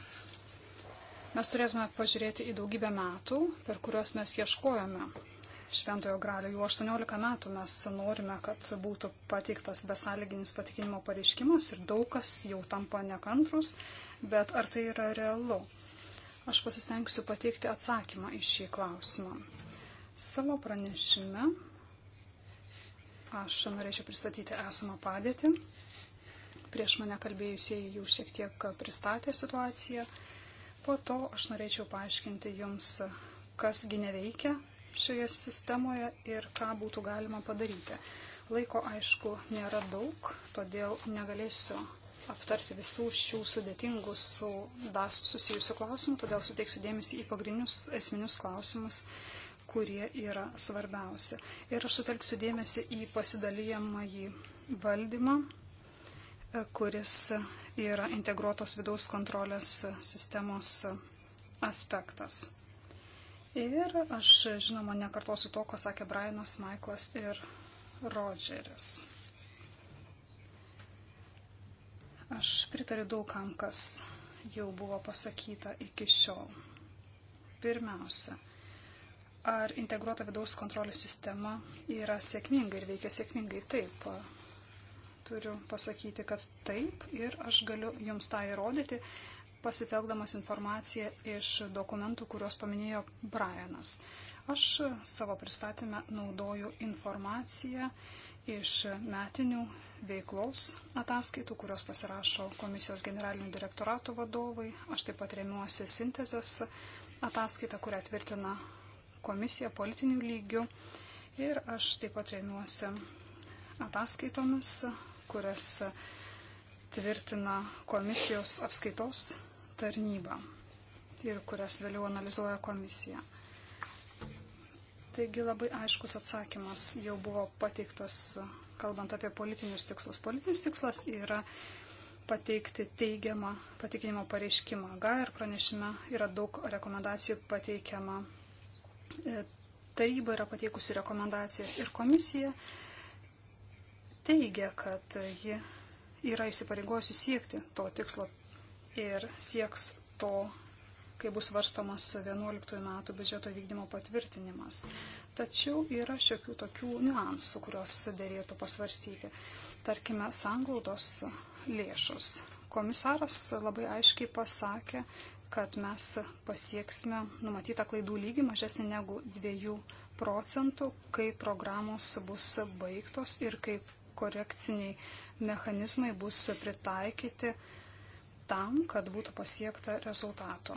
Mes turėtume pažiūrėti į daugybę metų, per kuriuos mes ieškojame šventojo gralio. Jau 18 metų mes norime, kad būtų pateiktas besalginis patikinimo pareiškimas ir daug kas jau tampa nekantrus, bet ar tai yra realu? Aš pasistengsiu pateikti atsakymą į šį klausimą. Savo pranešime aš norėčiau pristatyti esamą padėtį. Prieš mane kalbėjusieji jau šiek tiek pristatė situaciją. Po to aš norėčiau paaiškinti jums, kasgi neveikia šioje sistemoje ir ką būtų galima padaryti. Laiko, aišku, nėra daug, todėl negalėsiu aptarti visų šių sudėtingų su DAS susijusių klausimų, todėl suteiksiu dėmesį į pagrindinius esminius klausimus, kurie yra svarbiausi. Ir aš sutelksiu dėmesį į pasidalijamąjį valdymą, kuris yra integruotos vidaus kontrolės sistemos aspektas. Ir aš, žinoma, nekartosiu to, ko sakė Brianas, Michaelas ir Rodžeris. Aš pritariu daugam, kas jau buvo pasakyta iki šiol. Pirmiausia, ar integruota vidaus kontrolės sistema yra sėkminga ir veikia sėkmingai? Taip, turiu pasakyti, kad taip ir aš galiu jums tą įrodyti pasitelkdamas informaciją iš dokumentų, kuriuos paminėjo Brianas. Aš savo pristatymę naudoju informaciją iš metinių veiklos ataskaitų, kurios pasirašo komisijos generalinių direktoratų vadovai. Aš taip pat remiuosi sintezės ataskaitą, kurią tvirtina komisija politinių lygių. Ir aš taip pat remiuosi ataskaitomis, kurias tvirtina komisijos apskaitos tarnyba ir kurias vėliau analizuoja komisija. Taigi labai aiškus atsakymas jau buvo pateiktas, kalbant apie politinius tikslus. Politinis tikslas yra pateikti teigiamą patikinimo pareiškimą. GAIR pranešime yra daug rekomendacijų pateikiama. E, taryba yra pateikusi rekomendacijas ir komisija teigia, kad ji yra įsipareigojusi siekti to tikslo ir sieks to, kai bus varstomas 11 metų biudžeto vykdymo patvirtinimas. Tačiau yra šiokių tokių niuansų, kuriuos dėlėtų pasvarstyti. Tarkime, sanglaudos lėšos. Komisaras labai aiškiai pasakė, kad mes pasieksime numatytą klaidų lygį mažesnį negu 2 procentų, kai programos bus baigtos ir kai korekciniai mechanizmai bus pritaikyti tam, kad būtų pasiekta rezultato.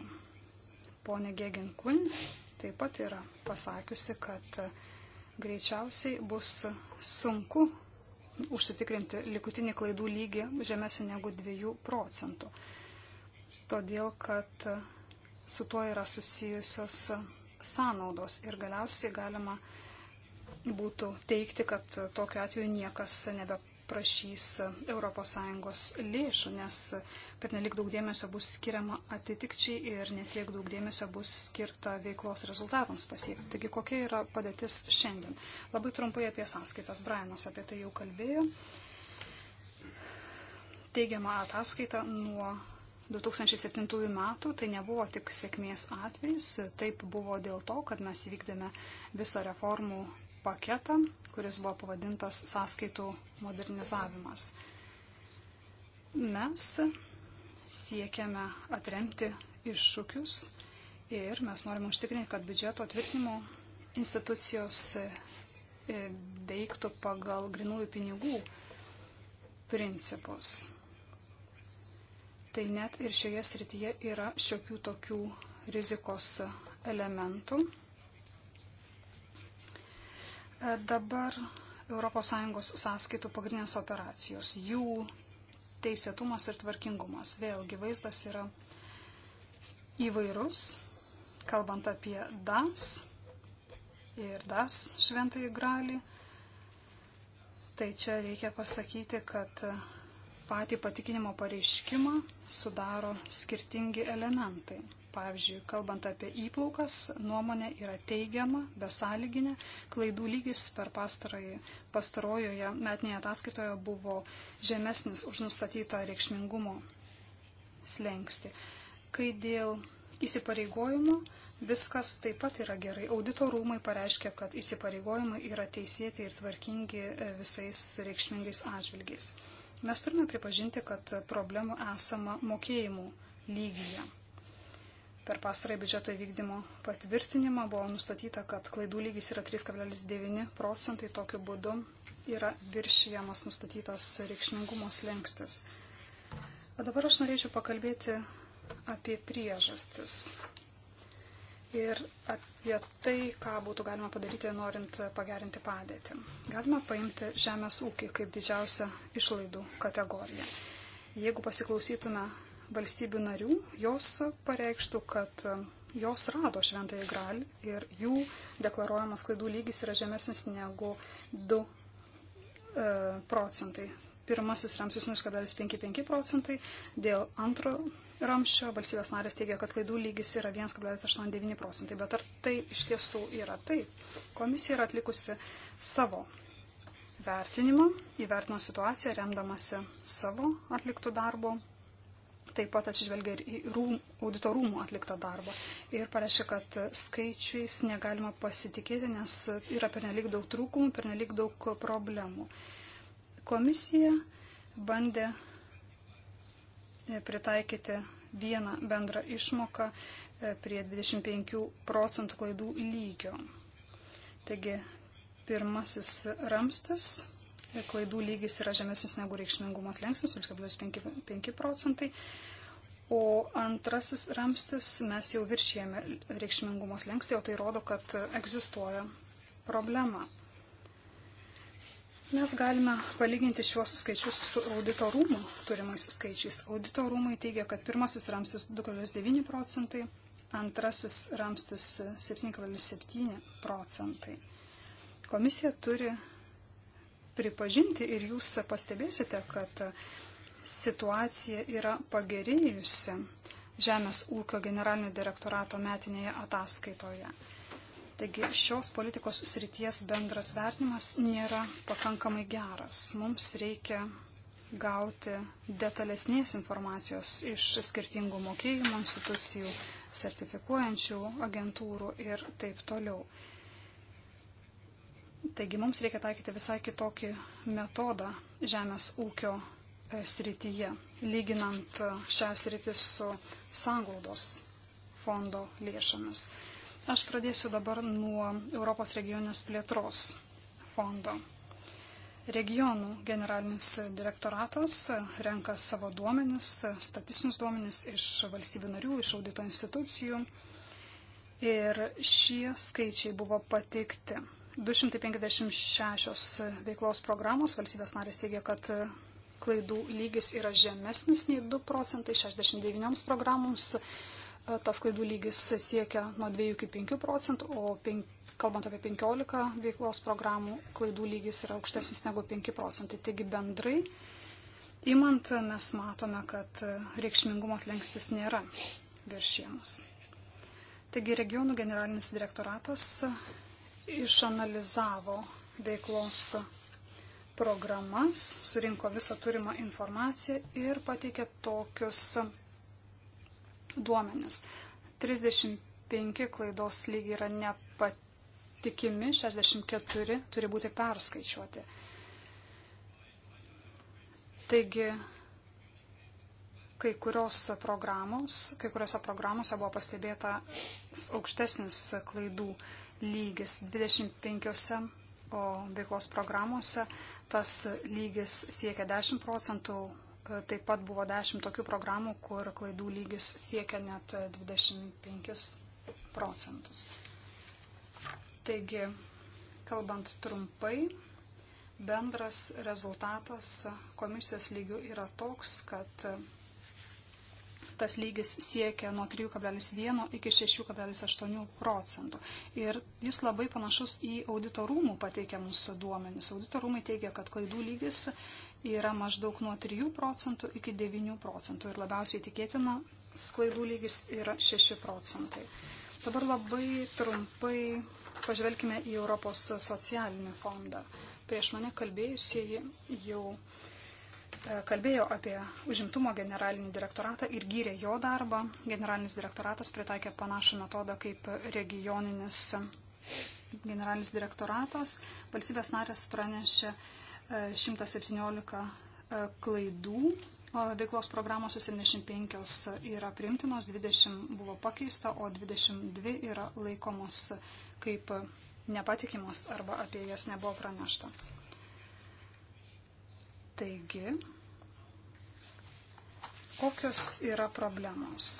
Pone Gegin Kun taip pat yra pasakiusi, kad greičiausiai bus sunku užsitikrinti likutinį klaidų lygį žemesnį negu 2 procentų. Todėl, kad su tuo yra susijusios sąnaudos ir galiausiai galima būtų teikti, kad tokiu atveju niekas nebe prašys ES lėšų, nes per nelik daug dėmesio bus skiriama atitikčiai ir netiek daug dėmesio bus skirta veiklos rezultatams pasiekti. Taigi kokia yra padėtis šiandien? Labai trumpai apie sąskaitas. Brianas apie tai jau kalbėjo. Teigiama ataskaita nuo 2007 metų tai nebuvo tik sėkmės atvejs, taip buvo dėl to, kad mes įvykdėme visą reformų paketą, kuris buvo pavadintas sąskaitų modernizavimas. Mes siekiame atremti iššūkius ir mes norime užtikrinti, kad biudžeto tvirtinimo institucijos e, veiktų pagal grinųjų pinigų principus. Tai net ir šioje srityje yra šiokių tokių rizikos elementų E, dabar ES sąskaitų pagrindinės operacijos, jų teisėtumas ir tvarkingumas. Vėlgi vaizdas yra įvairus, kalbant apie DAS ir DAS šventai gralį. Tai čia reikia pasakyti, kad patį patikinimo pareiškimą sudaro skirtingi elementai. Pavyzdžiui, kalbant apie įplaukas, nuomonė yra teigiama, besąlyginė. Klaidų lygis per pastarąjį, pastarojoje metinėje ataskaitoje buvo žemesnis už nustatytą reikšmingumo slengsti. Kai dėl įsipareigojimų viskas taip pat yra gerai. Audito rūmai pareiškia, kad įsipareigojimai yra teisėti ir tvarkingi e, visais reikšmingais atžvilgiais. Mes turime pripažinti, kad problemų esama mokėjimų lygyje. Per pastarąjį biudžeto įvykdymo patvirtinimą buvo nustatyta, kad klaidų lygis yra 3,9 procentai, tokiu būdu yra viršijamas nustatytas reikšmingumo slengstis. O dabar aš norėčiau pakalbėti apie priežastis ir apie tai, ką būtų galima padaryti, norint pagerinti padėtį. Galima paimti žemės ūkį kaip didžiausią išlaidų kategoriją. Jeigu pasiklausytume valstybių narių, jos pareikštų, kad jos rado šventąją gralį ir jų deklaruojamas klaidų lygis yra žemesnis negu 2 e, procentai. Pirmasis ramsis 0,55 procentai, dėl antro ramščio valstybės narės teigia, kad klaidų lygis yra 1,89 procentai. Bet ar tai iš tiesų yra taip? Komisija yra atlikusi savo vertinimą, įvertino situaciją remdamasi savo atliktų darbo taip pat atsižvelgia ir į rūm, audito rūmų atliktą darbą. Ir pareiškia, kad skaičiais negalima pasitikėti, nes yra pernelik daug trūkumų, pernelik daug problemų. Komisija bandė e, pritaikyti vieną bendrą išmoką e, prie 25 procentų klaidų lygio. Taigi pirmasis ramstas klaidų lygis yra žemesnis negu reikšmingumas lenksnis, 0,5 procentai. O antrasis ramstis mes jau viršėjame reikšmingumos lenkstį, o tai rodo, kad egzistuoja problema. Mes galime palyginti šiuos skaičius su audito rūmų turimais skaičiais. Audito rūmai teigia, kad pirmasis ramstis 2,9 procentai, antrasis ramstis 7,7 procentai. Komisija turi pripažinti ir jūs pastebėsite, kad situacija yra pagerėjusi Žemės ūkio generalinio direktorato metinėje ataskaitoje. Taigi šios politikos srities bendras vertinimas nėra pakankamai geras. Mums reikia gauti detalesnės informacijos iš skirtingų mokėjimo institucijų, sertifikuojančių agentūrų ir taip toliau. Taigi mums reikia taikyti visai kitokį metodą žemės ūkio e, srityje, lyginant e, šią sritį su sanglaudos fondo lėšomis. Aš pradėsiu dabar nuo Europos regionės plėtros fondo. Regionų generalinis direktoratas e, renka savo duomenis, statistinius duomenis iš valstybių narių, iš audito institucijų. Ir šie skaičiai buvo pateikti 256 veiklos programos valstybės narės teigia, kad klaidų lygis yra žemesnis nei 2 procentai, 69 programoms tas klaidų lygis siekia nuo 2 iki 5 procentų, o penk, kalbant apie 15 veiklos programų, klaidų lygis yra aukštesnis negu 5 procentai. Taigi bendrai, įmant, mes matome, kad reikšmingumas lengstis nėra viršiemus. Taigi regionų generalinis direktoratas išanalizavo veiklos programas, surinko visą turimą informaciją ir pateikė tokius duomenis. 35 klaidos lygiai yra nepatikimi, 64 turi būti perskaičiuoti. Taigi, kai kurios programos, kai kuriuose programuose buvo pastebėta aukštesnis klaidų lygis lygis 25, o veiklos programuose tas lygis siekia 10 procentų. E, taip pat buvo 10 tokių programų, kur klaidų lygis siekia net 25 procentus. Taigi, kalbant trumpai, bendras rezultatas komisijos lygių yra toks, kad tas lygis siekia nuo 3,1 iki 6,8 procentų. Ir jis labai panašus į auditorumų pateikiamus duomenis. Auditorumai teigia, kad klaidų lygis yra maždaug nuo 3 procentų iki 9 procentų ir labiausiai tikėtina klaidų lygis yra 6 procentai. Dabar labai trumpai pažvelkime į Europos socialinį fondą. Prieš mane kalbėjusieji jau E, kalbėjo apie užimtumo generalinį direktoratą ir gyrė jo darbą. Generalinis direktoratas pritaikė panašų metodą kaip regioninis generalinis direktoratas. Valstybės narės pranešė 117 e, e, klaidų. Veiklos programos 75 yra primtinos, 20 buvo pakeista, o 22 yra laikomos kaip nepatikimos arba apie jas nebuvo pranešta. Taigi, kokios yra problemos?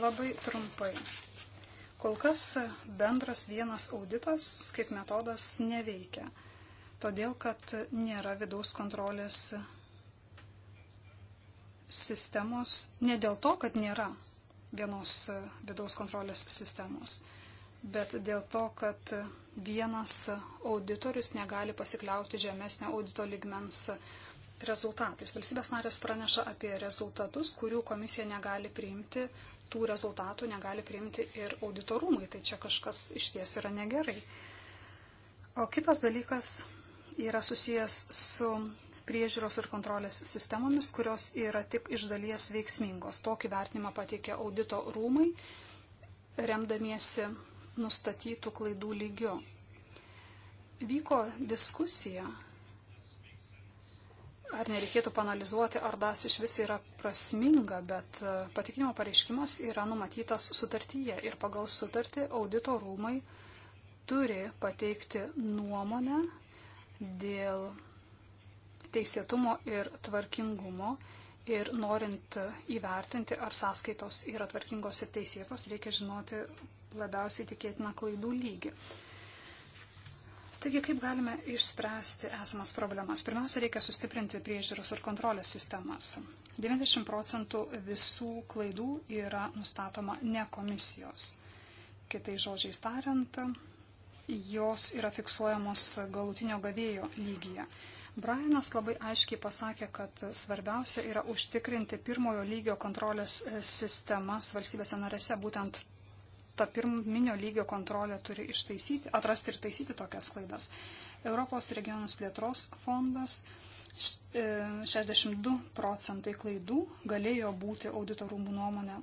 Labai trumpai. Kol kas bendras vienas auditas kaip metodas neveikia, todėl kad nėra vidaus kontrolės sistemos, ne dėl to, kad nėra vienos vidaus kontrolės sistemos bet dėl to, kad vienas auditorius negali pasikliauti žemesnio audito ligmens rezultatais. Valstybės narės praneša apie rezultatus, kurių komisija negali priimti, tų rezultatų negali priimti ir auditorumai. Tai čia kažkas iš ties yra negerai. O kitas dalykas yra susijęs su priežiūros ir kontrolės sistemomis, kurios yra tik iš dalies veiksmingos. Tokį vertinimą pateikia audito rūmai, remdamiesi nustatytų klaidų lygiu. Vyko diskusija, ar nereikėtų panalizuoti, ar DAS iš vis yra prasminga, bet e, patikinimo pareiškimas yra numatytas sutartyje ir pagal sutartį audito rūmai turi pateikti nuomonę dėl teisėtumo ir tvarkingumo ir norint įvertinti, ar sąskaitos yra tvarkingos ir teisėtos, reikia žinoti, labiausiai tikėtina klaidų lygį. Taigi, kaip galime išspręsti esamas problemas? Pirmiausia, reikia sustiprinti priežiūros ir kontrolės sistemas. 90 procentų visų klaidų yra nustatoma ne komisijos. Kitai žodžiai tariant, jos yra fiksuojamos galutinio gavėjo lygyje. Brianas labai aiškiai pasakė, kad svarbiausia yra užtikrinti pirmojo lygio kontrolės sistemas valstybėse narėse. Būtent ta pirminio lygio kontrolė turi ištaisyti, atrasti ir taisyti tokias klaidas. Europos regionos plėtros fondas 62 e, procentai klaidų galėjo būti auditorumų nuomonė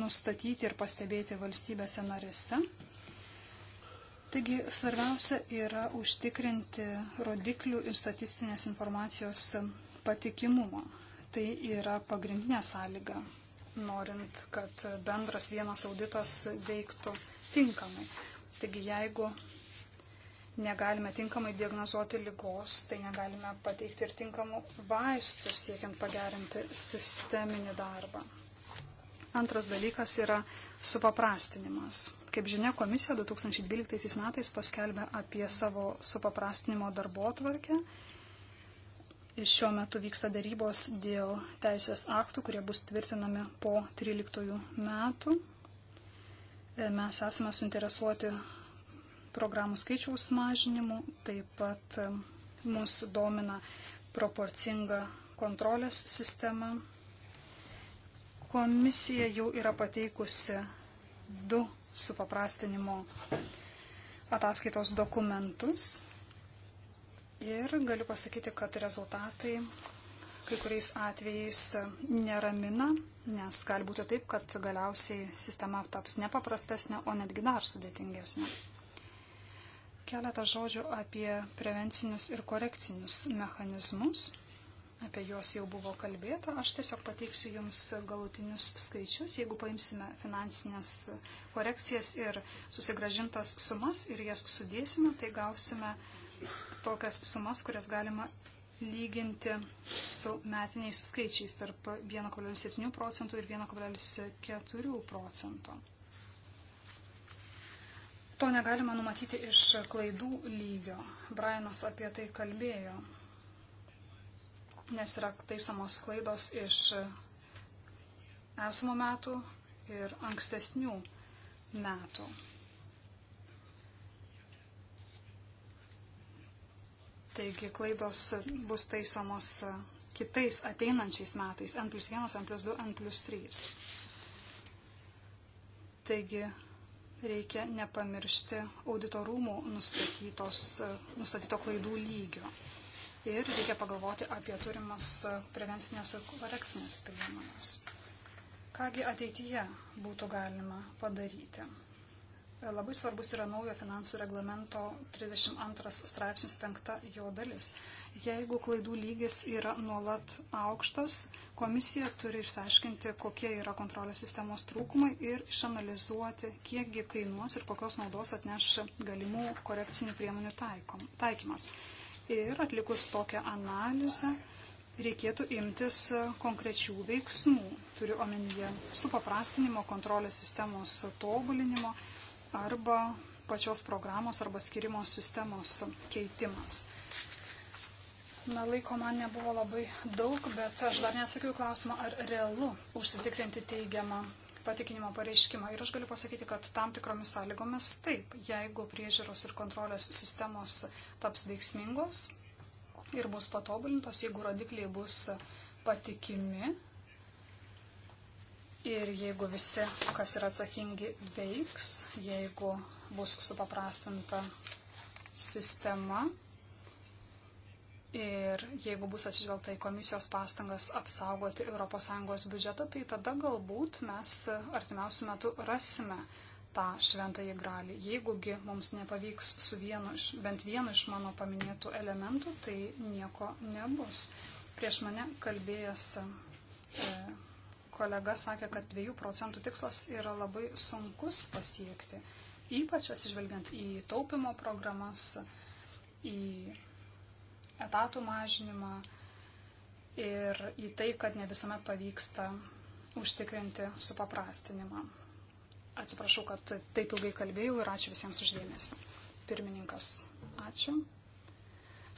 nustatyti ir pastebėti valstybėse narėse. Taigi svarbiausia yra užtikrinti rodiklių ir statistinės informacijos patikimumą. Tai yra pagrindinė sąlyga norint, kad bendras vienas auditas veiktų tinkamai. Taigi jeigu negalime tinkamai diagnozuoti lygos, tai negalime pateikti ir tinkamų vaistų siekiant pagerinti sisteminį darbą. Antras dalykas yra supaprastinimas. Kaip žinia, komisija 2012 metais paskelbė apie savo supaprastinimo darbo tvarkę šiuo metu vyksta darybos dėl teisės aktų, kurie bus tvirtinami po 13 metų. E, mes esame suinteresuoti programų skaičiaus mažinimu, taip pat e, mus domina proporcinga kontrolės sistema. Komisija jau yra pateikusi du supaprastinimo ataskaitos dokumentus Ir galiu pasakyti, kad rezultatai kai kuriais atvejais neramina, nes gali būti taip, kad galiausiai sistema taps nepaprastesnė, o netgi dar sudėtingesnė. Keletą žodžių apie prevencinius ir korekcinius mechanizmus. Apie juos jau buvo kalbėta. Aš tiesiog pateiksiu Jums galutinius skaičius. Jeigu paimsime finansinės korekcijas ir susigražintas sumas ir jas sudėsime, tai gausime uh, tokias sumas, kurias galima lyginti su metiniais skaičiais tarp 1,7 procentų ir 1,4 procento. To negalima numatyti iš klaidų lygio. Brainas apie tai kalbėjo, nes yra taisomos klaidos iš esamų metų ir ankstesnių metų. Taigi klaidos bus taisomos kitais ateinančiais metais N plus 1, N plus 2, N plus 3. Taigi reikia nepamiršti auditorumų nustatyto klaidų lygio. Ir reikia pagalvoti apie turimas prevencinės ir korekcinės priemonės. Kągi ateityje būtų galima padaryti. Labai svarbus yra naujo finansų reglamento 32 straipsnis 5 jo dalis. Jeigu klaidų lygis yra nuolat aukštas, komisija turi išsiaiškinti, kokie yra kontrolės sistemos trūkumai ir išanalizuoti, kiekgi kainuos ir kokios naudos atneš galimų korekcinių priemonių taikom, taikymas. Ir atlikus tokią analizę, reikėtų imtis konkrečių veiksmų. Turiu omenyje supaprastinimo, kontrolės sistemos tobulinimo arba pačios programos arba skirimo sistemos keitimas. Na, laiko man nebuvo labai daug, bet aš dar nesakiau klausimą, ar realu užsitikrinti teigiamą patikinimo pareiškimą. Ir aš galiu pasakyti, kad tam tikromis sąlygomis taip, jeigu priežiūros ir kontrolės sistemos taps veiksmingos ir bus patobulintos, jeigu rodikliai bus patikimi, Ir jeigu visi, kas yra atsakingi, veiks, jeigu bus supaprastinta sistema ir jeigu bus atsižvelgta į komisijos pastangas apsaugoti ES biudžetą, tai tada galbūt mes artimiausiu metu rasime tą šventąjį gralį. Jeigugi mums nepavyks su vienu iš, bent vienu iš mano paminėtų elementų, tai nieko nebus. Prieš mane kalbėjęs e, kolega sakė, kad 2 procentų tikslas yra labai sunkus pasiekti, ypač atsižvelgiant į taupimo programas, į etatų mažinimą ir į tai, kad ne visuomet pavyksta užtikrinti supaprastinimą. Atsiprašau, kad taip ilgai kalbėjau ir ačiū visiems uždėmesi. Pirmininkas, ačiū.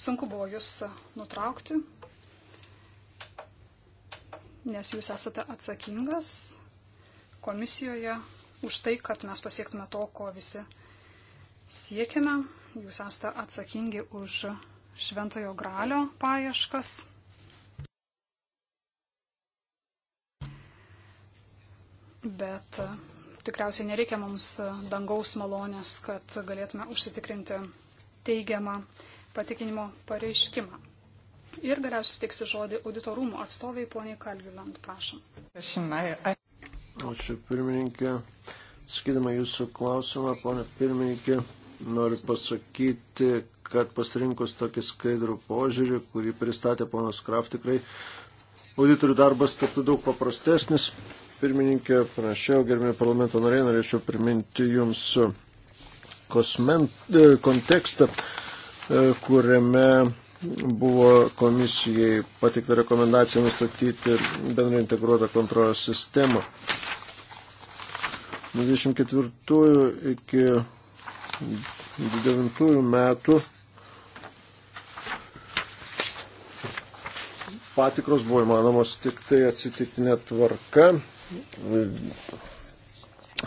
Sunku buvo jūs nutraukti, nes jūs esate atsakingas komisijoje už tai, kad mes pasiektume to, ko visi siekiame. Jūs esate atsakingi už šventojo gralio paieškas. Bet e, tikriausiai nereikia mums e, dangaus malonės, kad galėtume užsitikrinti teigiamą patikinimo pareiškimą. Ir galiausiai suteiksiu žodį auditorumo atstoviai poniai Kalgiulant, prašom. Ačiū pirmininkė. Sakydama jūsų klausimą, ponė pirmininkė, noriu pasakyti, kad pasirinkus tokį skaidrų požiūrį, kurį pristatė ponas Kraft, tikrai auditorių darbas taptų daug paprastesnis. Pirmininkė, prašiau, gerbėjai parlamento nariai, norėčiau priminti jums kosment, e, kontekstą, e, kuriame buvo komisijai patikta rekomendacija nustatyti bendrą integruotą kontrolės sistemą. 24 iki 29 metų patikros buvo įmanomos tik tai atsitiktinė tvarka.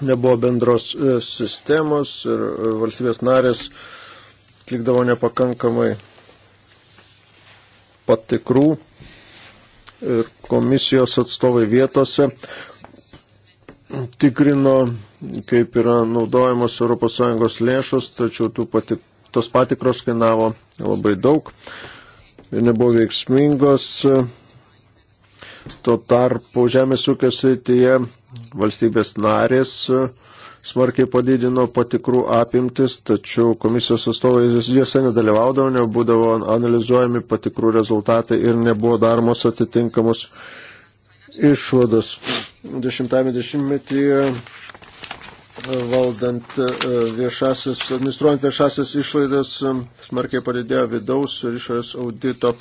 Nebuvo bendros e, sistemos ir e, valstybės narės atlikdavo nepakankamai patikrų ir komisijos atstovai vietose tikrino, kaip yra naudojamos ES lėšos, tačiau pati, tos patikros kainavo labai daug ir nebuvo veiksmingos. Tuo tarpu žemės ūkio srityje valstybės narės smarkiai padidino patikrų apimtis, tačiau komisijos atstovai jose nedalyvaudavo, nebūdavo analizuojami patikrų rezultatai ir nebuvo daromos atitinkamos išvados. 10-metyje e, valdant e, viešasis, administruojant viešasis išlaidas, e, smarkiai padidėjo vidaus ir išorės audito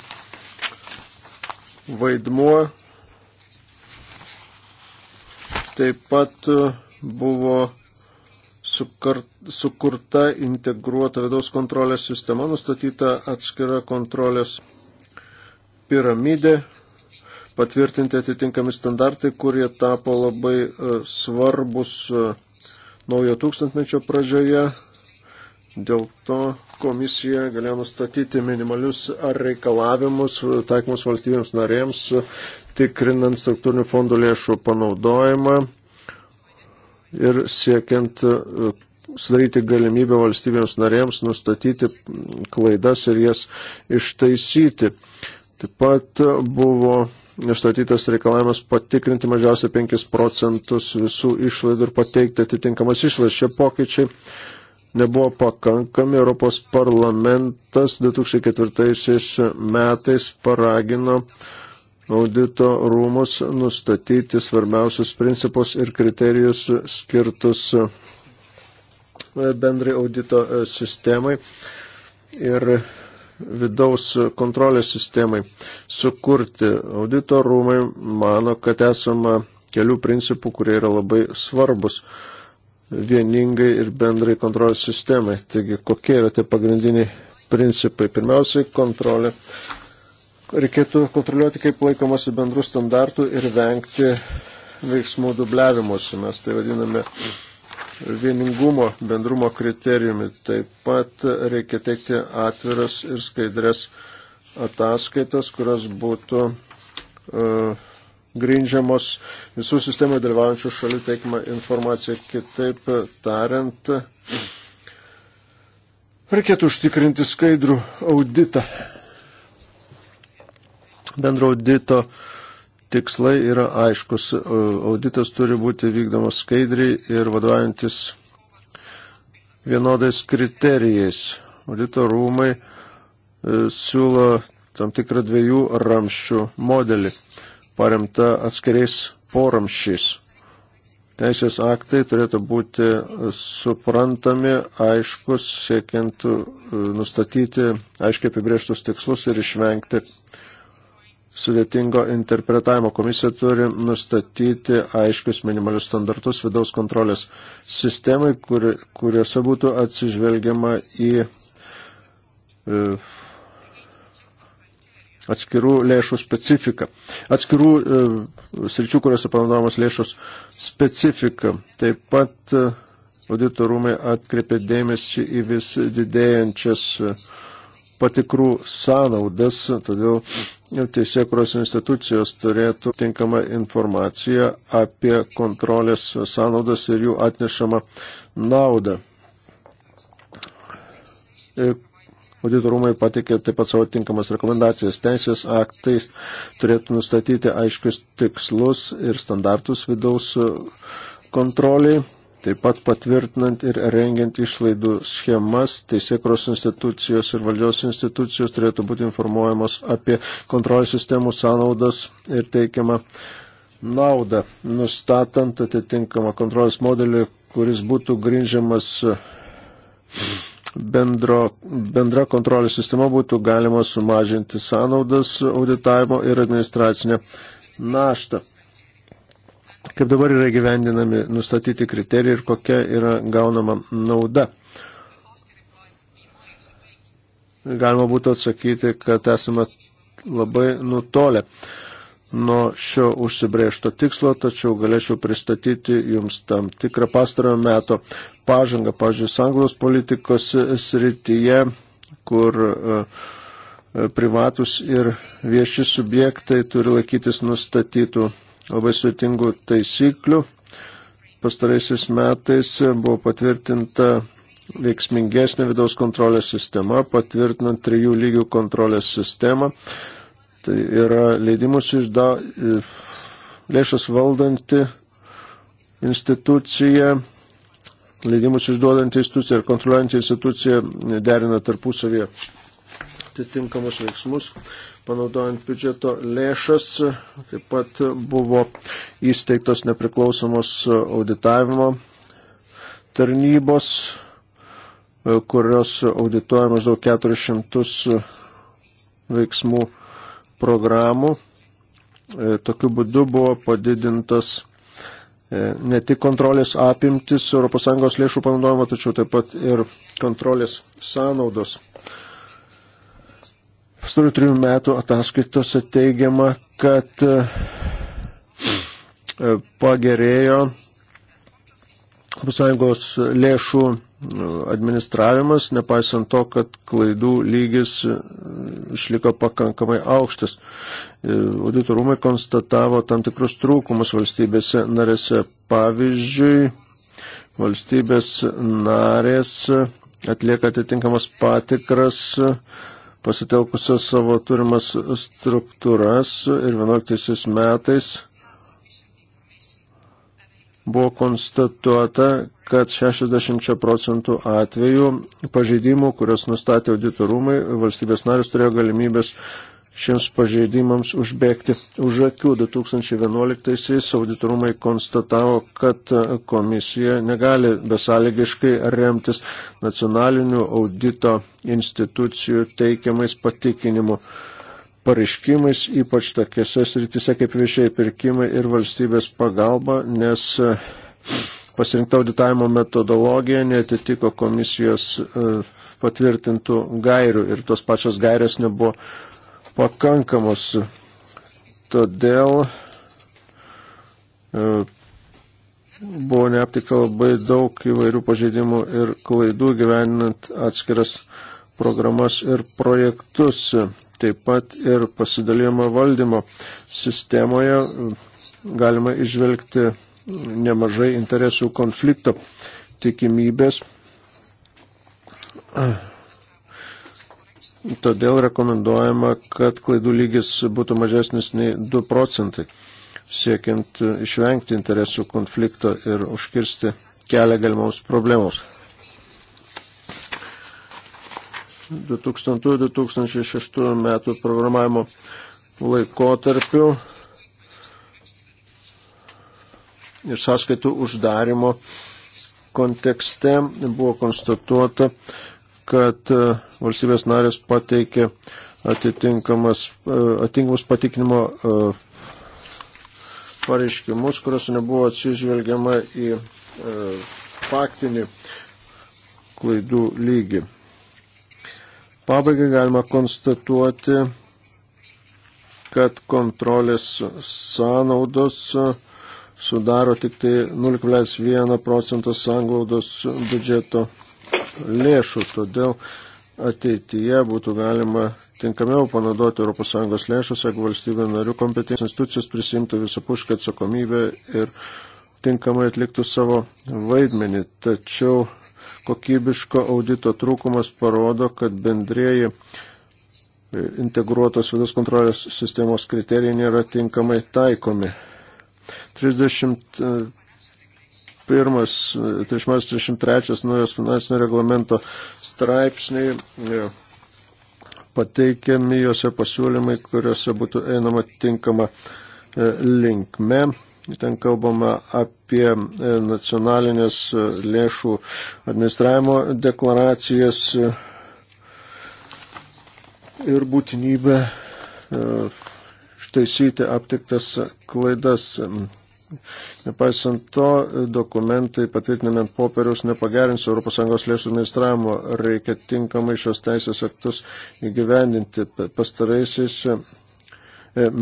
vaidmuo. Taip pat buvo sukar, sukurta integruota vidaus kontrolės sistema, nustatyta atskira kontrolės piramidė, patvirtinti atitinkami standartai, kurie tapo labai e, svarbus e, naujo tūkstantmečio pradžioje. Dėl to komisija galėjo nustatyti minimalius reikalavimus taikymus valstybėms narėms, tikrinant struktūrinių fondų lėšų panaudojimą ir siekiant e, sudaryti galimybę valstybėms narėms nustatyti klaidas ir jas ištaisyti. Taip pat buvo nustatytas reikalavimas patikrinti mažiausiai 5 procentus visų išlaidų ir pateikti atitinkamas išlaidas. Šie pokyčiai nebuvo pakankami. Europos parlamentas 2004 metais paragino audito rūmus nustatyti svarbiausius principus ir kriterijus skirtus e, bendrai audito e, sistemai ir vidaus kontrolės sistemai sukurti. Audito rūmai mano, kad esama kelių principų, kurie yra labai svarbus vieningai ir bendrai kontrolės sistemai. Taigi, kokie yra tie pagrindiniai principai? Pirmiausiai, kontrolė reikėtų kontroliuoti, kaip laikomasi bendrų standartų ir vengti veiksmų dubliavimuose. Mes tai vadiname vieningumo bendrumo kriterijumi. Taip pat reikia teikti atviras ir skaidres ataskaitas, kurios būtų uh, grindžiamos visų sistemoje dalyvaujančių šalių teikima informacija. Kitaip tariant, reikėtų užtikrinti skaidrų auditą Bendro audito tikslai yra aiškus. Auditas turi būti vykdomas skaidriai ir vadovaujantis vienodais kriterijais. Audito rūmai e, siūlo tam tikrą dviejų ramščių modelį, paremta atskiriais poramščiais. Teisės aktai turėtų būti suprantami, aiškus, siekiant e, nustatyti aiškiai apibrieštus tikslus ir išvengti uh, sudėtingo interpretavimo. Komisija turi nustatyti aiškius minimalius standartus vidaus kontrolės sistemai, kur, kuriuose būtų atsižvelgiama į e, atskirų lėšų specifiką, atskirų e, sričių, kuriuose panaudojamos lėšos specifiką. Taip pat e, auditorumai atkreipė dėmesį į vis didėjančias e, patikrų sąnaudas, todėl teisėkuros institucijos turėtų tinkamą informaciją apie kontrolės sąnaudas ir jų atnešamą naudą. Auditorumai patikė taip pat savo tinkamas rekomendacijas. Teisės aktais turėtų nustatyti aiškius tikslus ir standartus vidaus kontroliai Taip pat patvirtinant ir rengiant išlaidų schemas, teisėkros institucijos ir valdžios institucijos turėtų būti informuojamos apie kontrolės sistemų sąnaudas ir teikiamą naudą, nustatant atitinkamą kontrolės modelį, kuris būtų grindžiamas bendro, bendra kontrolės sistema, būtų galima sumažinti sąnaudas auditavimo ir administracinę naštą kaip dabar yra gyvendinami nustatyti kriterijai ir kokia yra gaunama nauda. Galima būtų atsakyti, kad esame labai nutolę nuo šio užsibrėžto tikslo, tačiau galėčiau pristatyti jums tam tikrą pastarojo meto pažangą, pavyzdžiui, sanglos politikos srityje, kur uh, privatus ir vieši subjektai turi laikytis nustatytų labai sudėtingų taisyklių. Pastaraisiais metais buvo patvirtinta veiksmingesnė vidaus kontrolės sistema, patvirtinant trijų lygių kontrolės sistemą. Tai yra leidimus išda, lėšas valdanti institucija, leidimus išduodanti institucija ir kontroliuojanti institucija derina tarpusavėje atitinkamus veiksmus panaudojant biudžeto lėšas. Taip pat buvo įsteigtos nepriklausomos auditavimo tarnybos, kurios audituoja maždaug 400 veiksmų programų. E, tokiu būdu buvo padidintas e, ne tik kontrolės apimtis ES lėšų panaudojimo, tačiau taip pat ir kontrolės sąnaudos. Pastarų trijų metų ataskaitose teigiama, kad e, e, pagerėjo sąjungos lėšų e, administravimas, nepaisant to, kad klaidų lygis išliko pakankamai aukštas. Auditorumai konstatavo tam tikrus trūkumus valstybėse narėse. Pavyzdžiui, valstybės narės atlieka atitinkamas patikras pasitelkusios savo turimas struktūras ir 11 metais buvo konstatuota, kad 60 procentų atvejų pažeidimų, kurios nustatė auditorumai, valstybės narius turėjo galimybės šiems pažeidimams užbėgti už akių. 2011-aisiais auditorumai konstatavo, kad komisija negali besąlygiškai remtis nacionalinių audito institucijų teikiamais patikinimu pareiškimais, ypač tokiuose srityse kaip viešiai pirkimai ir valstybės pagalba, nes e, pasirinkta auditavimo metodologija netitiko komisijos e, patvirtintų gairių ir tos pačios gairės nebuvo pakankamos. Todėl e, buvo neaptikta labai daug įvairių pažeidimų ir klaidų gyveninant atskiras programas ir projektus. Taip pat ir pasidalėjimo valdymo sistemoje e, galima išvelgti nemažai interesų konflikto tikimybės. Todėl rekomenduojama, kad klaidų lygis būtų mažesnis nei 2 procentai, siekiant išvengti interesų konflikto ir užkirsti kelią galimoms problemoms. 2000-2006 metų programavimo laikotarpiu ir sąskaitų uždarimo kontekste buvo konstatuota, kad e, valstybės narės pateikė atitinkamas, e, atitinkamus patikinimo e, pareiškimus, kurios nebuvo atsižvelgiama į faktinį klaidų lygį. Pabaigai galima konstatuoti, kad kontrolės sąnaudos sudaro tik tai 0,1 procentas sanglaudos biudžeto lėšų, todėl ateityje būtų galima tinkamiau panaudoti ES lėšas, jeigu valstybė narių kompetencijos institucijos prisimtų visapušką atsakomybę ir tinkamai atliktų savo vaidmenį. Tačiau kokybiško audito trūkumas parodo, kad bendrėjai integruotos vidaus kontrolės sistemos kriterijai nėra tinkamai taikomi. 30 31-33 naujos finansinio reglamento straipsniai e, pateikiami juose pasiūlymai, kuriuose būtų einama tinkama e, linkme. Ten kalbama apie e, nacionalinės lėšų administravimo deklaracijas ir būtinybę ištaisyti aptiktas klaidas. Nepaisant to, dokumentai patvirtinami ant popieriaus nepagerins ES lėšų administravimo. Reikia tinkamai šios teisės aktus įgyvendinti. Pastaraisiais e,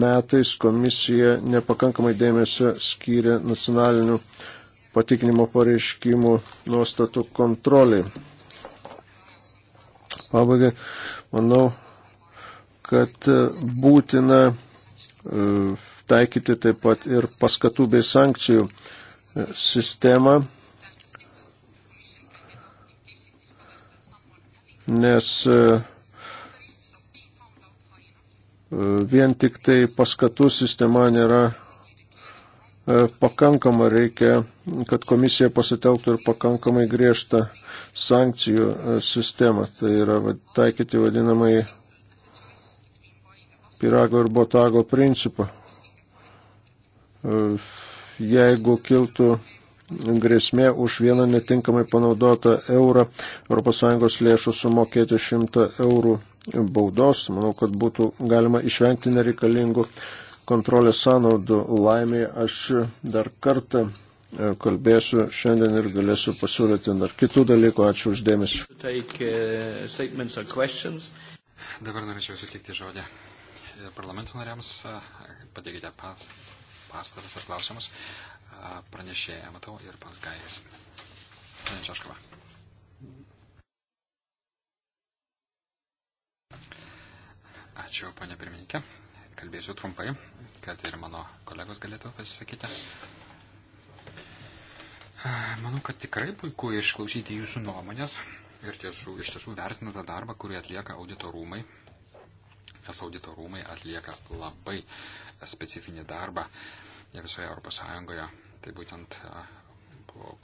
metais komisija nepakankamai dėmesio skyrė nacionalinių patikinimo pareiškimų nuostatų kontroliai. Pabaigai, manau, kad e, būtina uh, taikyti taip pat ir paskatų bei sankcijų e, sistemą, nes e, e, vien tik tai paskatų sistema nėra pakankama, reikia, kad komisija pasitelktų ir pakankamai griežtą sankcijų sistemą. Tai yra taikyti vadinamai pirago ir botago principą jeigu kiltų grėsmė už vieną netinkamai panaudotą eurą ES lėšų sumokėti 100 eurų baudos. Manau, kad būtų galima išvengti nereikalingų kontrolės sąnaudų. Laimėje aš dar kartą e, kalbėsiu šiandien ir galėsiu pasiūlyti dar kitų dalykų. Ačiū uždėmesi. E, Dabar norėčiau sutikti žodį e, parlamento nariams. Padėkite pastabas ir klausimus pranešėja, matau, ir pas Gaijas. Pane Češkova. Ačiū, pane pirmininkė. Kalbėsiu trumpai, kad ir mano kolegos galėtų pasisakyti. Manau, kad tikrai puiku išklausyti jūsų nuomonės ir tiesų, iš tiesų vertinu tą darbą, kurį atlieka audito rūmai nes audito rūmai atlieka labai specifinį darbą visoje Europos Sąjungoje, tai būtent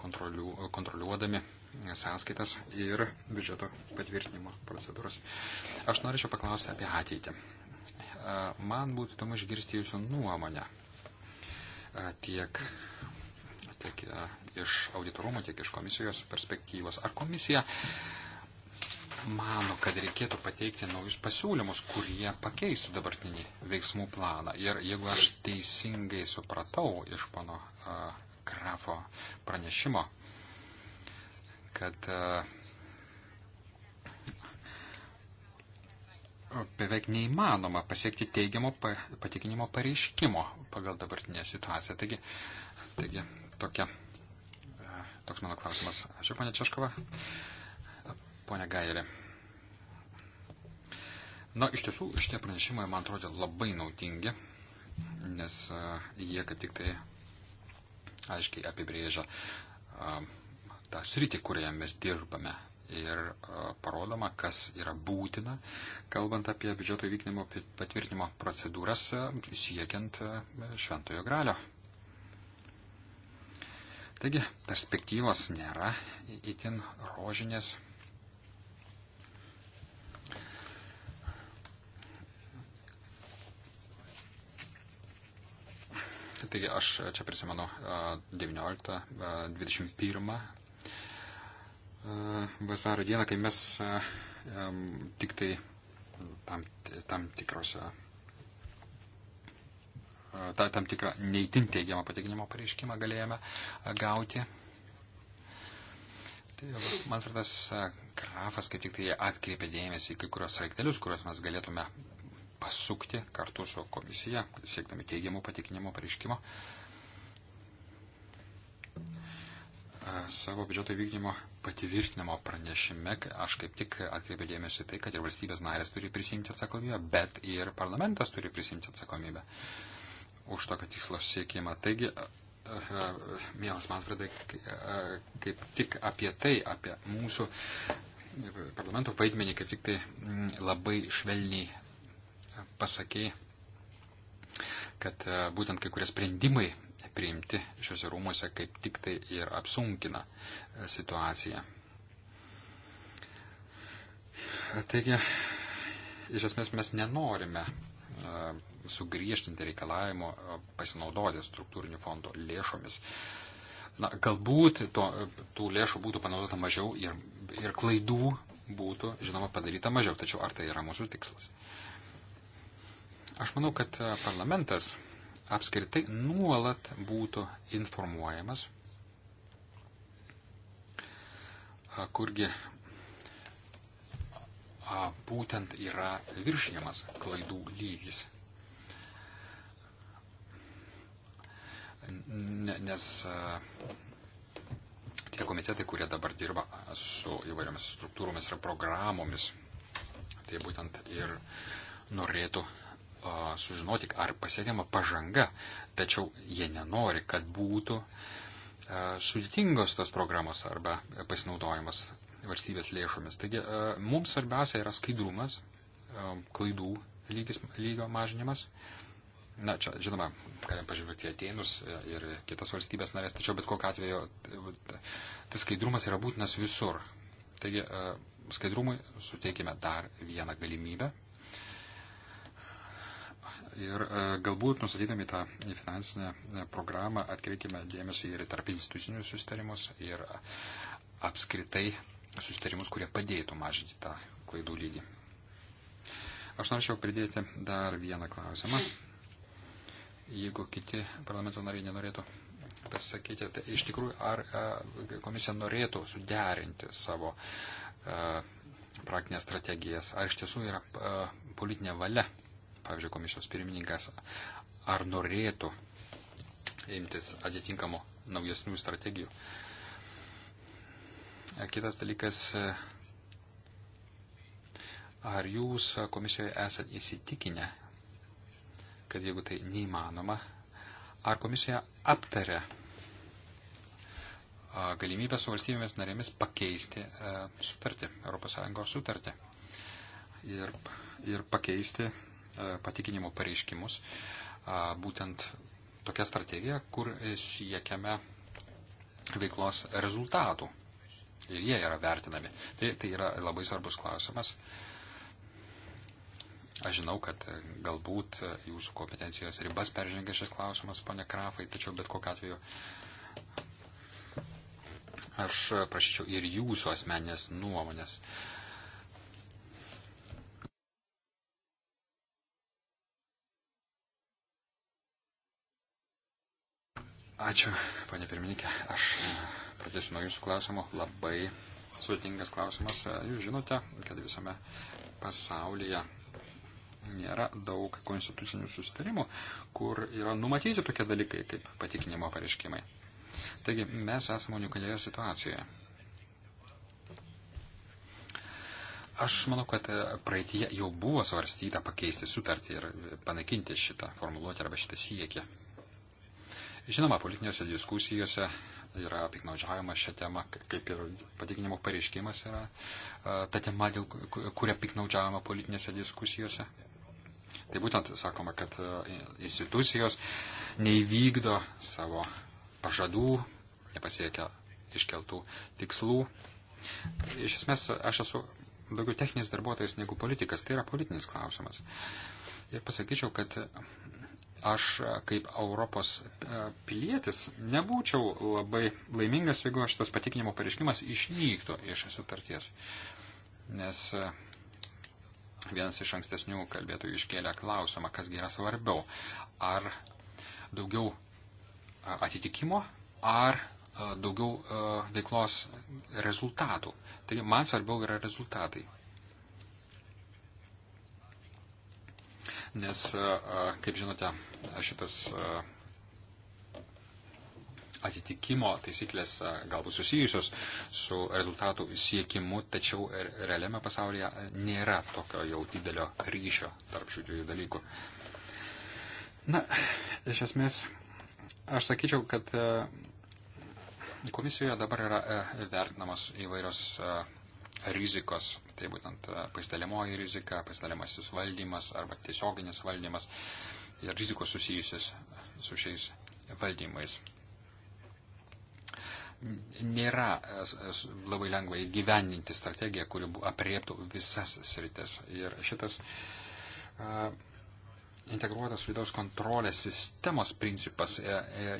kontroliu, kontroliuodami sąskaitas ir biudžeto patvirtinimo procedūras. Aš norėčiau paklausti apie ateitį. Man būtų įdomu išgirsti jūsų nuomonę tiek, tiek iš auditorumo, tiek iš komisijos perspektyvos. Ar komisija mano, kad reikėtų pateikti naujus pasiūlymus, kurie pakeistų dabartinį veiksmų planą. Ir jeigu aš teisingai supratau iš pono uh, grafo pranešimo, kad uh, beveik neįmanoma pasiekti teigiamo patikinimo pareiškimo pagal dabartinę situaciją. Taigi, taigi tokia, toks mano klausimas. Ačiū, ponia Češkova. Uh, Pone Gairė. Na, iš tiesų, šitie pranešimai man atrodė labai naudingi, nes uh, jie kaip tik tai aiškiai apibrėžia uh, tą sritį, kurioje mes dirbame ir uh, parodoma, kas yra būtina, kalbant apie biudžeto įvykdymo patvirtinimo procedūras uh, siekiant uh, šventojo gralio. Taigi, perspektyvos nėra itin rožinės. Taigi aš čia prisimenu 19-21 vasario dieną, kai mes tik tai tam, tam tikrose ta, tam tikrą neįtin teigiamą patikinimo pareiškimą galėjome gauti. Tai Manfredas Grafas kaip tik tai atkreipė dėmesį kai kurios raiktelius, kuriuos mes galėtume pasukti kartu su komisija, siekdami teigiamų patikinimo pareiškimo savo biudžeto vykdymo patvirtinimo pranešime, aš kaip tik atkreipiu dėmesį tai, kad ir valstybės narės turi prisimti atsakomybę, bet ir parlamentas turi prisimti atsakomybę už tokio tikslo siekimą. Taigi, mielas Manfredai, kaip tik apie tai, apie mūsų parlamento vaidmenį, kaip tik tai labai švelniai pasakėjai, kad e, būtent kai kurie sprendimai priimti šiuose rūmose kaip tik tai ir apsunkina e, situaciją. Taigi, iš esmės mes nenorime e, sugriežtinti reikalavimo pasinaudoti struktūrinių fondų lėšomis. Na, galbūt to, tų lėšų būtų panaudota mažiau ir, ir klaidų būtų, žinoma, padaryta mažiau, tačiau ar tai yra mūsų tikslas? Aš manau, kad e, parlamentas apskritai nuolat būtų informuojamas, e, kurgi būtent yra viršijamas klaidų lygis. Nes e, tie komitetai, kurie dabar dirba su įvairiomis struktūromis ir programomis, tai būtent ir norėtų sužinoti, ar pasiekiama pažanga, tačiau jie nenori, kad būtų sudėtingos tos programos arba pasinaudojimas valstybės lėšomis. Taigi mums svarbiausia yra skaidrumas, klaidų lygis, lygio mažinimas. Na, čia, žinoma, galim pažvelgti ateinus ir kitas valstybės narės, tačiau bet kokiu atveju tas skaidrumas yra būtinas visur. Taigi, skaidrumui suteikime dar vieną galimybę, Ir e, galbūt nustatydami tą finansinę e, programą atkreipkime dėmesį ir tarp institucinius susitarimus ir e, apskritai susitarimus, kurie padėtų mažinti tą klaidų lygį. Aš norėčiau pridėti dar vieną klausimą. Jeigu kiti parlamento nariai nenorėtų pasakyti, tai iš tikrųjų ar a, komisija norėtų suderinti savo a, praktinės strategijas, ar iš tiesų yra a, politinė valia pavyzdžiui, komisijos pirmininkas, ar norėtų imtis atitinkamų naujesnių strategijų. E, kitas dalykas, e, ar jūs komisijoje esat įsitikinę, kad jeigu tai neįmanoma, ar komisija aptarė e, galimybę su valstybėmis narėmis pakeisti sutartį, ES sutartį ir, ir pakeisti E, patikinimo pareiškimus, būtent tokia strategija, kur siekiame veiklos rezultatų. Ir jie yra vertinami. Tai, tai yra labai svarbus klausimas. Aš žinau, kad galbūt jūsų kompetencijos ribas peržengia šis klausimas, ponia Krafai, tačiau bet kokiu atveju aš prašyčiau ir jūsų asmeninės nuomonės. Uh, Ačiū, panė pirmininkė. Aš e, pradėsiu nuo jūsų klausimo. Labai sudėtingas klausimas. E, jūs žinote, kad visame pasaulyje nėra daug konstitucinių sustarimų, kur yra numatyti tokie dalykai kaip patikinimo pareiškimai. Taigi mes esame unikalioje situacijoje. Aš manau, kad e, praeitie jau buvo svarstyta pakeisti sutartį ir panaikinti šitą formuluotę arba šitą siekį. Žinoma, politinėse diskusijose yra piknaudžiaujama šią temą, kaip ir patikinimo pareiškimas yra ta tema, dėl kuria piknaudžiaujama politinėse diskusijose. Tai būtent sakoma, kad institucijos neįvykdo savo pažadų, nepasiekia iškeltų tikslų. Iš esmės, aš esu daugiau techninis darbuotojas negu politikas, tai yra politinis klausimas. Ir pasakyčiau, kad aš kaip Europos e, pilietis nebūčiau labai laimingas, jeigu šitas patikinimo pareiškimas išnyktų iš sutarties. Nes e, vienas iš ankstesnių kalbėtojų iškėlė klausimą, kas yra svarbiau. Ar daugiau e, atitikimo, ar daugiau veiklos rezultatų. Taigi man svarbiau yra rezultatai. nes, kaip žinote, šitas atitikimo taisyklės galbūt susijusios su rezultatų siekimu, tačiau realiame pasaulyje nėra tokio jau didelio ryšio tarp šių dviejų dalykų. Na, iš esmės, aš sakyčiau, kad komisijoje dabar yra vertinamos įvairios rizikos tai būtent e, pasidalimoji rizika, pasidalimasis valdymas arba tiesioginis valdymas ir rizikos susijusios su šiais valdymais. Nėra e, e, labai lengva įgyvendinti strategiją, kuri apriektų visas sritis. Ir šitas integruotas vidaus kontrolės sistemos principas,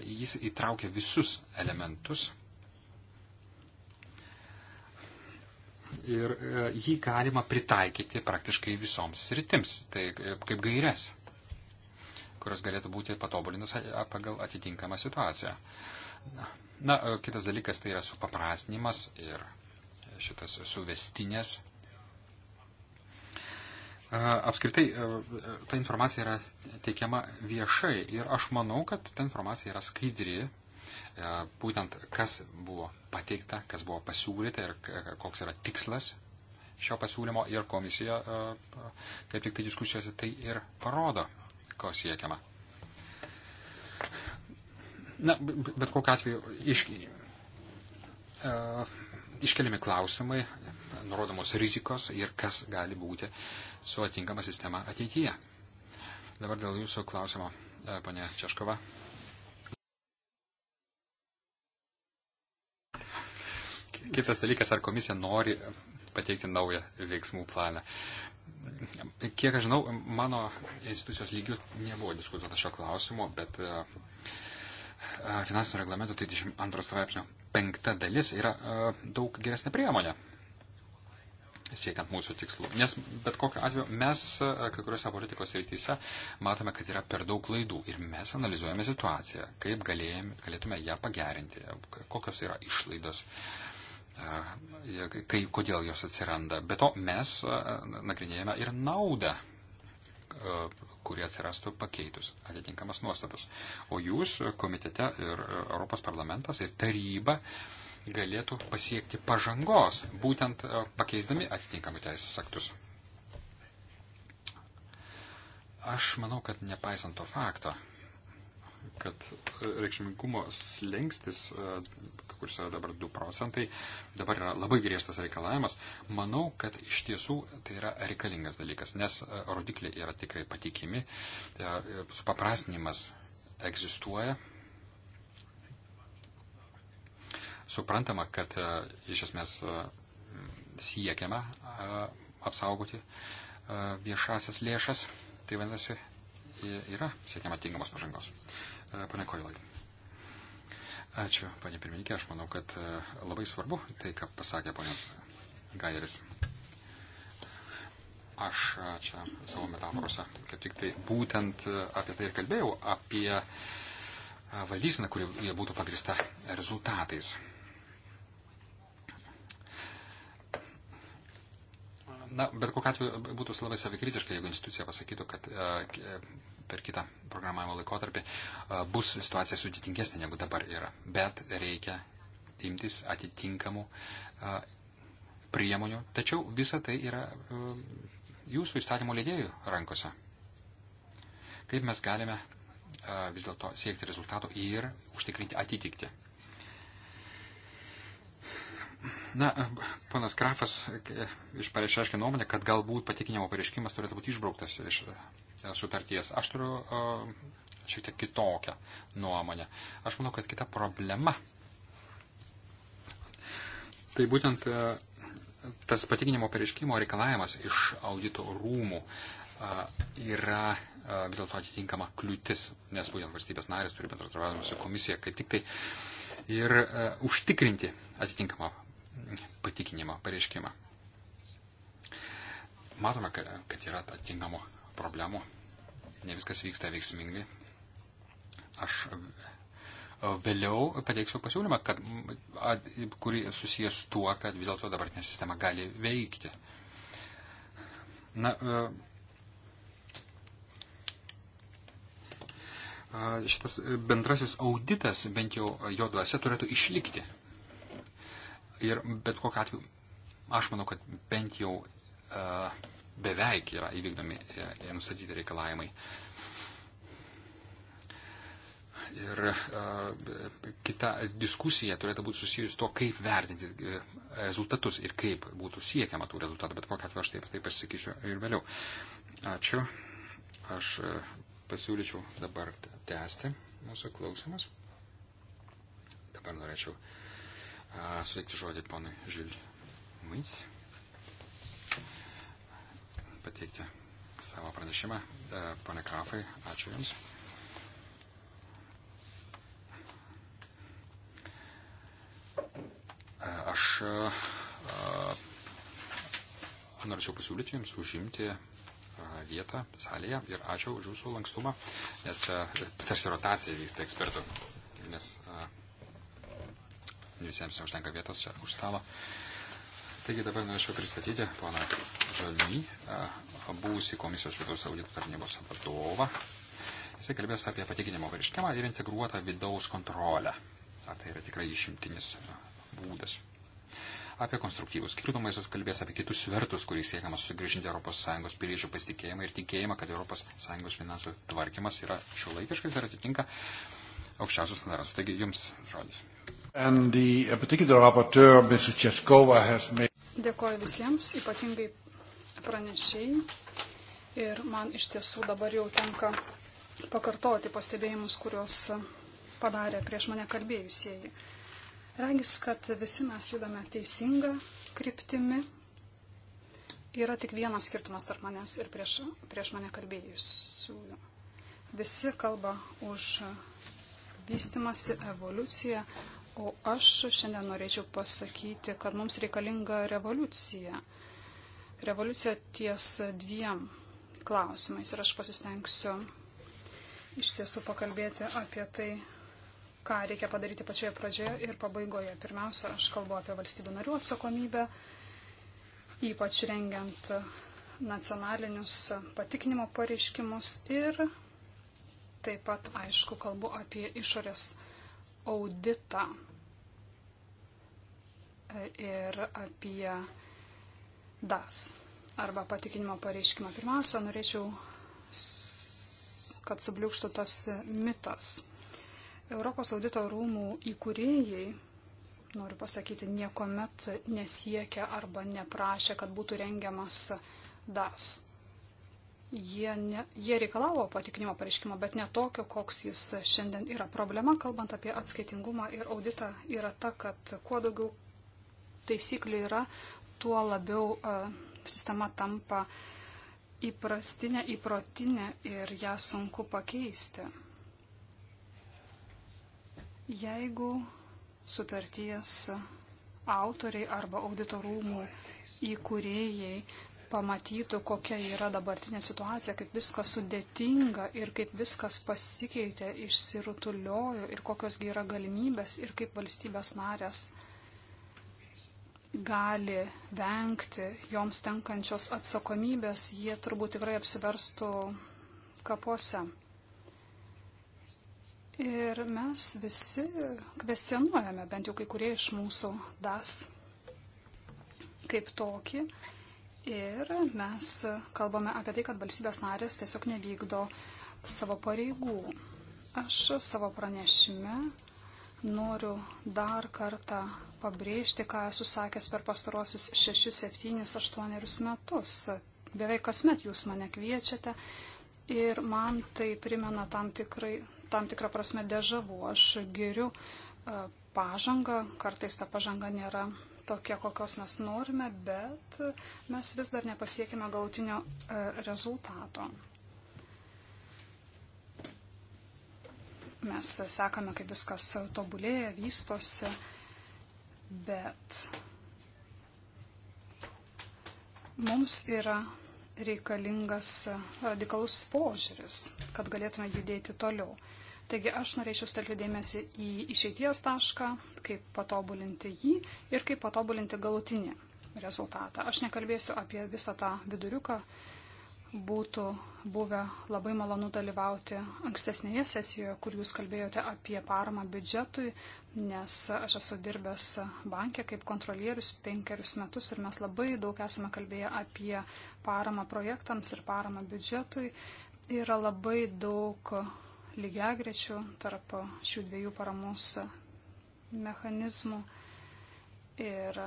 jis įtraukia visus elementus ir e, jį galima pritaikyti praktiškai visoms sritims, tai e, kaip gairias, kurios galėtų būti patobulinus e, pagal atitinkamą situaciją. Na, kitas dalykas tai yra supaprastinimas ir šitas suvestinės. Apskritai, ta informacija yra teikiama viešai ir aš manau, kad ta informacija yra skaidri E, būtent kas buvo pateikta, kas buvo pasiūlyta ir e, koks yra tikslas šio pasiūlymo ir komisija, e, kaip tik tai diskusijose, tai ir parodo, ko siekiama. Na, bet kokiu atveju iš, iškeliami klausimai, nurodomos rizikos ir kas gali būti su atinkama sistema ateityje. Dabar dėl jūsų klausimo, ponė Češkova. Kitas dalykas, ar komisija nori pateikti naują veiksmų planą. Kiek aš žinau, mano institucijos lygių nebuvo diskutuota šio klausimo, bet e, e, finansinio reglamento 32 straipsnio penkta dalis yra e, daug geresnė priemonė siekiant mūsų tikslų. Nes bet kokiu atveju mes kai kuriuose politikos rytise matome, kad yra per daug klaidų ir mes analizuojame situaciją, kaip galėjame, galėtume ją pagerinti, kokios yra išlaidos. Uh, kai, kodėl jos atsiranda. Be to mes nagrinėjame ir naudą, kurie atsirastų pakeitus atitinkamas nuostatas. O jūs komitete ir Europos parlamentas ir taryba galėtų pasiekti pažangos, būtent pakeisdami atitinkamų teisės aktus. Aš manau, kad nepaisant to fakto, kad reikšmingumo slengstis kuris yra dabar 2 procentai, dabar yra labai griežtas reikalavimas, manau, kad iš tiesų tai yra reikalingas dalykas, nes e, rodikliai yra tikrai patikimi, tai e, supaprastinimas egzistuoja. Suprantama, kad e, iš esmės siekiama apsaugoti viešasias lėšas, tai vadinasi, yra siekiama tinkamos pažangos. Pane Koilai. Ačiū, panė pirmininkė. Aš manau, kad e, labai svarbu tai, ką pasakė ponas Gairis. Aš e, čia savo metaforose kaip tik tai būtent e, apie tai ir kalbėjau, apie valdyseną, kuri jie būtų pagrista rezultatais. Na, bet kokiu atveju būtų labai savikritiška, jeigu institucija pasakytų, kad per kitą programavimo laikotarpį bus situacija sudėtingesnė negu dabar yra. Bet reikia imtis atitinkamų priemonių. Tačiau visa tai yra jūsų įstatymų leidėjų rankose. Kaip mes galime vis dėlto siekti rezultatų ir užtikrinti atitikti Na, ponas Grafas e, išpareiškė nuomonę, kad galbūt patikinimo pareiškimas turėtų būti išbrauktas iš e, sutarties. Aš turiu e, šiek tiek kitokią nuomonę. Aš manau, kad kita problema. Tai būtent tas patikinimo pareiškimo reikalavimas iš audito rūmų yra vis dėlto atitinkama kliūtis, nes būtent valstybės narės turi bendradarbiavimą su komisija, kaip tik tai ir užtikrinti atitinkamą patikinimo pareiškimą. Matome, kad yra atitinkamų problemų, ne viskas vyksta veiksmingai. Aš e, vėliau pateiksiu pasiūlymą, kad, kuri susijęs su tuo, kad vis dėlto dabartinė sistema gali veikti. Na, e, šitas e, bendrasis auditas, bent jau jo dvasia, turėtų išlikti. Ir bet kokiu atveju, aš manau, kad bent jau e, beveik yra įvykdomi e, e, nustatyti reikalavimai. Ir kita diskusija turėtų būti susijusi to, kaip vertinti rezultatus ir kaip būtų siekiama tų rezultatų, bet kokia atveju aš taip, taip pasakysiu ir vėliau. Ačiū. Aš pasiūlyčiau dabar tęsti mūsų klausimus. Dabar norėčiau uh, suteikti žodį ponui Žiliui Muic, pateikti savo pranešimą. Pone Krafai, ačiū Jums. Aš norėčiau pasiūlyti Jums užimti vietą salėje ir ačiū už Jūsų lankstumą, nes e, tarsi rotacija vyksta ekspertų. Nes, a, e, visiems neužtenka vietos čia už stalo. Taigi dabar norėčiau pristatyti poną Žalmy, būsį komisijos vidaus audito tarnybos vadovą. Jisai kalbės apie patikinimo pareiškimą ir integruotą vidaus kontrolę. A, tai yra tikrai išimtinis būdas. Apie konstruktyvus skirtumais jis kalbės apie kitus svertus, kuriais siekiama sugrįžinti ES piliečių pasitikėjimą ir tikėjimą, kad ES finansų tvarkymas yra šiuolaikiškas ir atitinka aukščiausius standartus. Taigi jums žodis. Made... Dėkoju visiems, ypatingai pranešėjai. Ir man iš tiesų dabar jau tenka pakartoti pastebėjimus, kuriuos padarė prieš mane kalbėjusieji. Regis, kad visi mes judame teisinga kryptimi. Yra tik vienas skirtumas tarp manęs ir prieš, prieš mane kalbėjusiųjų. Visi kalba už vystimasi, evoliuciją, O aš šiandien norėčiau pasakyti, kad mums reikalinga revoliucija. Revoliucija ties dviem klausimais ir aš pasistengsiu iš tiesų pakalbėti apie tai, ką reikia padaryti pačioje pradžioje ir pabaigoje. Pirmiausia, aš kalbu apie valstybių narių atsakomybę, ypač rengiant nacionalinius patikinimo pareiškimus ir taip pat, aišku, kalbu apie išorės auditą ir apie DAS arba patikinimo pareiškimą. Pirmiausia, norėčiau, kad subliūkštų tas mitas. Europos audito rūmų įkūrėjai, noriu pasakyti, niekuomet nesiekia arba neprašė, kad būtų rengiamas DAS. Jie, ne, jie reikalavo patikinimo pareiškimo, bet ne tokio, koks jis šiandien yra. Problema, kalbant apie atskaitingumą ir auditą, yra ta, kad kuo daugiau taisyklių yra, tuo labiau e, sistema tampa įprastinė, įprotinė ir ją sunku pakeisti. Jeigu sutarties autoriai arba auditorumų įkūrėjai pamatytų, kokia yra dabartinė situacija, kaip viskas sudėtinga ir kaip viskas pasikeitė, išsirutuliojo ir kokios gi yra galimybės ir kaip valstybės narės gali vengti joms tenkančios atsakomybės, jie turbūt tikrai apsiverstų kapuose. Ir mes visi kvestionuojame, bent jau kai kurie iš mūsų das kaip tokį. Ir mes kalbame apie tai, kad valstybės narės tiesiog nevykdo savo pareigų. Aš savo pranešime Noriu dar kartą pabrėžti, ką esu sakęs per pastarosius 6, 7, 8 metus. Beveik kasmet jūs mane kviečiate ir man tai primena tam, tikrai, tam tikrą prasme dežavų. Aš geriu e, pažangą, kartais ta pažanga nėra tokia, kokios mes norime, bet mes vis dar nepasiekime gautinio e, rezultato. Mes sekame, kaip viskas tobulėja, vystosi, bet mums yra reikalingas radikalus požiūris, kad galėtume judėti toliau. Taigi aš norėčiau stelkti dėmesį į išeities tašką, kaip patobulinti jį ir kaip patobulinti galutinį rezultatą. Aš nekalbėsiu apie visą tą viduriuką, būtų buvę labai malonu dalyvauti ankstesnėje sesijoje, kur jūs kalbėjote apie paramą biudžetui, nes aš esu dirbęs bankė kaip kontrolierius penkerius metus ir mes labai daug esame kalbėję apie paramą projektams ir paramą biudžetui. Yra labai daug lygiagrečių tarp šių dviejų paramos mechanizmų. Ir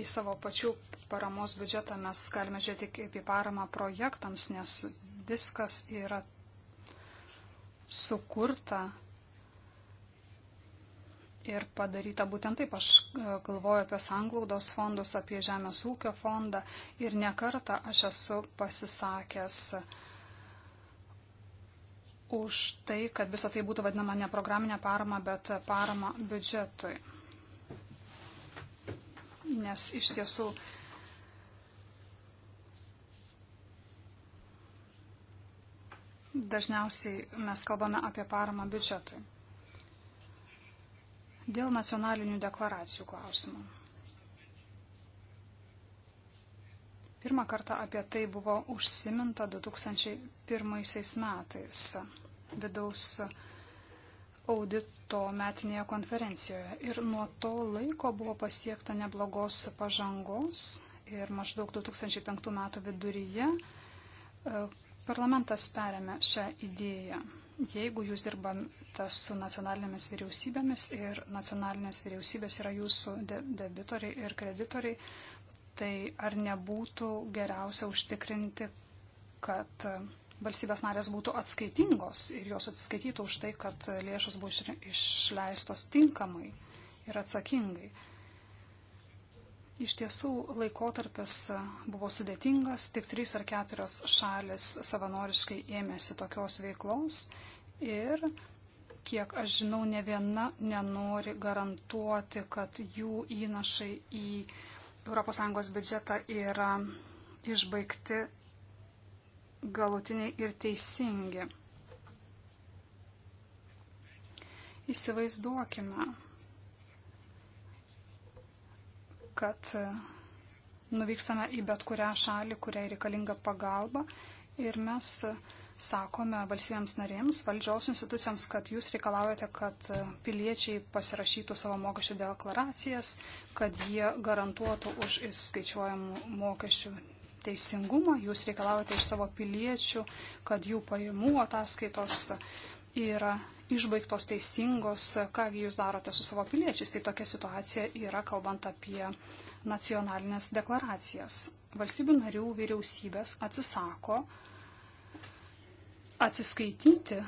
į savo pačių paramos biudžetą mes galime žiūrėti kaip į paramą projektams, nes viskas yra sukurta ir padaryta būtent taip. Aš e, galvoju apie sanglaudos fondus, apie žemės ūkio fondą ir nekartą aš esu pasisakęs už tai, kad visa tai būtų vadinama ne programinė parama, bet parama biudžetui. Nes iš tiesų Dažniausiai mes kalbame apie paramą biudžetui. Dėl nacionalinių deklaracijų klausimų. Pirmą kartą apie tai buvo užsiminta 2001 metais vidaus audito metinėje konferencijoje. Ir nuo to laiko buvo pasiekta neblogos pažangos ir maždaug 2005 metų viduryje Parlamentas perėmė šią idėją. Jeigu jūs dirbate su nacionalinėmis vyriausybėmis ir nacionalinės vyriausybės yra jūsų debitoriai ir kreditoriai, tai ar nebūtų geriausia užtikrinti, kad valstybės narės būtų atskaitingos ir jos atskaitytų už tai, kad lėšos buvo išleistos tinkamai ir atsakingai. Iš tiesų laikotarpis buvo sudėtingas, tik trys ar keturios šalis savanoriškai ėmėsi tokios veiklos ir, kiek aš žinau, ne viena nenori garantuoti, kad jų įnašai į ES biudžetą yra išbaigti galutiniai ir teisingi. Įsivaizduokime, kad e, nuvykstame į bet kurią šalį, kuriai reikalinga pagalba ir mes e, sakome valstybėms narėms, valdžios institucijoms, kad jūs reikalaujate, kad e, piliečiai pasirašytų savo mokesčių deklaracijas, kad jie garantuotų už įskaičiuojamų mokesčių teisingumą, jūs reikalaujate iš savo piliečių, kad jų pajamų ataskaitos yra išbaigtos teisingos, kągi jūs darote su savo piliečiais. Tai tokia situacija yra, kalbant apie nacionalinės deklaracijas. Valstybių narių vyriausybės atsisako atsiskaityti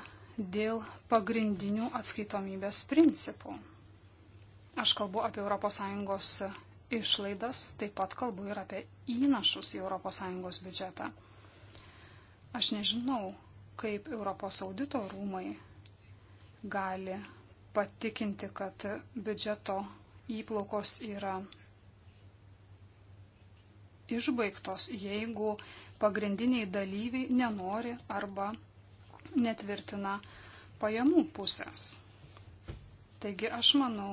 dėl pagrindinių atskaitomybės principų. Aš kalbu apie ES išlaidas, taip pat kalbu ir apie įnašus į ES biudžetą. Aš nežinau, kaip Europos audito rūmai gali patikinti, kad biudžeto įplaukos yra išbaigtos, jeigu pagrindiniai dalyviai nenori arba netvirtina pajamų pusės. Taigi aš manau,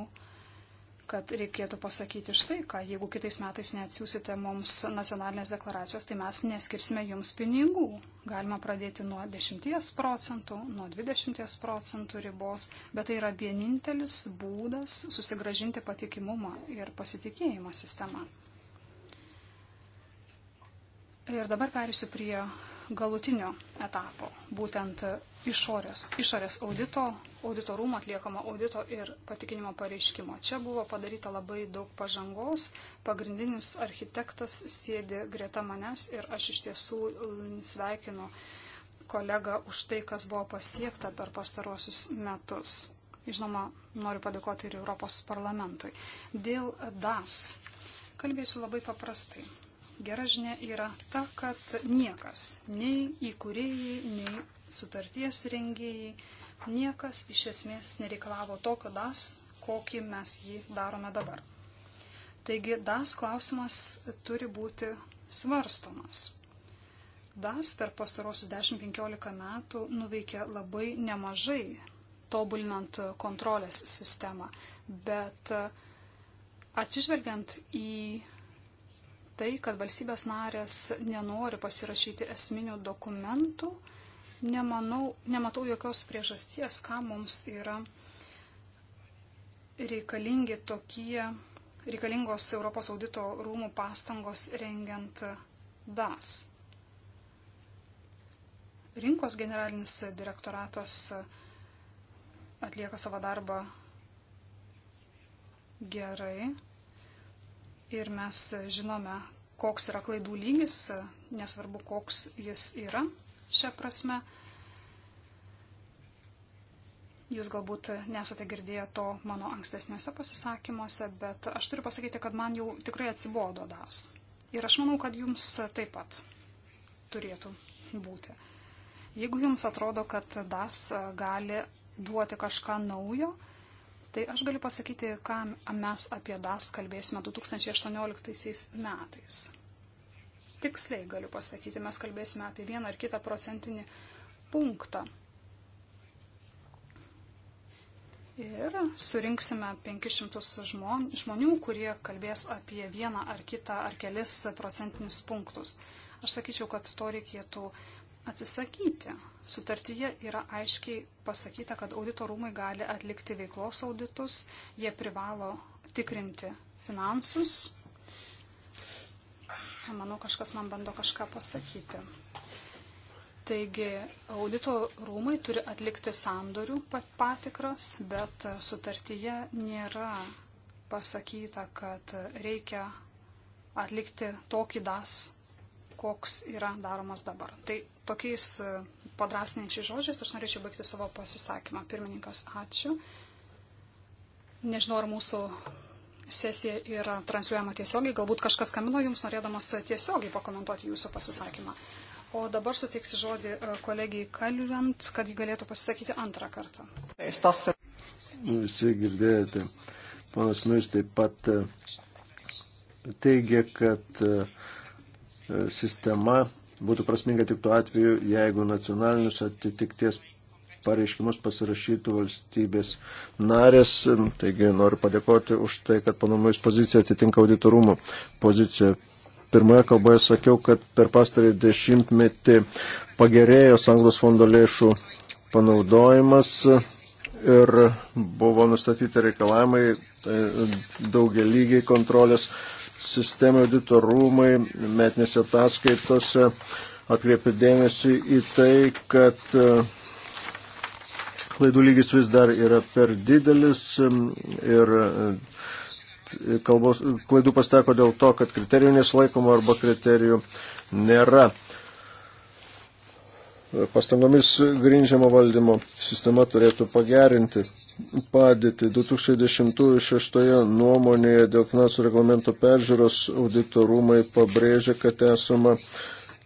kad reikėtų pasakyti štai, ką jeigu kitais metais neatsiūsite mums nacionalinės deklaracijos, tai mes neskirsime jums pinigų. Galima pradėti nuo 10 procentų, nuo 20 procentų ribos, bet tai yra vienintelis būdas susigražinti patikimumą ir pasitikėjimą sistemą. Ir dabar perėsiu prie galutinio etapo, būtent išorės, išorės audito, audito rūmo atliekamo audito ir patikinimo pareiškimo. Čia buvo padaryta labai daug pažangos, pagrindinis architektas sėdi greta manęs ir aš iš tiesų sveikinu kolegą už tai, kas buvo pasiekta per pastaruosius metus. Žinoma, noriu padėkoti ir Europos parlamentui. Dėl DAS kalbėsiu labai paprastai. Gera žinia yra ta, kad niekas, nei įkūrėjai, nei sutarties rengėjai, niekas iš esmės nereikalavo to, kad das, kokį mes jį darome dabar. Taigi das klausimas turi būti svarstomas. Das per pastarosius 10-15 metų nuveikė labai nemažai, tobulinant kontrolės sistemą, bet atsižvelgiant į tai, kad valstybės narės nenori pasirašyti esminių dokumentų, nemanau, nematau jokios priežasties, ką mums yra reikalingi tokie, reikalingos Europos audito rūmų pastangos rengiant DAS. Rinkos generalinis direktoratas atlieka savo darbą gerai ir mes žinome, koks yra klaidų lygis, nesvarbu, koks jis yra šią prasme. Jūs galbūt nesate girdėję to mano ankstesniuose pasisakymuose, bet aš turiu pasakyti, kad man jau tikrai atsibodo DAS. Ir aš manau, kad jums taip pat turėtų būti. Jeigu jums atrodo, kad DAS gali duoti kažką naujo, Tai aš galiu pasakyti, ką mes apie DAS kalbėsime 2018 metais. Tiksliai galiu pasakyti, mes kalbėsime apie vieną ar kitą procentinį punktą. Ir surinksime 500 žmon, žmonių, kurie kalbės apie vieną ar kitą ar kelis procentinius punktus. Aš sakyčiau, kad to reikėtų uh, atsisakyti. Sutartyje yra aiškiai pasakyta, kad audito rūmai gali atlikti veiklos auditus, jie privalo tikrinti finansus. Manau, kažkas man bando kažką pasakyti. Taigi audito rūmai turi atlikti sandorių patikras, bet sutartyje nėra pasakyta, kad reikia atlikti tokį das, koks yra daromas dabar. Tai tokiais e, padrasninčiais žodžiais aš norėčiau baigti savo pasisakymą. Pirmininkas, ačiū. Nežinau, ar mūsų sesija yra transliuojama tiesiogiai, galbūt kažkas kamino jums norėdamas tiesiogiai pakomentuoti jūsų pasisakymą. O dabar suteiksiu žodį e, kolegijai Kaliulant, kad ji galėtų pasisakyti antrą kartą. Nu, visi girdėjote. Panas Mius taip pat e, teigia, kad sistema būtų prasminga tik tuo atveju, jeigu nacionalinius atitikties pareiškimus pasirašytų valstybės narės. Taigi noriu padėkoti už tai, kad panomojus pozicija atitinka auditorumų poziciją. Pirmoje kalboje sakiau, kad per pastarį dešimtmetį pagerėjo Sanglos fondo lėšų panaudojimas ir buvo nustatyti reikalavimai tai daugelį kontrolės sistemai auditorumai metinėse ataskaitose atkreipiu dėmesį į tai, kad e, klaidų lygis vis dar yra per didelis ir e, kalbos, klaidų pasteko dėl to, kad kriterijų nesilaikoma arba kriterijų nėra pastangomis grindžiamo valdymo sistema turėtų pagerinti padėtį. 2010-2006 nuomonėje dėl finansų reglamento peržiūros auditorumai pabrėžia, kad esama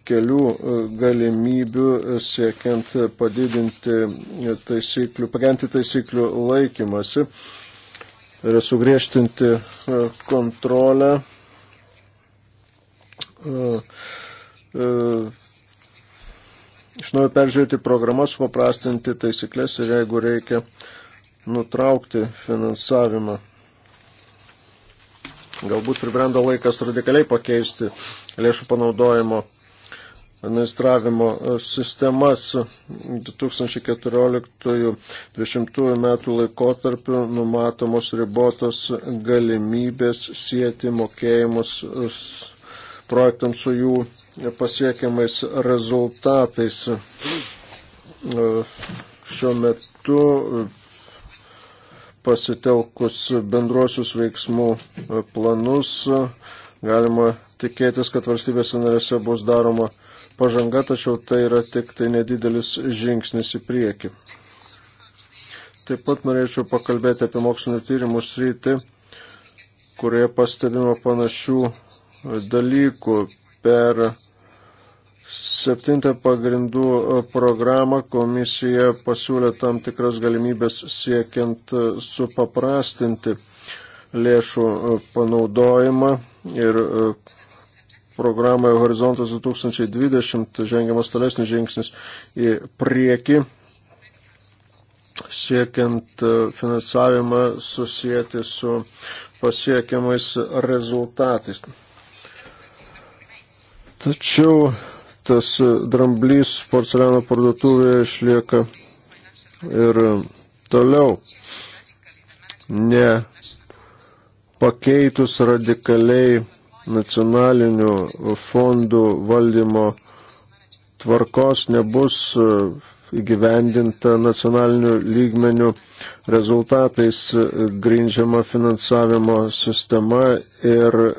kelių e, galimybių siekiant padidinti taisyklių, pagerinti taisyklių laikymasi ir sugriežtinti e, kontrolę. Uh, uh, iš naujo peržiūrėti programas, paprastinti taisyklės ir jeigu reikia nutraukti finansavimą. Galbūt pribrendo laikas radikaliai pakeisti lėšų panaudojimo administravimo e, sistemas 2014-2020 metų laikotarpiu numatomos ribotos galimybės sieti mokėjimus projektams su jų pasiekiamais rezultatais. E, šiuo metu pasitelkus bendruosius veiksmų planus galima tikėtis, kad valstybėse narėse bus daroma pažanga, tačiau tai yra tik tai nedidelis žingsnis į priekį. Taip pat norėčiau pakalbėti apie mokslinio tyrimų sritį, kurioje pastebima panašių dalykų per septintą pagrindų programą komisija pasiūlė tam tikras galimybės siekiant supaprastinti lėšų panaudojimą ir e, programoje Horizontas 2020 žengiamas tolesnis žingsnis į priekį, siekiant e, finansavimą susijęti su pasiekiamais rezultatais. Tačiau tas dramblys porceliano parduotuvėje išlieka ir toliau nepakeitus radikaliai nacionalinių fondų valdymo tvarkos nebus įgyvendinta nacionalinių lygmenių rezultatais grindžiama finansavimo sistema ir e,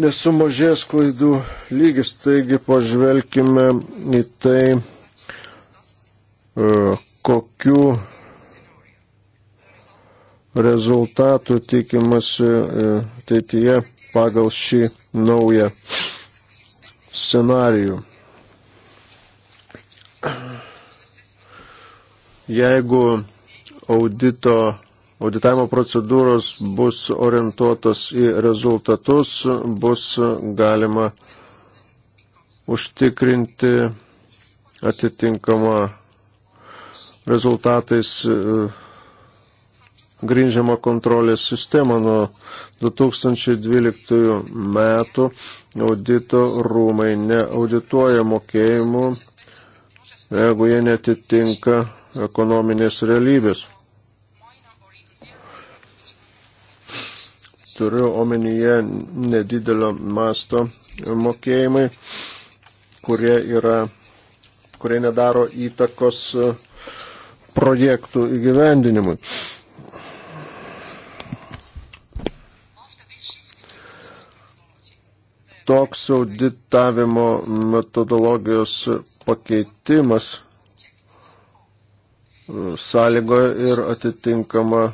nesumažės klaidų lygis, taigi pažvelkime į tai, e, kokiu rezultatų tikimasi e, ateityje pagal šį naują scenarijų. Jeigu audito auditavimo procedūros bus orientuotos į rezultatus, bus galima užtikrinti atitinkamą rezultatais e, grindžiamą kontrolės sistemą nuo 2012 metų audito rūmai neaudituoja mokėjimų, jeigu jie netitinka ekonominės realybės. turiu omenyje nedidelio masto mokėjimai, kurie, yra, kurie nedaro įtakos e, projektų įgyvendinimui. Toks auditavimo metodologijos pakeitimas e, sąlygoja ir atitinkama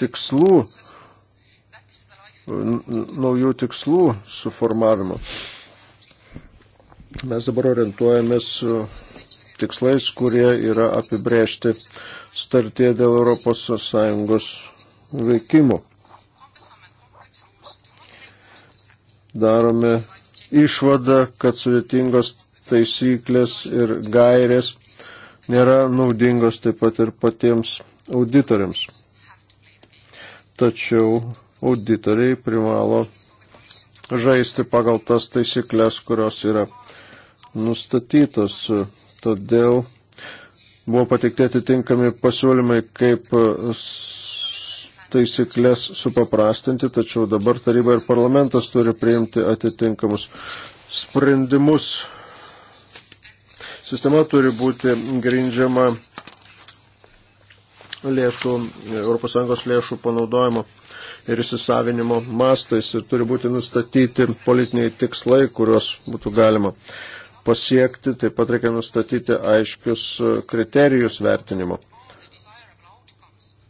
tikslų, naujų tikslų suformavimo. Mes dabar orientuojamės tikslais, kurie yra apibrėžti startie dėl ES veikimo. Darome išvadą, kad sudėtingos taisyklės ir gairės nėra naudingos taip pat ir patiems auditoriams tačiau auditoriai privalo žaisti pagal tas taisyklės, kurios yra nustatytos. Todėl buvo pateikti atitinkami pasiūlymai, kaip taisyklės supaprastinti, tačiau dabar taryba ir parlamentas turi priimti atitinkamus sprendimus. Sistema turi būti grindžiama lėšų, ES lėšų panaudojimo ir įsisavinimo mastais ir turi būti nustatyti politiniai tikslai, kuriuos būtų galima pasiekti, taip pat reikia nustatyti aiškius e, kriterijus vertinimo.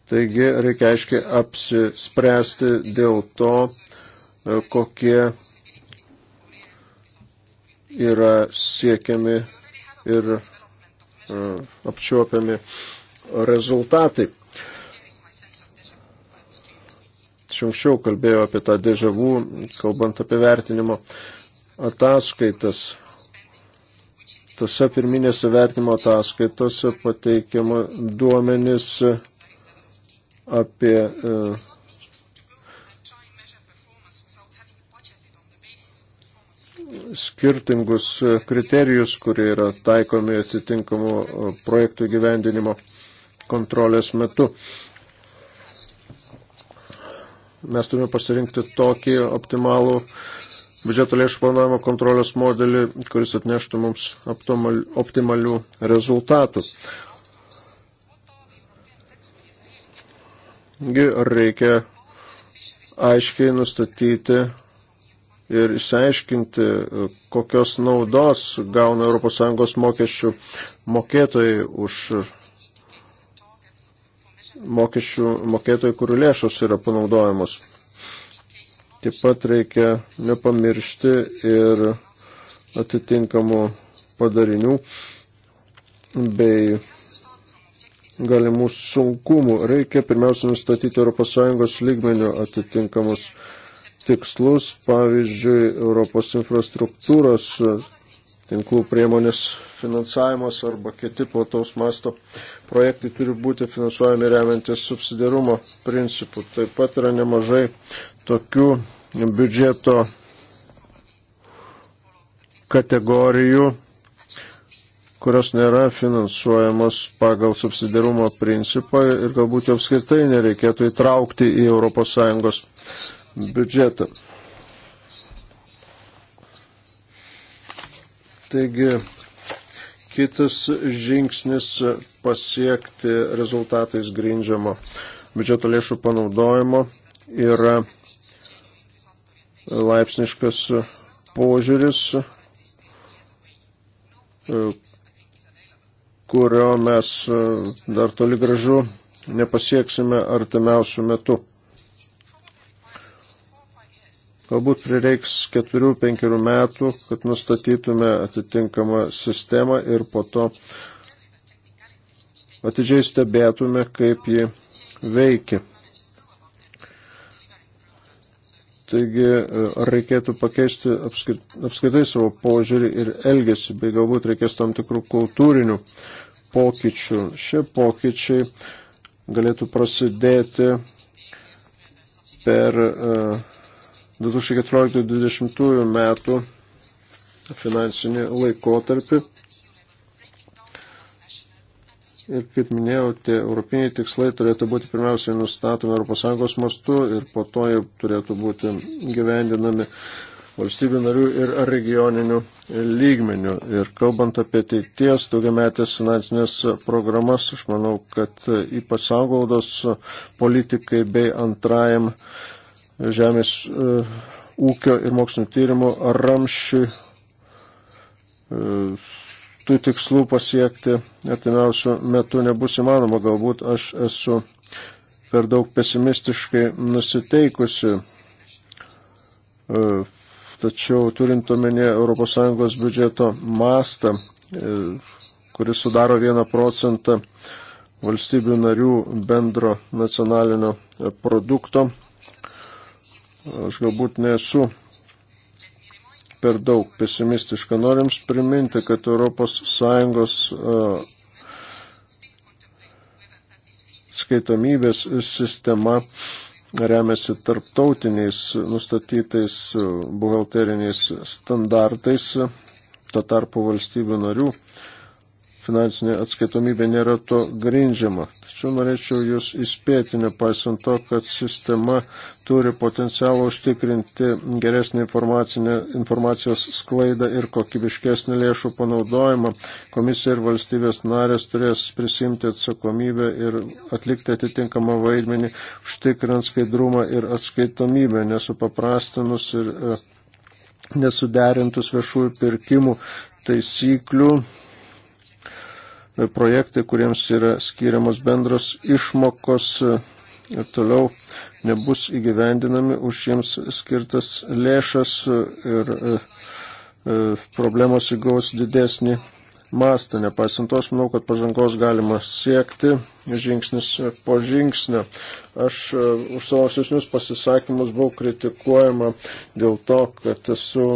Taigi reikia aiškiai apsispręsti dėl to, e, kokie yra siekiami ir e, apčiuopiami uh, rezultatai. Šiau anksčiau kalbėjau apie tą dėžavų, kalbant apie vertinimo ataskaitas. Tose pirminėse vertinimo ataskaitose pateikiama duomenis apie e, skirtingus kriterijus, kurie yra taikomi atitinkamų e, projektų gyvendinimo kontrolės metu. Mes turime pasirinkti tokį optimalų biudžeto lėšų planavimo kontrolės modelį, kuris atneštų mums optimalių rezultatų. Reikia aiškiai nustatyti ir išsiaiškinti, kokios naudos gauna ES mokesčių mokėtojai už mokesčių mokėtojų, kurių lėšos yra panaudojamos. Taip pat reikia nepamiršti ir atitinkamų padarinių bei galimų sunkumų. Reikia pirmiausia nustatyti ES lygmenių atitinkamus tikslus, pavyzdžiui, Europos infrastruktūros tinklų priemonės finansavimas arba kiti plataus masto projektai turi būti finansuojami remiantis subsidiarumo principų. Taip pat yra nemažai tokių biudžeto kategorijų, kurios nėra finansuojamos pagal subsidiarumo principą ir galbūt jau apskritai nereikėtų įtraukti į ES biudžetą. Taigi, kitas žingsnis pasiekti rezultatais grindžiamo biudžeto lėšų panaudojimo yra laipsniškas požiūris, kurio mes dar toli gražu nepasieksime artimiausių metų. Galbūt prireiks keturių, penkerių metų, kad nustatytume atitinkamą sistemą ir po to atidžiai stebėtume, kaip ji veikia. Taigi e, reikėtų pakeisti apskritai savo požiūrį ir elgesį, bei galbūt reikės tam tikrų kultūrinių pokyčių. Šie pokyčiai galėtų prasidėti per uh, 2014-2020 metų finansinį laikotarpį. Ir kaip minėjau, tie europiniai tikslai turėtų būti pirmiausiai nustatomi ES mastu ir po to jau turėtų būti gyvendinami valstybių narių ir regioninių lygmenių. Ir kalbant apie ateities daugiametės finansinės programas, aš manau, kad ypač saugaudos politikai bei antrajam uh, žemės e, ūkio ir mokslinio tyrimo ramščiui e, tų tikslų pasiekti artimiausių metų nebus įmanoma. Galbūt aš esu per daug pesimistiškai nusiteikusi. E, tačiau turint omenyje ES biudžeto mastą, kuris sudaro 1 procentą valstybių narių bendro nacionalinio produkto, Aš galbūt nesu per daug pesimistiška. Norim priminti, kad ES e, skaitomybės sistema remiasi tarptautiniais nustatytais buhalteriniais standartais, ta tarpu valstybių narių finansinė atskaitomybė nėra to grindžiama. Tačiau norėčiau jūs įspėti, nepaisant to, kad sistema turi potencialą užtikrinti geresnį informacijos sklaidą ir kokybiškesnį lėšų panaudojimą. Komisija ir valstybės narės turės prisimti atsakomybę ir atlikti atitinkamą vaidmenį, užtikrinant skaidrumą ir atskaitomybę, nesupaprastinus ir e, nesuderintus viešųjų pirkimų taisyklių projektai, kuriems yra skiriamos bendros išmokos ir e, toliau nebus įgyvendinami už jiems skirtas lėšas e, ir e, problemos įgaus didesnį mastą. Nepaisant tos, manau, kad pažangos galima siekti žingsnis po žingsnio. Aš už savo šešnius pasisakymus buvau kritikuojama dėl to, kad esu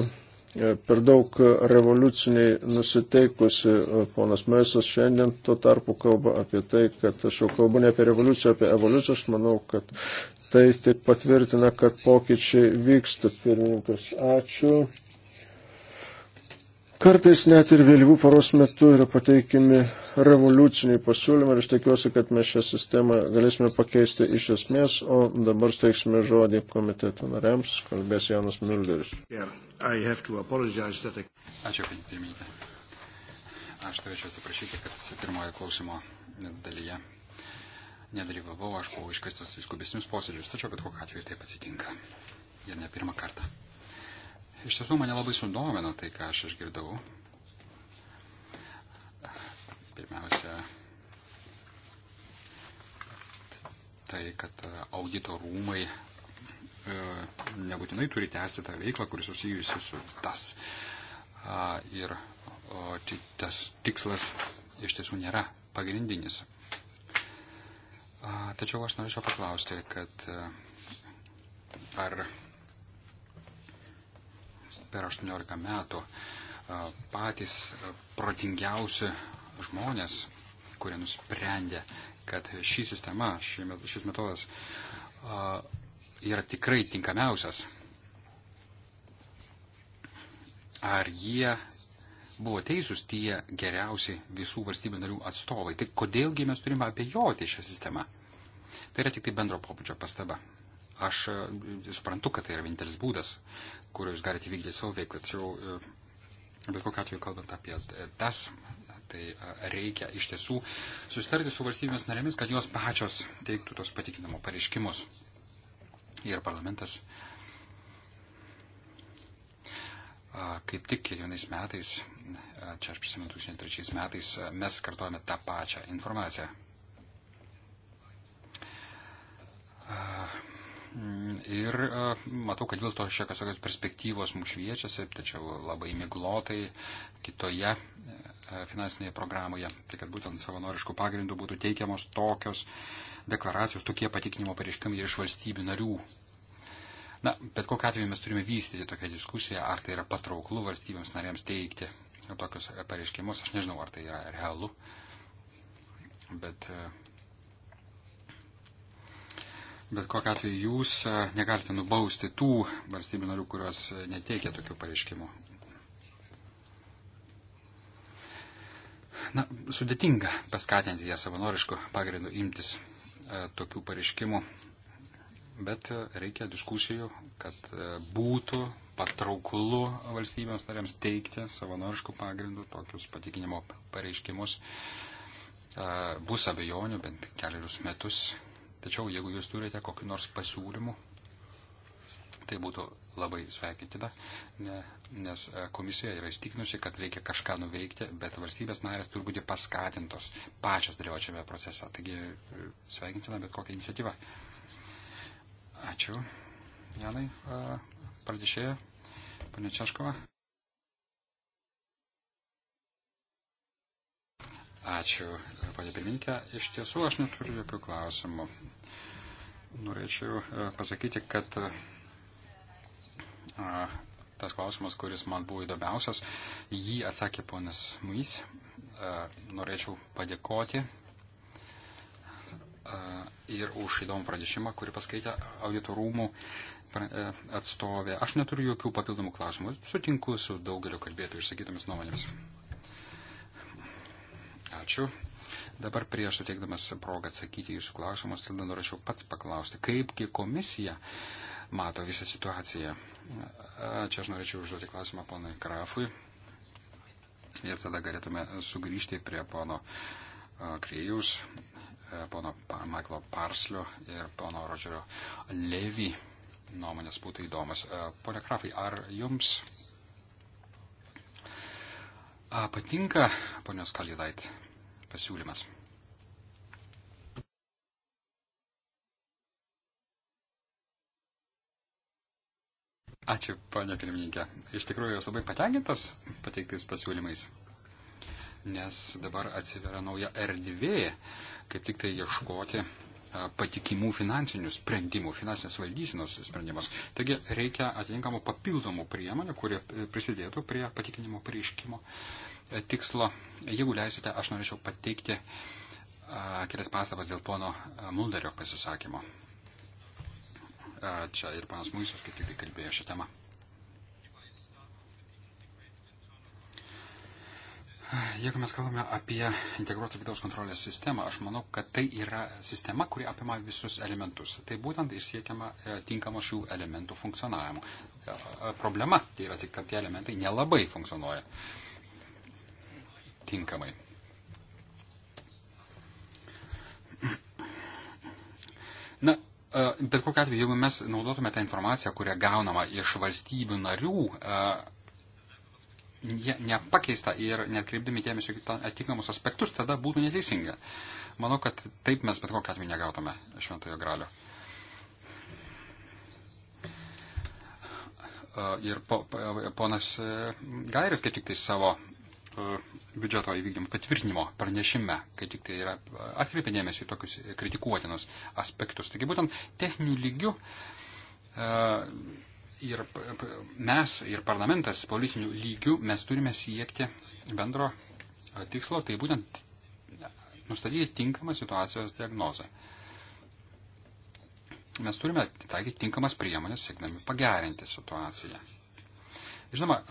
E, per daug revoliuciniai nusiteikusi. E, ponas Maisas šiandien tuo tarpu kalba apie tai, kad aš jau kalbu ne apie revoliuciją, apie evoliuciją. Aš manau, kad tai tik patvirtina, kad pokyčiai vyksta. Pirmininkas, ačiū. Kartais net ir vėlyvų paros metu yra pateikimi revoliuciniai pasiūlymai ir aš tikiuosi, kad mes šią sistemą galėsime pakeisti iš esmės, o dabar steiksime žodį komiteto nariams, kalbės Janas Mülderis. Yeah. I... Ačiū, pirmininkė. Aš turėčiau atsiprašyti, kad pirmojo klausimo dalyje nedalyvavau, aš buvau iškastas į skubesnius posėdžius, tačiau bet kokiu atveju taip atsitinka. Ir ne pirmą kartą. Iš tiesų mane labai sudomino tai, ką aš išgirdau. Pirmiausia, tai, kad audito rūmai E, nebūtinai turi tęsti tą veiklą, kuris susijusi su tas. Ir tas tikslas iš tiesų nėra pagrindinis. Tačiau aš norėčiau paklausti, kad e, ar per 18 metų e, patys protingiausi žmonės, kurie nusprendė, kad ši sistema, šis metodas yra tikrai tinkamiausias, ar jie buvo teisūs tie geriausi visų valstybių narių atstovai. Tai kodėlgi mes turime abejoti šią sistemą? Tai yra tik tai bendro pobūdžio pastaba. Aš e, suprantu, kad tai yra vienintelis būdas, kuriuo jūs galite vykdyti savo veiklą, tačiau e, bet kokiu atveju kalbant apie e, tas, tai reikia iš tiesų susitarti su valstybėmis narėmis, kad jos pačios teiktų tos patikinimo pareiškimus ir parlamentas kaip tik kiekvienais metais, čia aš prisimenu 2003 metais, mes kartuojame tą pačią informaciją. Ir matau, kad vėl to šiokios tokios perspektyvos mums šviečiasi, tačiau labai miglotai kitoje finansinėje programoje. Tai kad būtent savanoriškų pagrindų būtų teikiamos tokios uh, deklaracijos, tokie patikinimo pareiškimai iš valstybių narių. Na, bet kokiu atveju mes turime vystyti tokią diskusiją, ar tai yra patrauklu valstybėms narėms teikti tokius pareiškimus. Aš nežinau, ar tai yra realu. Bet, bet kokiu atveju jūs e, negalite nubausti tų valstybių narių, kurios neteikia tokių pareiškimų. Na, sudėtinga paskatinti ją savanoriškų pagrindų imtis E, tokių pareiškimų, bet reikia diskusijų, kad e, būtų patrauklu valstybėms narėms teikti savanoriškų pagrindų tokius patikinimo pareiškimus. E, bus abejonių bent keliarius metus, tačiau jeigu jūs turite kokiu nors pasiūlymu, Tai būtų labai sveikintina, nes e, komisija yra įstikinusi, kad reikia kažką nuveikti, bet valstybės narės turi būti paskatintos pačios dalyvačiame procese. Taigi e, sveikintina bet kokia iniciatyva. Ačiū. Janai, e, pradėšėjo, panė Češkova. Ačiū, panė pirmininkė. Iš tiesų aš neturiu jokių klausimų. Norėčiau pasakyti, kad tas klausimas, kuris man buvo įdomiausias. Jį atsakė ponas Muis. Norėčiau padėkoti ir už įdomų pranešimą, kurį paskaitė auditorumų e, atstovė. Aš neturiu jokių papildomų klausimų. Sutinku su daugeliu kalbėtojų išsakytomis nuomonėmis. Ačiū. Dabar prieš suteikdamas progą atsakyti jūsų klausimus, tada norėčiau pats paklausti, kaipgi komisija mato visą situaciją Čia aš norėčiau užduoti klausimą ponui Grafui. Ir tada galėtume sugrįžti prie pono Kryjaus, pono Michaelo Parslio ir pono Rodžerio Levy nuomonės būtų įdomas. Pone Grafai, ar jums patinka ponios Kalidait pasiūlymas? Ačiū, ponia pirmininkė. Iš tikrųjų, esu labai patenkintas pateiktais pasiūlymais, nes dabar atsiveria nauja erdvė, kaip tik tai ieškoti patikimų finansinių sprendimų, finansinės valdysinos sprendimus. Taigi reikia atitinkamų papildomų priemonių, kurie prisidėtų prie patikinimo prieiškimo e, tikslo. Jeigu leisite, aš norėčiau pateikti kelias pastabas dėl pono Mulderio pasisakymo. Čia ir panas Mūsas kaip tik tai kalbėjo šią temą. Jeigu mes kalbame apie integruotą vidaus kontrolės sistemą, aš manau, kad tai yra sistema, kuri apima visus elementus. Tai būtent ir siekiama e, tinkamo šių elementų funkcionavimo. E, e, problema tai yra tik, kad tie elementai nelabai funkcionuoja tinkamai. Na, E, bet kokiu atveju, jeigu mes naudotume tą informaciją, kurią gaunama iš valstybių narių, e, nepakeista ir netkreipdami dėmesio atitinkamus aspektus, tada būtų neteisinga. Manau, kad taip mes bet kokiu atveju negautume šventojo gralio. E, ir po, ponas Gairis kaip tik tai savo biudžeto įvykdymo patvirtinimo pranešime, kai tik tai yra atkreipia dėmesį į tokius kritikuotinus aspektus. Taigi būtent techninių lygių e, ir mes, ir parlamentas politinių lygių mes turime siekti bendro e, tikslo, tai būtent e, nustatyti tinkamą situacijos diagnozą. Mes turime taikyti tinkamas priemonės, siekdami pagerinti situaciją. Žinoma,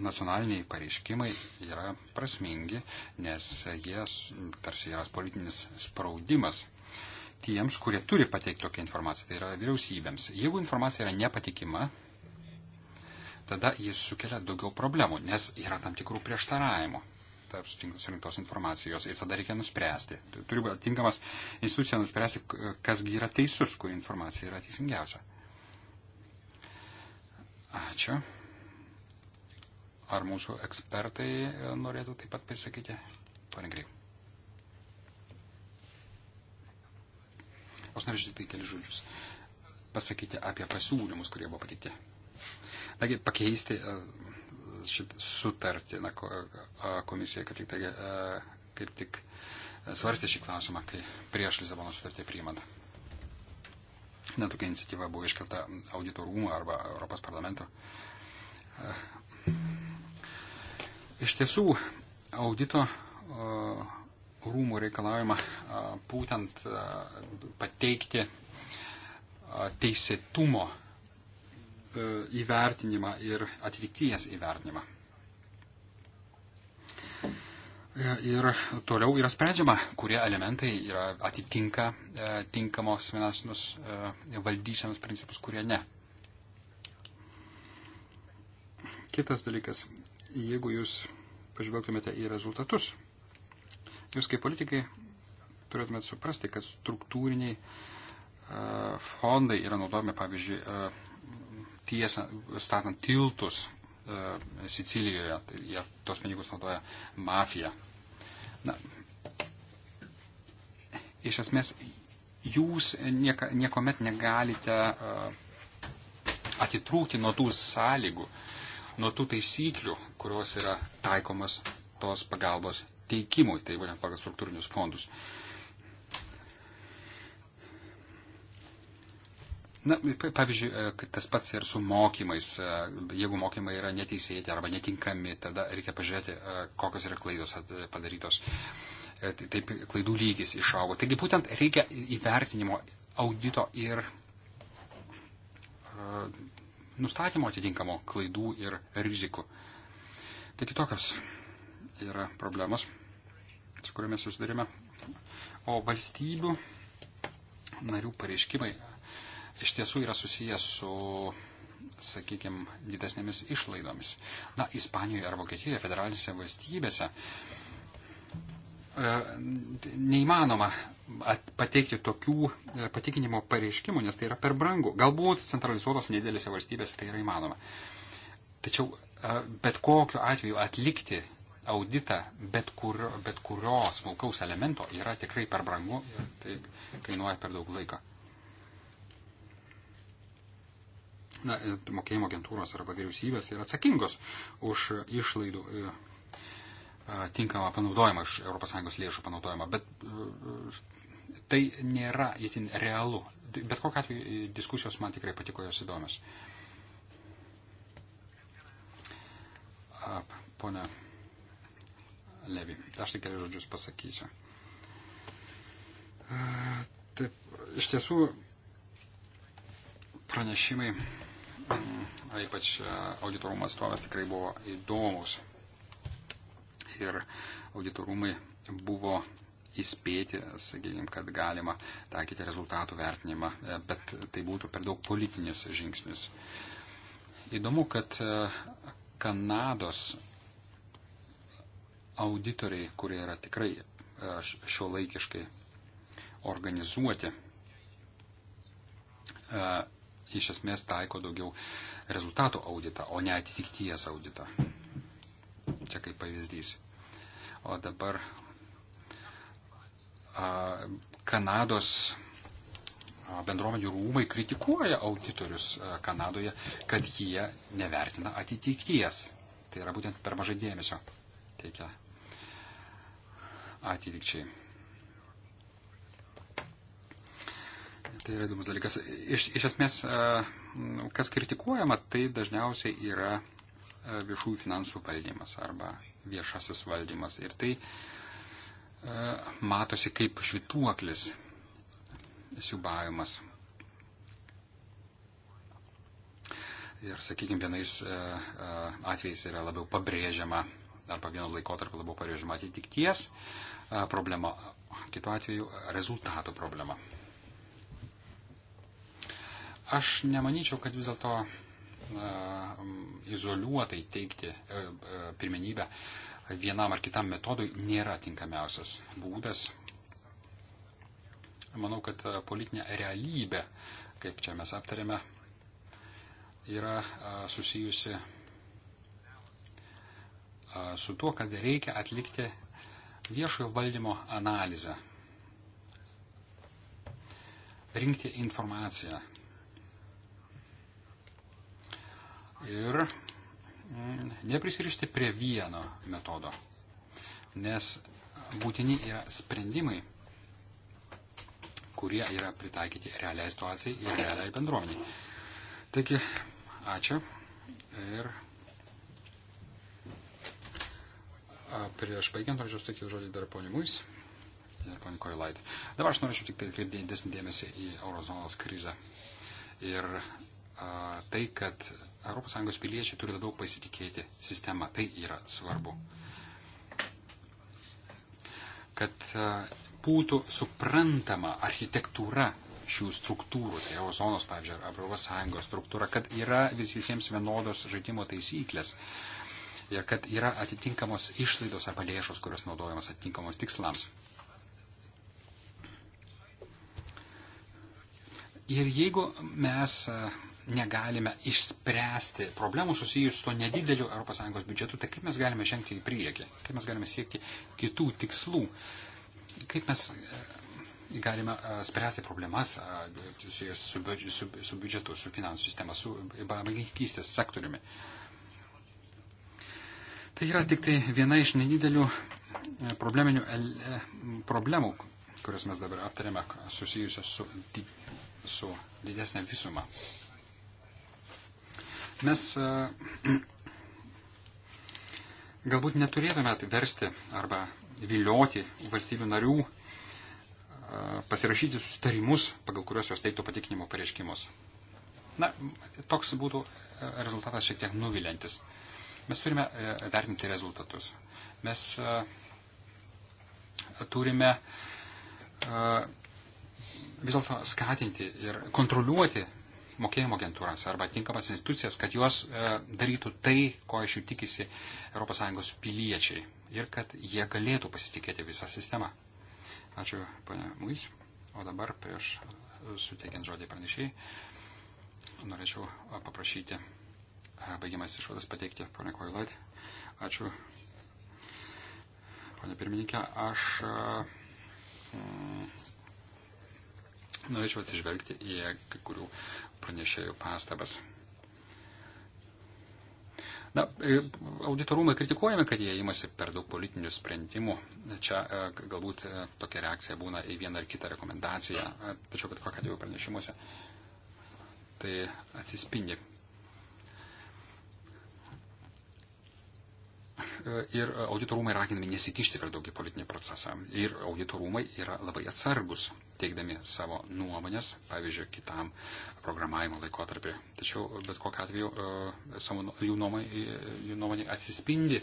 nacionaliniai pareiškimai yra prasmingi, nes jie tarsi yra politinis spaudimas tiems, kurie turi pateikti tokią informaciją, tai yra vyriausybėms. Jeigu informacija yra nepatikima, tada jis sukelia daugiau problemų, nes yra tam tikrų prieštaravimų tarp surinktos informacijos ir tada reikia nuspręsti. Turi būti atinkamas institucija nuspręsti, kasgi yra teisus, kuri informacija yra teisingiausia. Ačiū. Ar mūsų ekspertai e, norėtų taip pat pasakyti? Pane Grei. Aš norėčiau tik tai keli žodžius pasakyti apie pasiūlymus, kurie buvo pateikti. Nagi, pakeisti e, šitą sutartį, na, komisija kaip tik, e, kaip tik svarstė šį klausimą, kai prieš Lisabono sutartį priimant. Netokia iniciatyva buvo iškelta auditorumo arba Europos parlamento Iš tiesų, audito rūmų reikalaujama būtent pateikti teisėtumo e, įvertinimą ir atitikties įvertinimą. E, ir toliau yra sprendžiama, kurie elementai yra, atitinka e, tinkamos finansinius valdysenos principus, kurie ne. Kitas dalykas jeigu jūs pažvelgtumėte į rezultatus, jūs kaip politikai turėtumėte suprasti, kad struktūriniai fondai yra naudojami, pavyzdžiui, tiesa, statant tiltus Sicilijoje, tai jie tos pinigus naudoja mafija. Na, iš esmės, jūs nieka, niekuomet negalite atitrūkti nuo tų sąlygų, uh, nuo tų taisyklių, kurios yra taikomas tos pagalbos teikimui, tai būtent pagal struktūrinius fondus. Na, pavyzdžiui, e, tas pats ir su mokymais. E, jeigu mokymai yra neteisėti arba netinkami, tada reikia pažiūrėti, e, kokios yra klaidos padarytos. Tai taip klaidų lygis išaugo. Taigi būtent reikia įvertinimo audito ir nustatymo atitinkamo klaidų ir rizikų. Taigi tokios yra problemos, su kuriomis susidurime. O valstybių narių pareiškimai iš tiesų yra susijęs su, sakykime, didesnėmis išlaidomis. Na, Ispanijoje ar Vokietijoje federalinėse valstybėse E, neįmanoma pateikti tokių e, patikinimo pareiškimų, nes tai yra per brangu. Galbūt centralizuotos nedėlėse valstybėse tai yra įmanoma. Tačiau e, bet kokiu atveju atlikti auditą bet, kur, bet kurio smulkaus elemento yra tikrai per brangu ir tai kainuoja per daug laiko. Na, mokėjimo agentūros arba vyriausybės yra atsakingos už išlaidų tinkamą panaudojimą iš ES lėšų panaudojimą, bet e, e, tai nėra itin realu. Bet kokiu atveju e, diskusijos man tikrai patiko jos įdomios. Pone Levi, aš tik kelias žodžius pasakysiu. Taip, iš tiesų pranešimai, mm, ypač auditorumo atstovas, tikrai buvo įdomus ir auditorumai buvo įspėti, sakykime, kad galima taikyti rezultatų vertinimą, e, bet tai būtų per daug politinis žingsnis. Įdomu, kad e, Kanados auditoriai, kurie yra tikrai e, šio laikiškai organizuoti, iš esmės taiko daugiau rezultatų auditą, o ne atitikties auditą. Čia kaip pavyzdys. O dabar a, Kanados bendruomenių rūmai kritikuoja auditorius a, Kanadoje, kad jie nevertina atitikties. Tai yra būtent per mažai dėmesio teikia atitikčiai. Tai yra įdomus dalykas. Iš, iš esmės, kas kritikuojama, tai dažniausiai yra viešųjų finansų valdymas arba viešasis valdymas. Ir tai e, matosi kaip švituoklis siubavimas. Ir, sakykime, vienais e, e, atvejais yra labiau pabrėžiama, arba vienu laikotarpiu labiau pabrėžiama atitikties problema, kitu atveju rezultatų problema. Aš nemanyčiau, kad vis dėlto izoliuotai teikti e, e, pirmenybę vienam ar kitam metodui nėra tinkamiausias būdas. Manau, kad e, politinė realybė, kaip čia mes aptarėme, yra susijusi su tuo, kad reikia atlikti viešojo valdymo analizę, rinkti informaciją ir mm, neprisirišti prie vieno metodo, nes būtini yra sprendimai, kurie yra pritaikyti realiai situacijai ir realiai bendruomeniai. Taigi, ačiū ir prieš baigiant norėčiau suteikti žodį dar ponimuis ir ponikoj laidai. Dabar aš norėčiau tik tai kreipti didesnį dėmesį į eurozonos krizę ir a, tai, kad ES piliečiai turi daug pasitikėti sistemą. Tai yra svarbu. Kad e, būtų suprantama architektūra šių struktūrų, tai Eurozonos, pavyzdžiui, Europos Sąjungos struktūra, kad yra vis visiems vienodos žaidimo taisyklės ir kad yra atitinkamos išlaidos arba lėšos, kurios naudojamos atitinkamos tikslams. Ir jeigu mes e, negalime išspręsti problemų susijusių su to nedideliu ES biudžetu, tai kaip mes galime žengti į priekį, kaip mes galime siekti kitų tikslų, kaip mes e, galime e, spręsti problemas e, susijusias su, su, su biudžetu, su finansų sistema, su bankininkystės sektoriumi. Tai yra tik tai viena iš nedidelių probleminių problemų, kurias mes dabar aptarėme, susijusios su, su didesnė visuma. Mes e, galbūt neturėtume versti arba vilioti valstybių narių e, pasirašyti sustarimus, pagal kuriuos jos teiktų patikinimo pareiškimus. Na, toks būtų e, rezultatas šiek tiek nuvilintis. Mes turime vertinti rezultatus. Mes turime vis dėlto skatinti ir kontroliuoti mokėjimo agentūras arba tinkamas institucijas, kad jos e, darytų tai, ko iš jų tikisi ES piliečiai ir kad jie galėtų pasitikėti visą sistemą. Ačiū, ponia Muis. O dabar prieš suteikiant žodį pranešiai, norėčiau paprašyti baigiamas išvadas pateikti, ponia Koilat. Ačiū, ponia pirmininkė. Aš mm, norėčiau atsižvelgti į kai kurių pranešėjų pastabas. Na, e, auditorumai kritikuojami, kad jie imasi per daug politinių sprendimų. Čia e, galbūt e, tokia reakcija būna į vieną ar kitą rekomendaciją, tačiau bet kokia atveju pranešimuose tai atsispindi. E, ir auditorumai raginami nesikišti per daug į politinį procesą. Ir auditorumai yra labai atsargus, teikdami savo nuomonės, pavyzdžiui, kitam programavimo laikotarpį. Tačiau bet kokiu atveju e, savo, nu-, jų, nuomonė, e, jų nuomonė atsispindi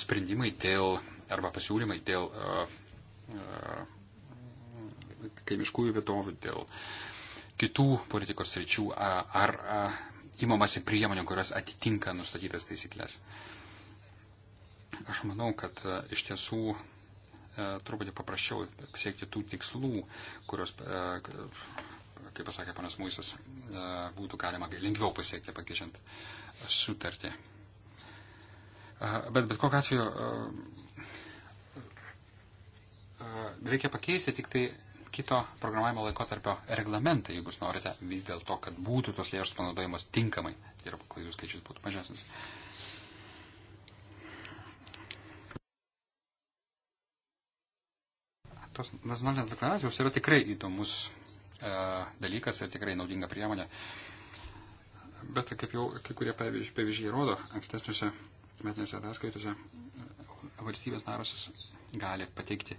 sprendimai dėl arba pasiūlymai dėl kaimiškųjų vietovių, dėl kitų politikos ryčių ar, ar imamasi priemonių, kurios atitinka nustatytas taisyklės. Aš manau, kad e, iš tiesų e, truputį paprasčiau siekti tų tikslų, kurios, e, kaip pasakė panas Mūsis, e, būtų galima lengviau pasiekti pakeičiant sutartį. E, bet bet kokiu atveju e, reikia pakeisti tik tai kito programavimo laikotarpio reglamentą, jeigu jūs norite vis dėlto, kad būtų tos lėšos panaudojamos tinkamai ir tai klaidų skaičius būtų mažesnis. Tos nacionalinės deklaracijos yra tikrai įdomus e, dalykas ir tikrai naudinga priemonė. Bet kaip jau kai kurie pavyzdžiai rodo ankstesniuose metinėse ataskaitose, valstybės narosios gali pateikti e,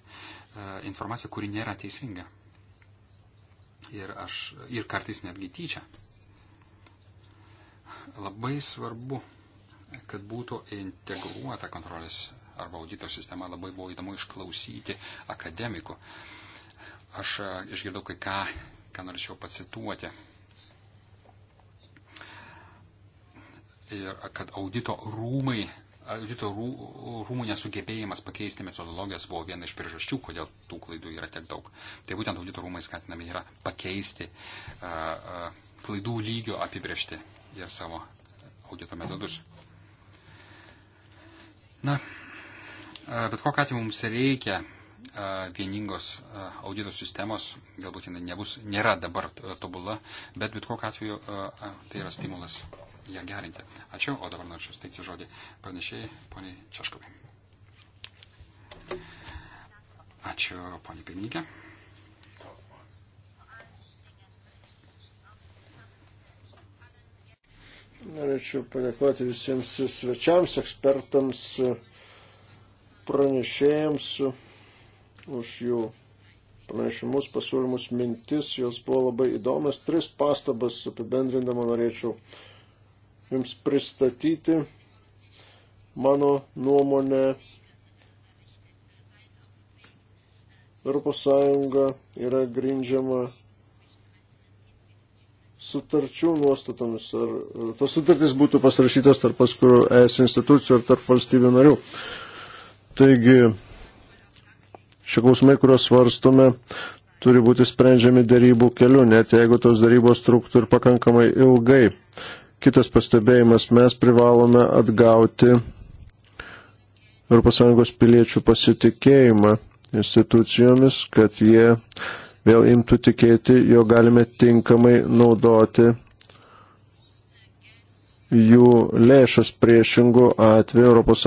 informaciją, kuri nėra teisinga. Ir, aš, ir kartais netgi tyčia. Labai svarbu, kad būtų integruota kontrolės arba audito sistema. Labai buvo įdomu išklausyti akademikų. Aš e, išgirdau kai ką, ką norėčiau pacituoti. Ir kad audito rūmai audito rūmų nesugebėjimas pakeisti metodologijas buvo viena iš priežasčių, kodėl tų klaidų yra tiek daug. Tai būtent audito rūmai skatinami yra pakeisti a, a, klaidų lygio apibriežti ir savo audito metodus. Na, a, bet kokią atveju mums reikia vieningos audito sistemos, galbūt jinai nebus, nėra dabar tobula, bet bet kokiu atveju tai yra stimulas ją gerinti. Ačiū, o dabar norėčiau steigti žodį pranešėjai, poniai Češkovai. Ačiū, poniai pirmininkė. Norėčiau padėkoti visiems svečiams, ekspertams, pranešėjams už jų pranešimus, pasiūlymus, mintis. Jos buvo labai įdomios. Tris pastabas apibendrindama norėčiau jums pristatyti. Mano nuomonė, ES yra grindžiama sutarčių nuostatomis, ar tos sutartys būtų pasirašytos tarp paskirų ES institucijų ar tarp valstybių narių. Taigi, šie klausimai, kuriuos svarstome, turi būti sprendžiami darybų keliu, net jeigu tos darybos truktų ir pakankamai ilgai. Kitas pastebėjimas, mes privalome atgauti ES piliečių pasitikėjimą institucijomis, kad jie vėl imtų tikėti, jo galime tinkamai naudoti jų lėšas priešingų atveju ES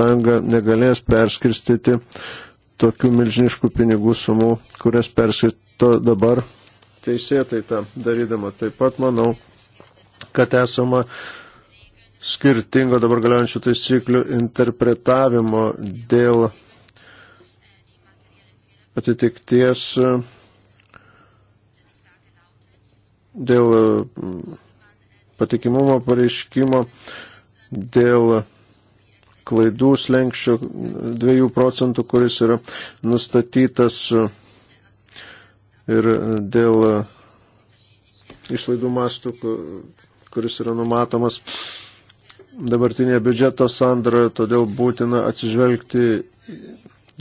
negalės perskirstyti tokių milžiniškų pinigų sumų, kurias perskirsto dabar teisėtai tą darydama. Taip pat manau, kad esama skirtingo dabar galiojančių taisyklių interpretavimo dėl atitikties, dėl patikimumo pareiškimo, dėl klaidų slengščio 2 procentų, kuris yra nustatytas ir dėl išlaidų mastų, kuris yra numatomas dabartinėje biudžeto sandroje, todėl būtina atsižvelgti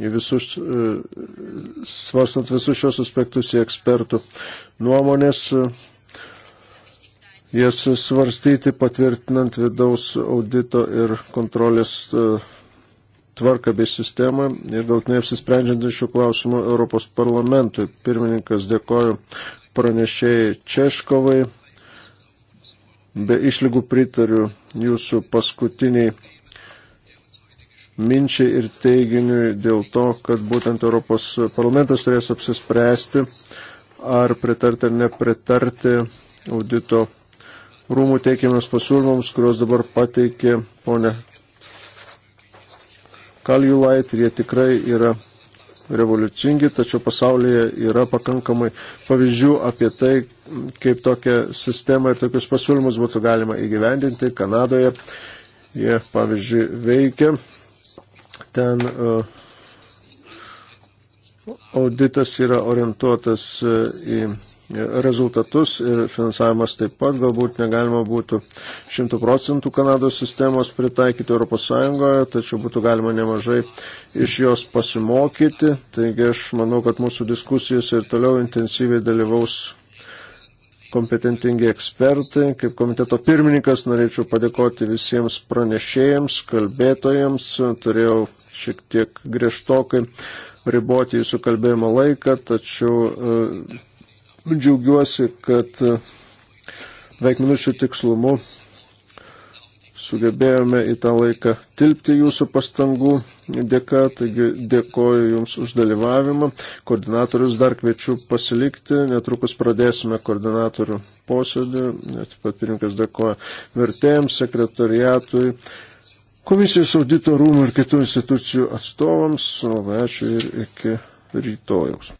į visus, e, svarstant visus šios aspektus į ekspertų nuomonės, e, jas svarstyti patvirtinant vidaus audito ir kontrolės e, tvarką bei sistemą ir galtinai apsisprendžiant šių klausimų Europos parlamentui. Pirmininkas dėkoju pranešėjai Češkovai be išlygų pritariu jūsų paskutiniai minčiai ir teiginiui dėl to, kad būtent Europos parlamentas turės apsispręsti, ar pritarti ar nepritarti audito rūmų teikiamiems pasiūlymams, kuriuos dabar pateikė ponė Kaljulait ir jie tikrai yra revoliucingi, tačiau pasaulyje yra pakankamai pavyzdžių apie tai, kaip tokią sistemą ir tokius pasiūlymus būtų galima įgyvendinti. Kanadoje jie, pavyzdžiui, veikia. Ten uh, auditas yra orientuotas uh, į rezultatus ir finansavimas taip pat galbūt negalima būtų 100 procentų Kanados sistemos pritaikyti ES, tačiau būtų galima nemažai iš jos pasimokyti. Taigi aš manau, kad mūsų diskusijose ir toliau intensyviai dalyvaus kompetentingi ekspertai. Kaip komiteto pirmininkas norėčiau padėkoti visiems pranešėjams, kalbėtojams. Turėjau šiek tiek griežtokai riboti jūsų kalbėjimo laiką, tačiau e, džiaugiuosi, kad e, beveik minučių tikslumu sugebėjome į tą laiką tilpti jūsų pastangų dėka, taigi dėkoju Jums už dalyvavimą. Koordinatorius dar kviečiu pasilikti, netrukus pradėsime koordinatorių posėdį, taip pat pirinkas dėkoja vertėjams, sekretariatui, komisijos audito rūmų ir kitų institucijų atstovams. Labai ačiū ir iki rytojaus.